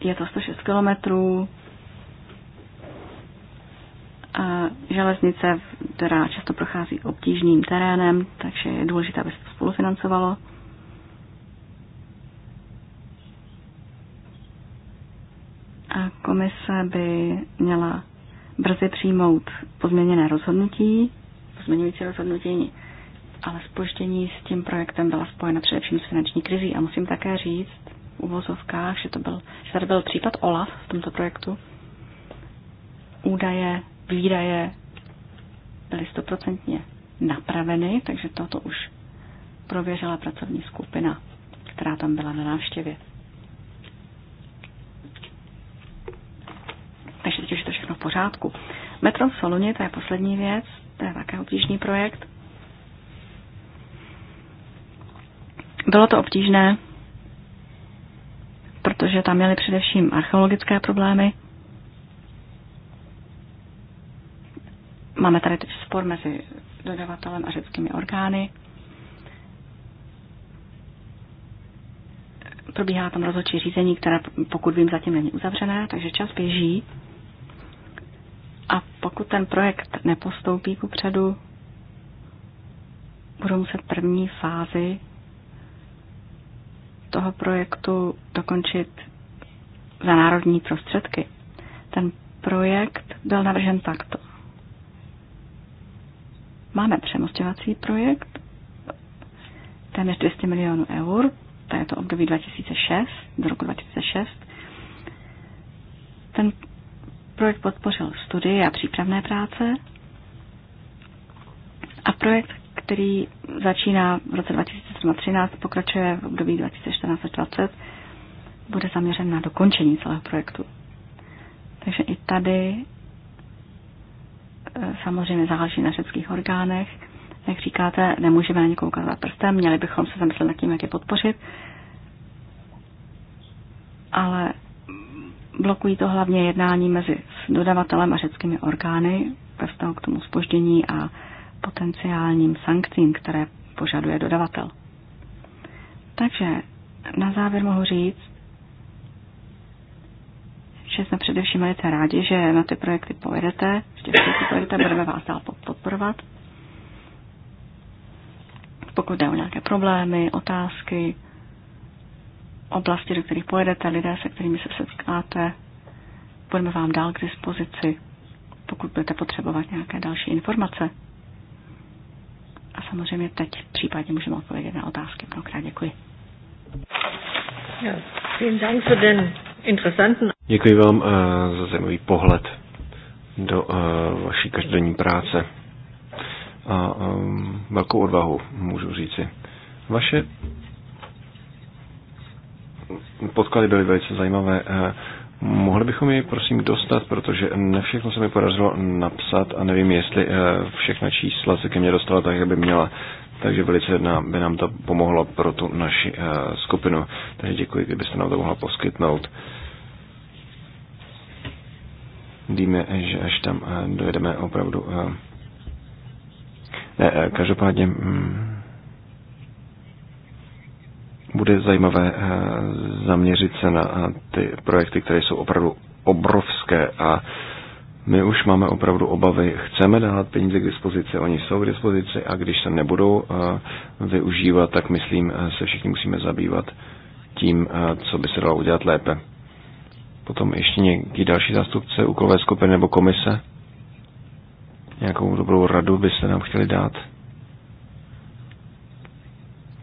Je to 106 kilometrů, železnice, která často prochází obtížným terénem, takže je důležité, aby se to spolufinancovalo. A komise by měla brzy přijmout pozměněné rozhodnutí, pozměňující rozhodnutí, ale spoštění s tím projektem byla spojena především s finanční krizí. A musím také říct v uvozovkách, že, to byl, že tady byl případ OLAF v tomto projektu. Údaje výdaje byly stoprocentně napraveny, takže toto už prověřila pracovní skupina, která tam byla na návštěvě. Takže teď už je to všechno v pořádku. Metro v Soluně, to je poslední věc, to je také obtížný projekt. Bylo to obtížné, protože tam měli především archeologické problémy, Máme tady teď spor mezi dodavatelem a řeckými orgány. Probíhá tam rozhodčí řízení, které pokud vím zatím není uzavřené, takže čas běží. A pokud ten projekt nepostoupí kupředu, budou muset první fázi toho projektu dokončit za národní prostředky. Ten projekt byl navržen takto. Máme přemostěvací projekt, téměř 200 milionů eur, to je to období 2006, do roku 2006. Ten projekt podpořil studie a přípravné práce a projekt, který začíná v roce 2013, pokračuje v období 2014 2020, bude zaměřen na dokončení celého projektu. Takže i tady Eh, samozřejmě záleží na řeckých orgánech. Jak říkáte, nemůžeme na někoho ukázat prstem, měli bychom se zamyslet nad tím, jak je podpořit. Ale blokují to hlavně jednání mezi dodavatelem a řeckými orgány ve vztahu k tomu spoždění a potenciálním sankcím, které požaduje dodavatel. Takže na závěr mohu říct, že jsme především velice rádi, že na ty projekty pojedete, že ty pojedete, budeme vás dál podporovat. Pokud jde o nějaké problémy, otázky, oblasti, do kterých pojedete, lidé, se kterými se setkáte, budeme vám dál k dispozici, pokud budete potřebovat nějaké další informace. A samozřejmě teď případně můžeme odpovědět na otázky. Mnohokrát děkuji. Ja, vielen Dank für den interessanten Děkuji vám eh, za zajímavý pohled do eh, vaší každodenní práce a ehm, velkou odvahu, můžu říci. Vaše podklady byly velice zajímavé. Eh, mohli bychom je prosím dostat, protože ne všechno se mi podařilo napsat a nevím, jestli všechna čísla se ke mně dostala tak, jak by měla. Takže velice by nám to pomohlo pro tu naši skupinu. Takže děkuji, kdybyste nám to mohla poskytnout. Víme, že až tam eh, dojedeme opravdu. Eh, ne, eh, každopádně mm, bude zajímavé zaměřit se na ty projekty, které jsou opravdu obrovské a my už máme opravdu obavy, chceme dát peníze k dispozici, oni jsou k dispozici a když se nebudou využívat, tak myslím, se všichni musíme zabývat tím, co by se dalo udělat lépe potom ještě nějaký další zástupce úkolové skupiny nebo komise? Nějakou dobrou radu byste nám chtěli dát?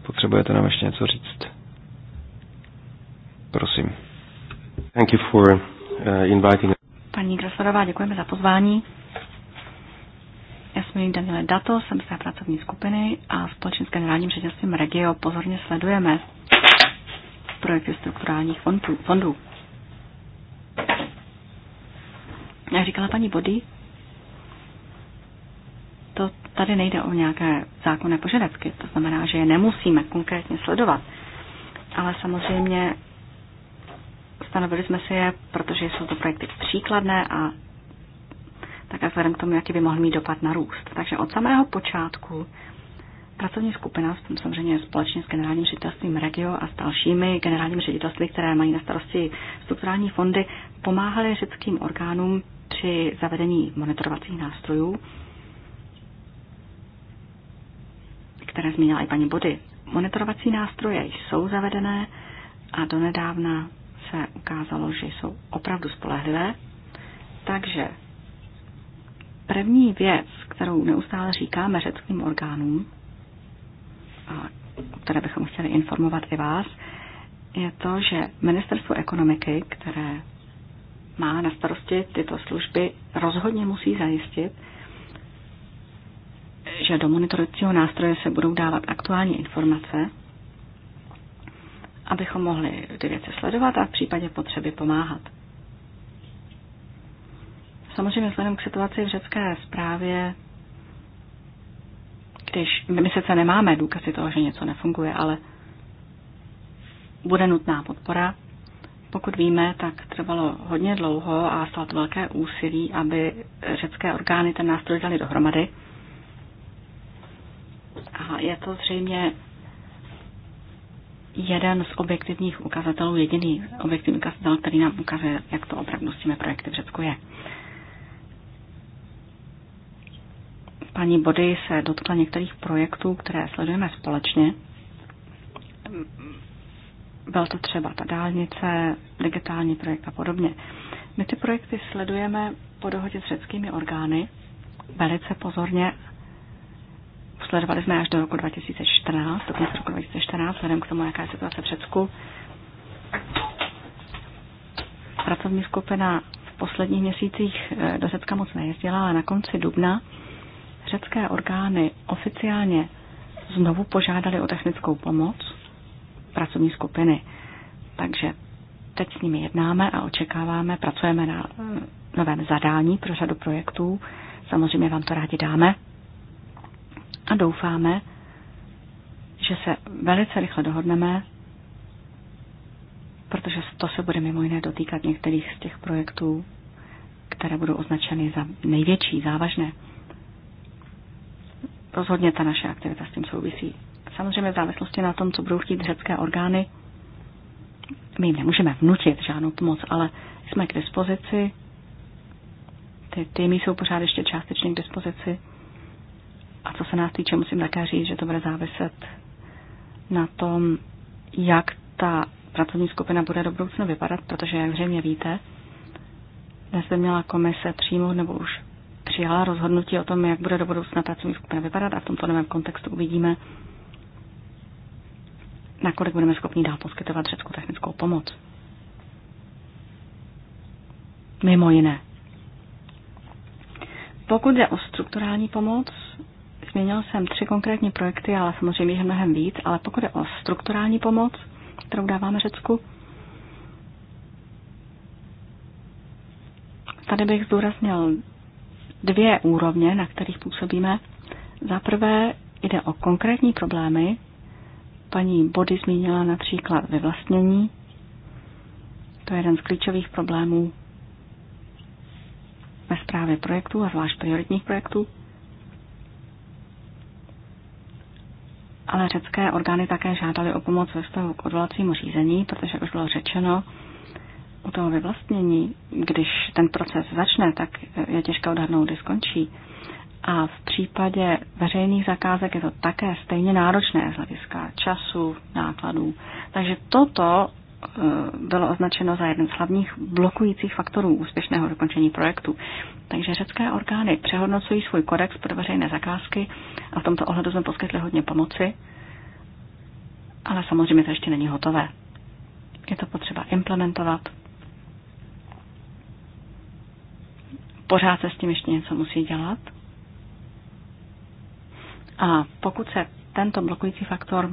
Potřebujete nám ještě něco říct? Prosím. Thank you for uh, inviting Paní Krasorová, děkujeme za pozvání. Já jsem jmenuji Daniele Dato, jsem z té pracovní skupiny a společně s generálním ředitelstvím Regio pozorně sledujeme projekty strukturálních fondů. fondů. Jak říkala paní Body, to tady nejde o nějaké zákonné požadavky, to znamená, že je nemusíme konkrétně sledovat. Ale samozřejmě stanovili jsme si je, protože jsou to projekty příkladné a také vzhledem k tomu, jaký by mohl mít dopad na růst. Takže od samého počátku pracovní skupina, s tím samozřejmě společně s generálním ředitelstvím Regio a s dalšími generálními ředitelství, které mají na starosti strukturální fondy, pomáhaly řeckým orgánům při zavedení monitorovacích nástrojů, které zmínila i paní Body. Monitorovací nástroje jsou zavedené a donedávna se ukázalo, že jsou opravdu spolehlivé. Takže první věc, kterou neustále říkáme řeckým orgánům, a které bychom chtěli informovat i vás, je to, že ministerstvo ekonomiky, které má na starosti tyto služby, rozhodně musí zajistit, že do monitorujícího nástroje se budou dávat aktuální informace, abychom mohli ty věci sledovat a v případě potřeby pomáhat. Samozřejmě vzhledem k situaci v řecké zprávě, když my sice nemáme důkazy toho, že něco nefunguje, ale bude nutná podpora, pokud víme, tak trvalo hodně dlouho a stalo to velké úsilí, aby řecké orgány ten nástroj dali dohromady. A je to zřejmě jeden z objektivních ukazatelů, jediný objektivní ukazatel, který nám ukazuje, jak to opravdu s těmi projekty v Řecku je. Paní Body se dotkla některých projektů, které sledujeme společně. Byl to třeba ta dálnice, digitální projekt a podobně. My ty projekty sledujeme po dohodě s řeckými orgány velice pozorně. Sledovali jsme až do roku 2014, do konce roku 2014, vzhledem k tomu, jaká je situace v Řecku. Pracovní skupina v posledních měsících eh, do Řecka moc nejezdila, ale na konci dubna řecké orgány oficiálně znovu požádali o technickou pomoc pracovní skupiny. Takže teď s nimi jednáme a očekáváme, pracujeme na mm, novém zadání pro řadu projektů. Samozřejmě vám to rádi dáme. A doufáme, že se velice rychle dohodneme, protože to se bude mimo jiné dotýkat některých z těch projektů, které budou označeny za největší, závažné. Rozhodně ta naše aktivita s tím souvisí. Samozřejmě v závislosti na tom, co budou chtít řecké orgány, my jim nemůžeme vnutit žádnou pomoc, ale jsme k dispozici. Ty týmy jsou pořád ještě částečně k dispozici. A co se nás týče, musím také říct, že to bude záviset na tom, jak ta pracovní skupina bude do budoucna vypadat, protože, jak zřejmě víte, dnes by měla komise přijmout nebo už přijala rozhodnutí o tom, jak bude do budoucna pracovní skupina vypadat a v tomto novém kontextu uvidíme, nakolik budeme schopni dál poskytovat Řecku technickou pomoc. Mimo jiné. Pokud jde o strukturální pomoc, změnil jsem tři konkrétní projekty, ale samozřejmě je mnohem víc, ale pokud jde o strukturální pomoc, kterou dáváme Řecku, tady bych zdůraznil dvě úrovně, na kterých působíme. Za prvé jde o konkrétní problémy, Paní Body zmínila například vyvlastnění. To je jeden z klíčových problémů ve zprávě projektů a zvlášť prioritních projektů. Ale řecké orgány také žádaly o pomoc ve vztahu k odvolacímu řízení, protože už bylo řečeno, u toho vyvlastnění, když ten proces začne, tak je těžké odhadnout, kdy skončí. A v případě veřejných zakázek je to také stejně náročné z hlediska času, nákladů. Takže toto e, bylo označeno za jeden z hlavních blokujících faktorů úspěšného dokončení projektu. Takže řecké orgány přehodnocují svůj kodex pro veřejné zakázky a v tomto ohledu jsme poskytli hodně pomoci, ale samozřejmě to ještě není hotové. Je to potřeba implementovat. Pořád se s tím ještě něco musí dělat, a pokud se tento blokující faktor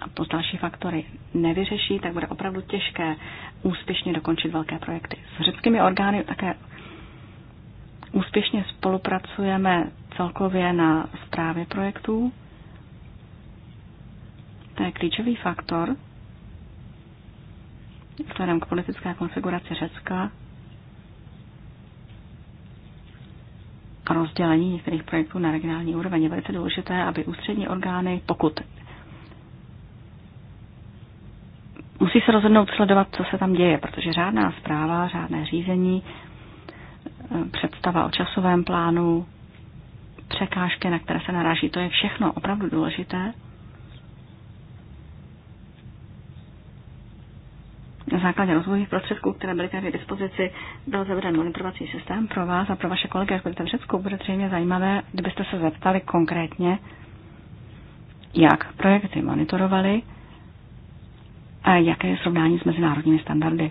a post další faktory nevyřeší, tak bude opravdu těžké úspěšně dokončit velké projekty. S řeckými orgány také úspěšně spolupracujeme celkově na zprávě projektů. To je klíčový faktor vzhledem k politické konfiguraci Řecka rozdělení některých projektů na regionální úroveň. Je velice důležité, aby ústřední orgány, pokud musí se rozhodnout sledovat, co se tam děje, protože řádná zpráva, řádné řízení, představa o časovém plánu, překážky, na které se naráží, to je všechno opravdu důležité Na základě rozvojových prostředků, které byly tady k dispozici, byl zaveden monitorovací systém pro vás a pro vaše kolegy, jak budete v Řecku. Bude zřejmě zajímavé, kdybyste se zeptali konkrétně, jak projekty monitorovali a jaké je srovnání s mezinárodními standardy.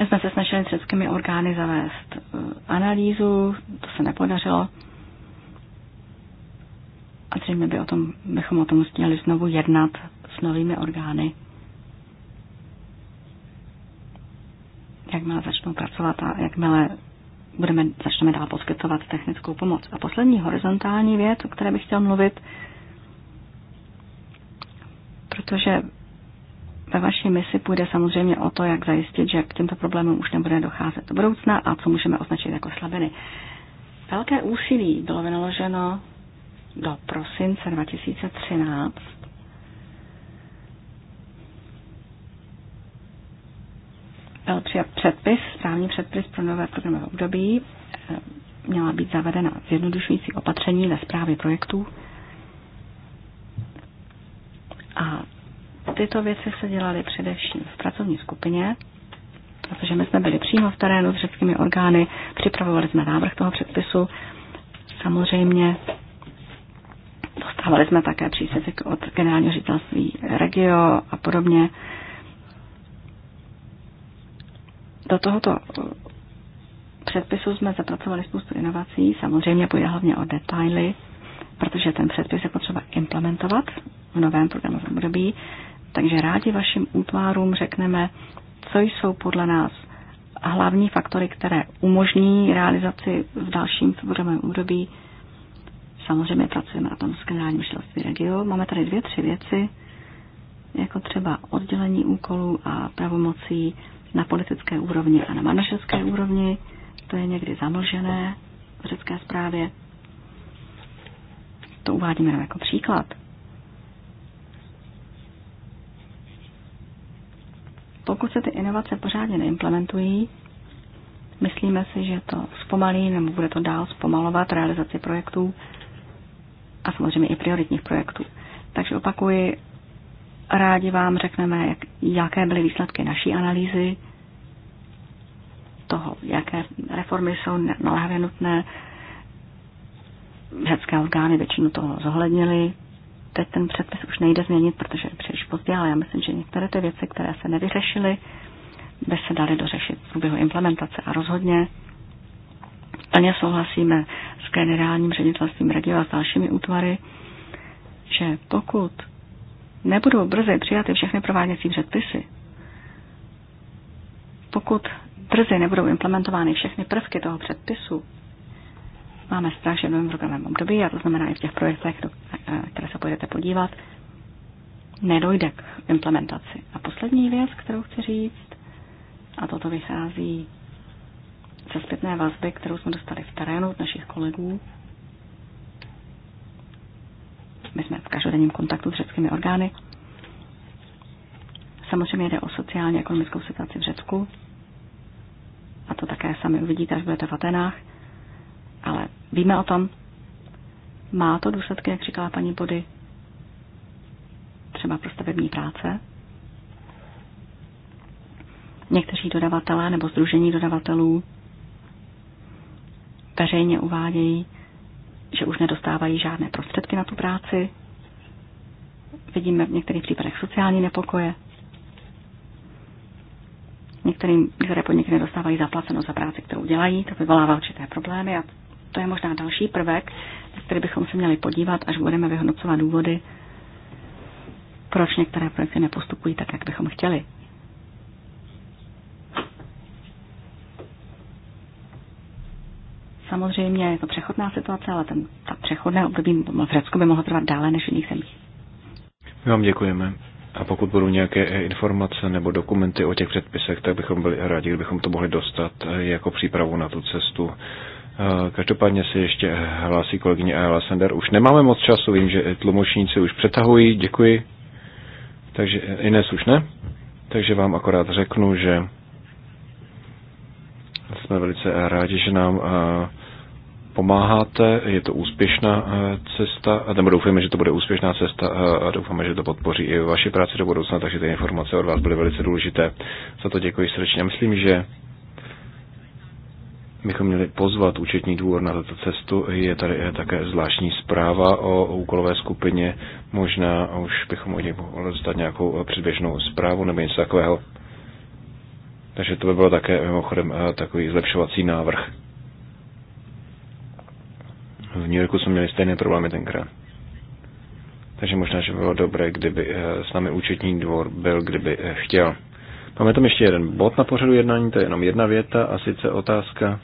My jsme se snažili s řeckými orgány zavést eh, analýzu, to se nepodařilo. A zřejmě by o tom, bychom o tom chtěli znovu jednat s novými orgány jakmile začnou pracovat a jakmile budeme, začneme dál poskytovat technickou pomoc. A poslední horizontální věc, o které bych chtěl mluvit, protože ve vaší misi půjde samozřejmě o to, jak zajistit, že k těmto problémům už nebude docházet do budoucna a co můžeme označit jako slabiny. Velké úsilí bylo vynaloženo do prosince 2013 byl přijat předpis, právní předpis pro nové programové období. Eh, měla být zavedena zjednodušující opatření ve zprávě projektů. A tyto věci se dělaly především v pracovní skupině, protože my jsme byli přímo v terénu s řeckými orgány, připravovali jsme návrh toho předpisu. Samozřejmě dostávali jsme také příspěvek od generálního ředitelství Regio a podobně. Do tohoto eh, předpisu jsme zapracovali spoustu inovací. Samozřejmě půjde hlavně o detaily, protože ten předpis je potřeba implementovat v novém programovém období. Takže rádi vašim útvarům řekneme, co jsou podle nás hlavní faktory, které umožní realizaci v dalším programovém období. Samozřejmě pracujeme na tom s generálním šelství regio. Máme tady dvě, tři věci, jako třeba oddělení úkolů a pravomocí na politické úrovni a na manažerské úrovni. To je někdy zamlžené v řecké zprávě. To uvádím jenom jako příklad. Pokud se ty inovace pořádně neimplementují, myslíme si, že to zpomalí nebo bude to dál zpomalovat realizaci projektů a samozřejmě i prioritních projektů. Takže opakuji, rádi vám řekneme, jak, jaké byly výsledky naší analýzy toho, jaké reformy jsou naléhavě nutné. Řecké orgány většinu toho zohlednili. Teď ten předpis už nejde změnit, protože je příliš pozdě, ale já myslím, že některé ty věci, které se nevyřešily, by se daly dořešit v průběhu implementace a rozhodně plně souhlasíme s generálním ředitelstvím regionu a s dalšími útvary, že pokud nebudou brzy přijaty všechny prováděcí předpisy, pokud brzy nebudou implementovány všechny prvky toho předpisu, máme strach, že v novém programovém období, a to znamená i v těch projektech, eh, které se budete podívat, nedojde k implementaci. A poslední věc, kterou chci říct, a toto vychází ze zpětné vazby, kterou jsme dostali v terénu od našich kolegů. My jsme v každodenním kontaktu s řeckými orgány. Samozřejmě jde o sociálně ekonomickou situaci v Řecku to také sami uvidíte, až budete v Atenách, ale víme o tom, má to důsledky, jak říkala paní Body, třeba pro stavební práce. Někteří dodavatelé nebo združení dodavatelů veřejně uvádějí, že už nedostávají žádné prostředky na tu práci. Vidíme v některých případech sociální nepokoje. Některým, některé podniky nedostávají zaplaceno za práci, kterou dělají, to vyvolává určité problémy a to je možná další prvek, na který bychom se měli podívat, až budeme vyhodnocovat důvody, proč některé projekty nepostupují tak, jak bychom chtěli. Samozřejmě je to přechodná situace, ale ten, ta přechodné období v Řecku by mohlo trvat dále než v jiných zemích. My vám děkujeme. A pokud budou nějaké informace nebo dokumenty o těch předpisech, tak bychom byli rádi, kdybychom to mohli dostat eh, jako přípravu na tu cestu. Eh, každopádně si ještě hlásí kolegyně Ayala Sender. Už nemáme moc času, vím, že tlumočníci už přetahují, děkuji. Takže eh, Ines už ne. Takže vám akorát řeknu, že jsme velice rádi, že nám pomáháte, je to úspěšná eh, cesta, nebo doufáme, že to bude úspěšná cesta eh, a doufáme, že to podpoří i vaši práci do budoucna, takže ty informace od vás byly velice důležité. Za to děkuji srdečně. Myslím, že bychom měli pozvat účetní dvůr na tuto cestu. Je tady eh, také zvláštní zpráva o úkolové skupině. Možná už bychom od něj mohli dostat nějakou předběžnou zprávu nebo něco takového. Takže to by bylo také mimochodem takový zlepšovací návrh. V New Yorku jsme měli stejné problémy tenkrát. Takže možná, že bylo dobré, kdyby eh, s námi účetní dvor byl, kdyby eh, chtěl. Máme tam ještě jeden bod na pořadu jednání, to je jenom jedna věta, a sice otázka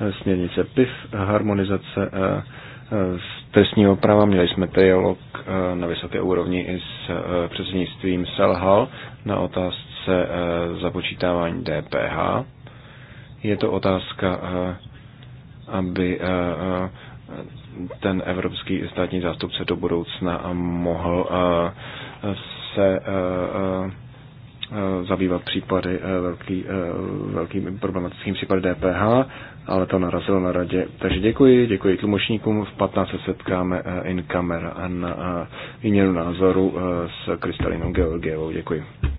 eh, směrnice PIF, harmonizace z trestního práva. Měli jsme dialog na vysoké úrovni i s předsednictvím Selhal na otázce započítávání DPH. Je to otázka, aby ten evropský státní zástupce do budoucna mohl eh, se eh, eh, zabývat případy velký, velkým problematickým případy DPH, ale to narazilo na radě. Takže děkuji, děkuji tlumočníkům. V 15 se setkáme in camera na výměnu názoru s Kristalinou Georgievou. Děkuji.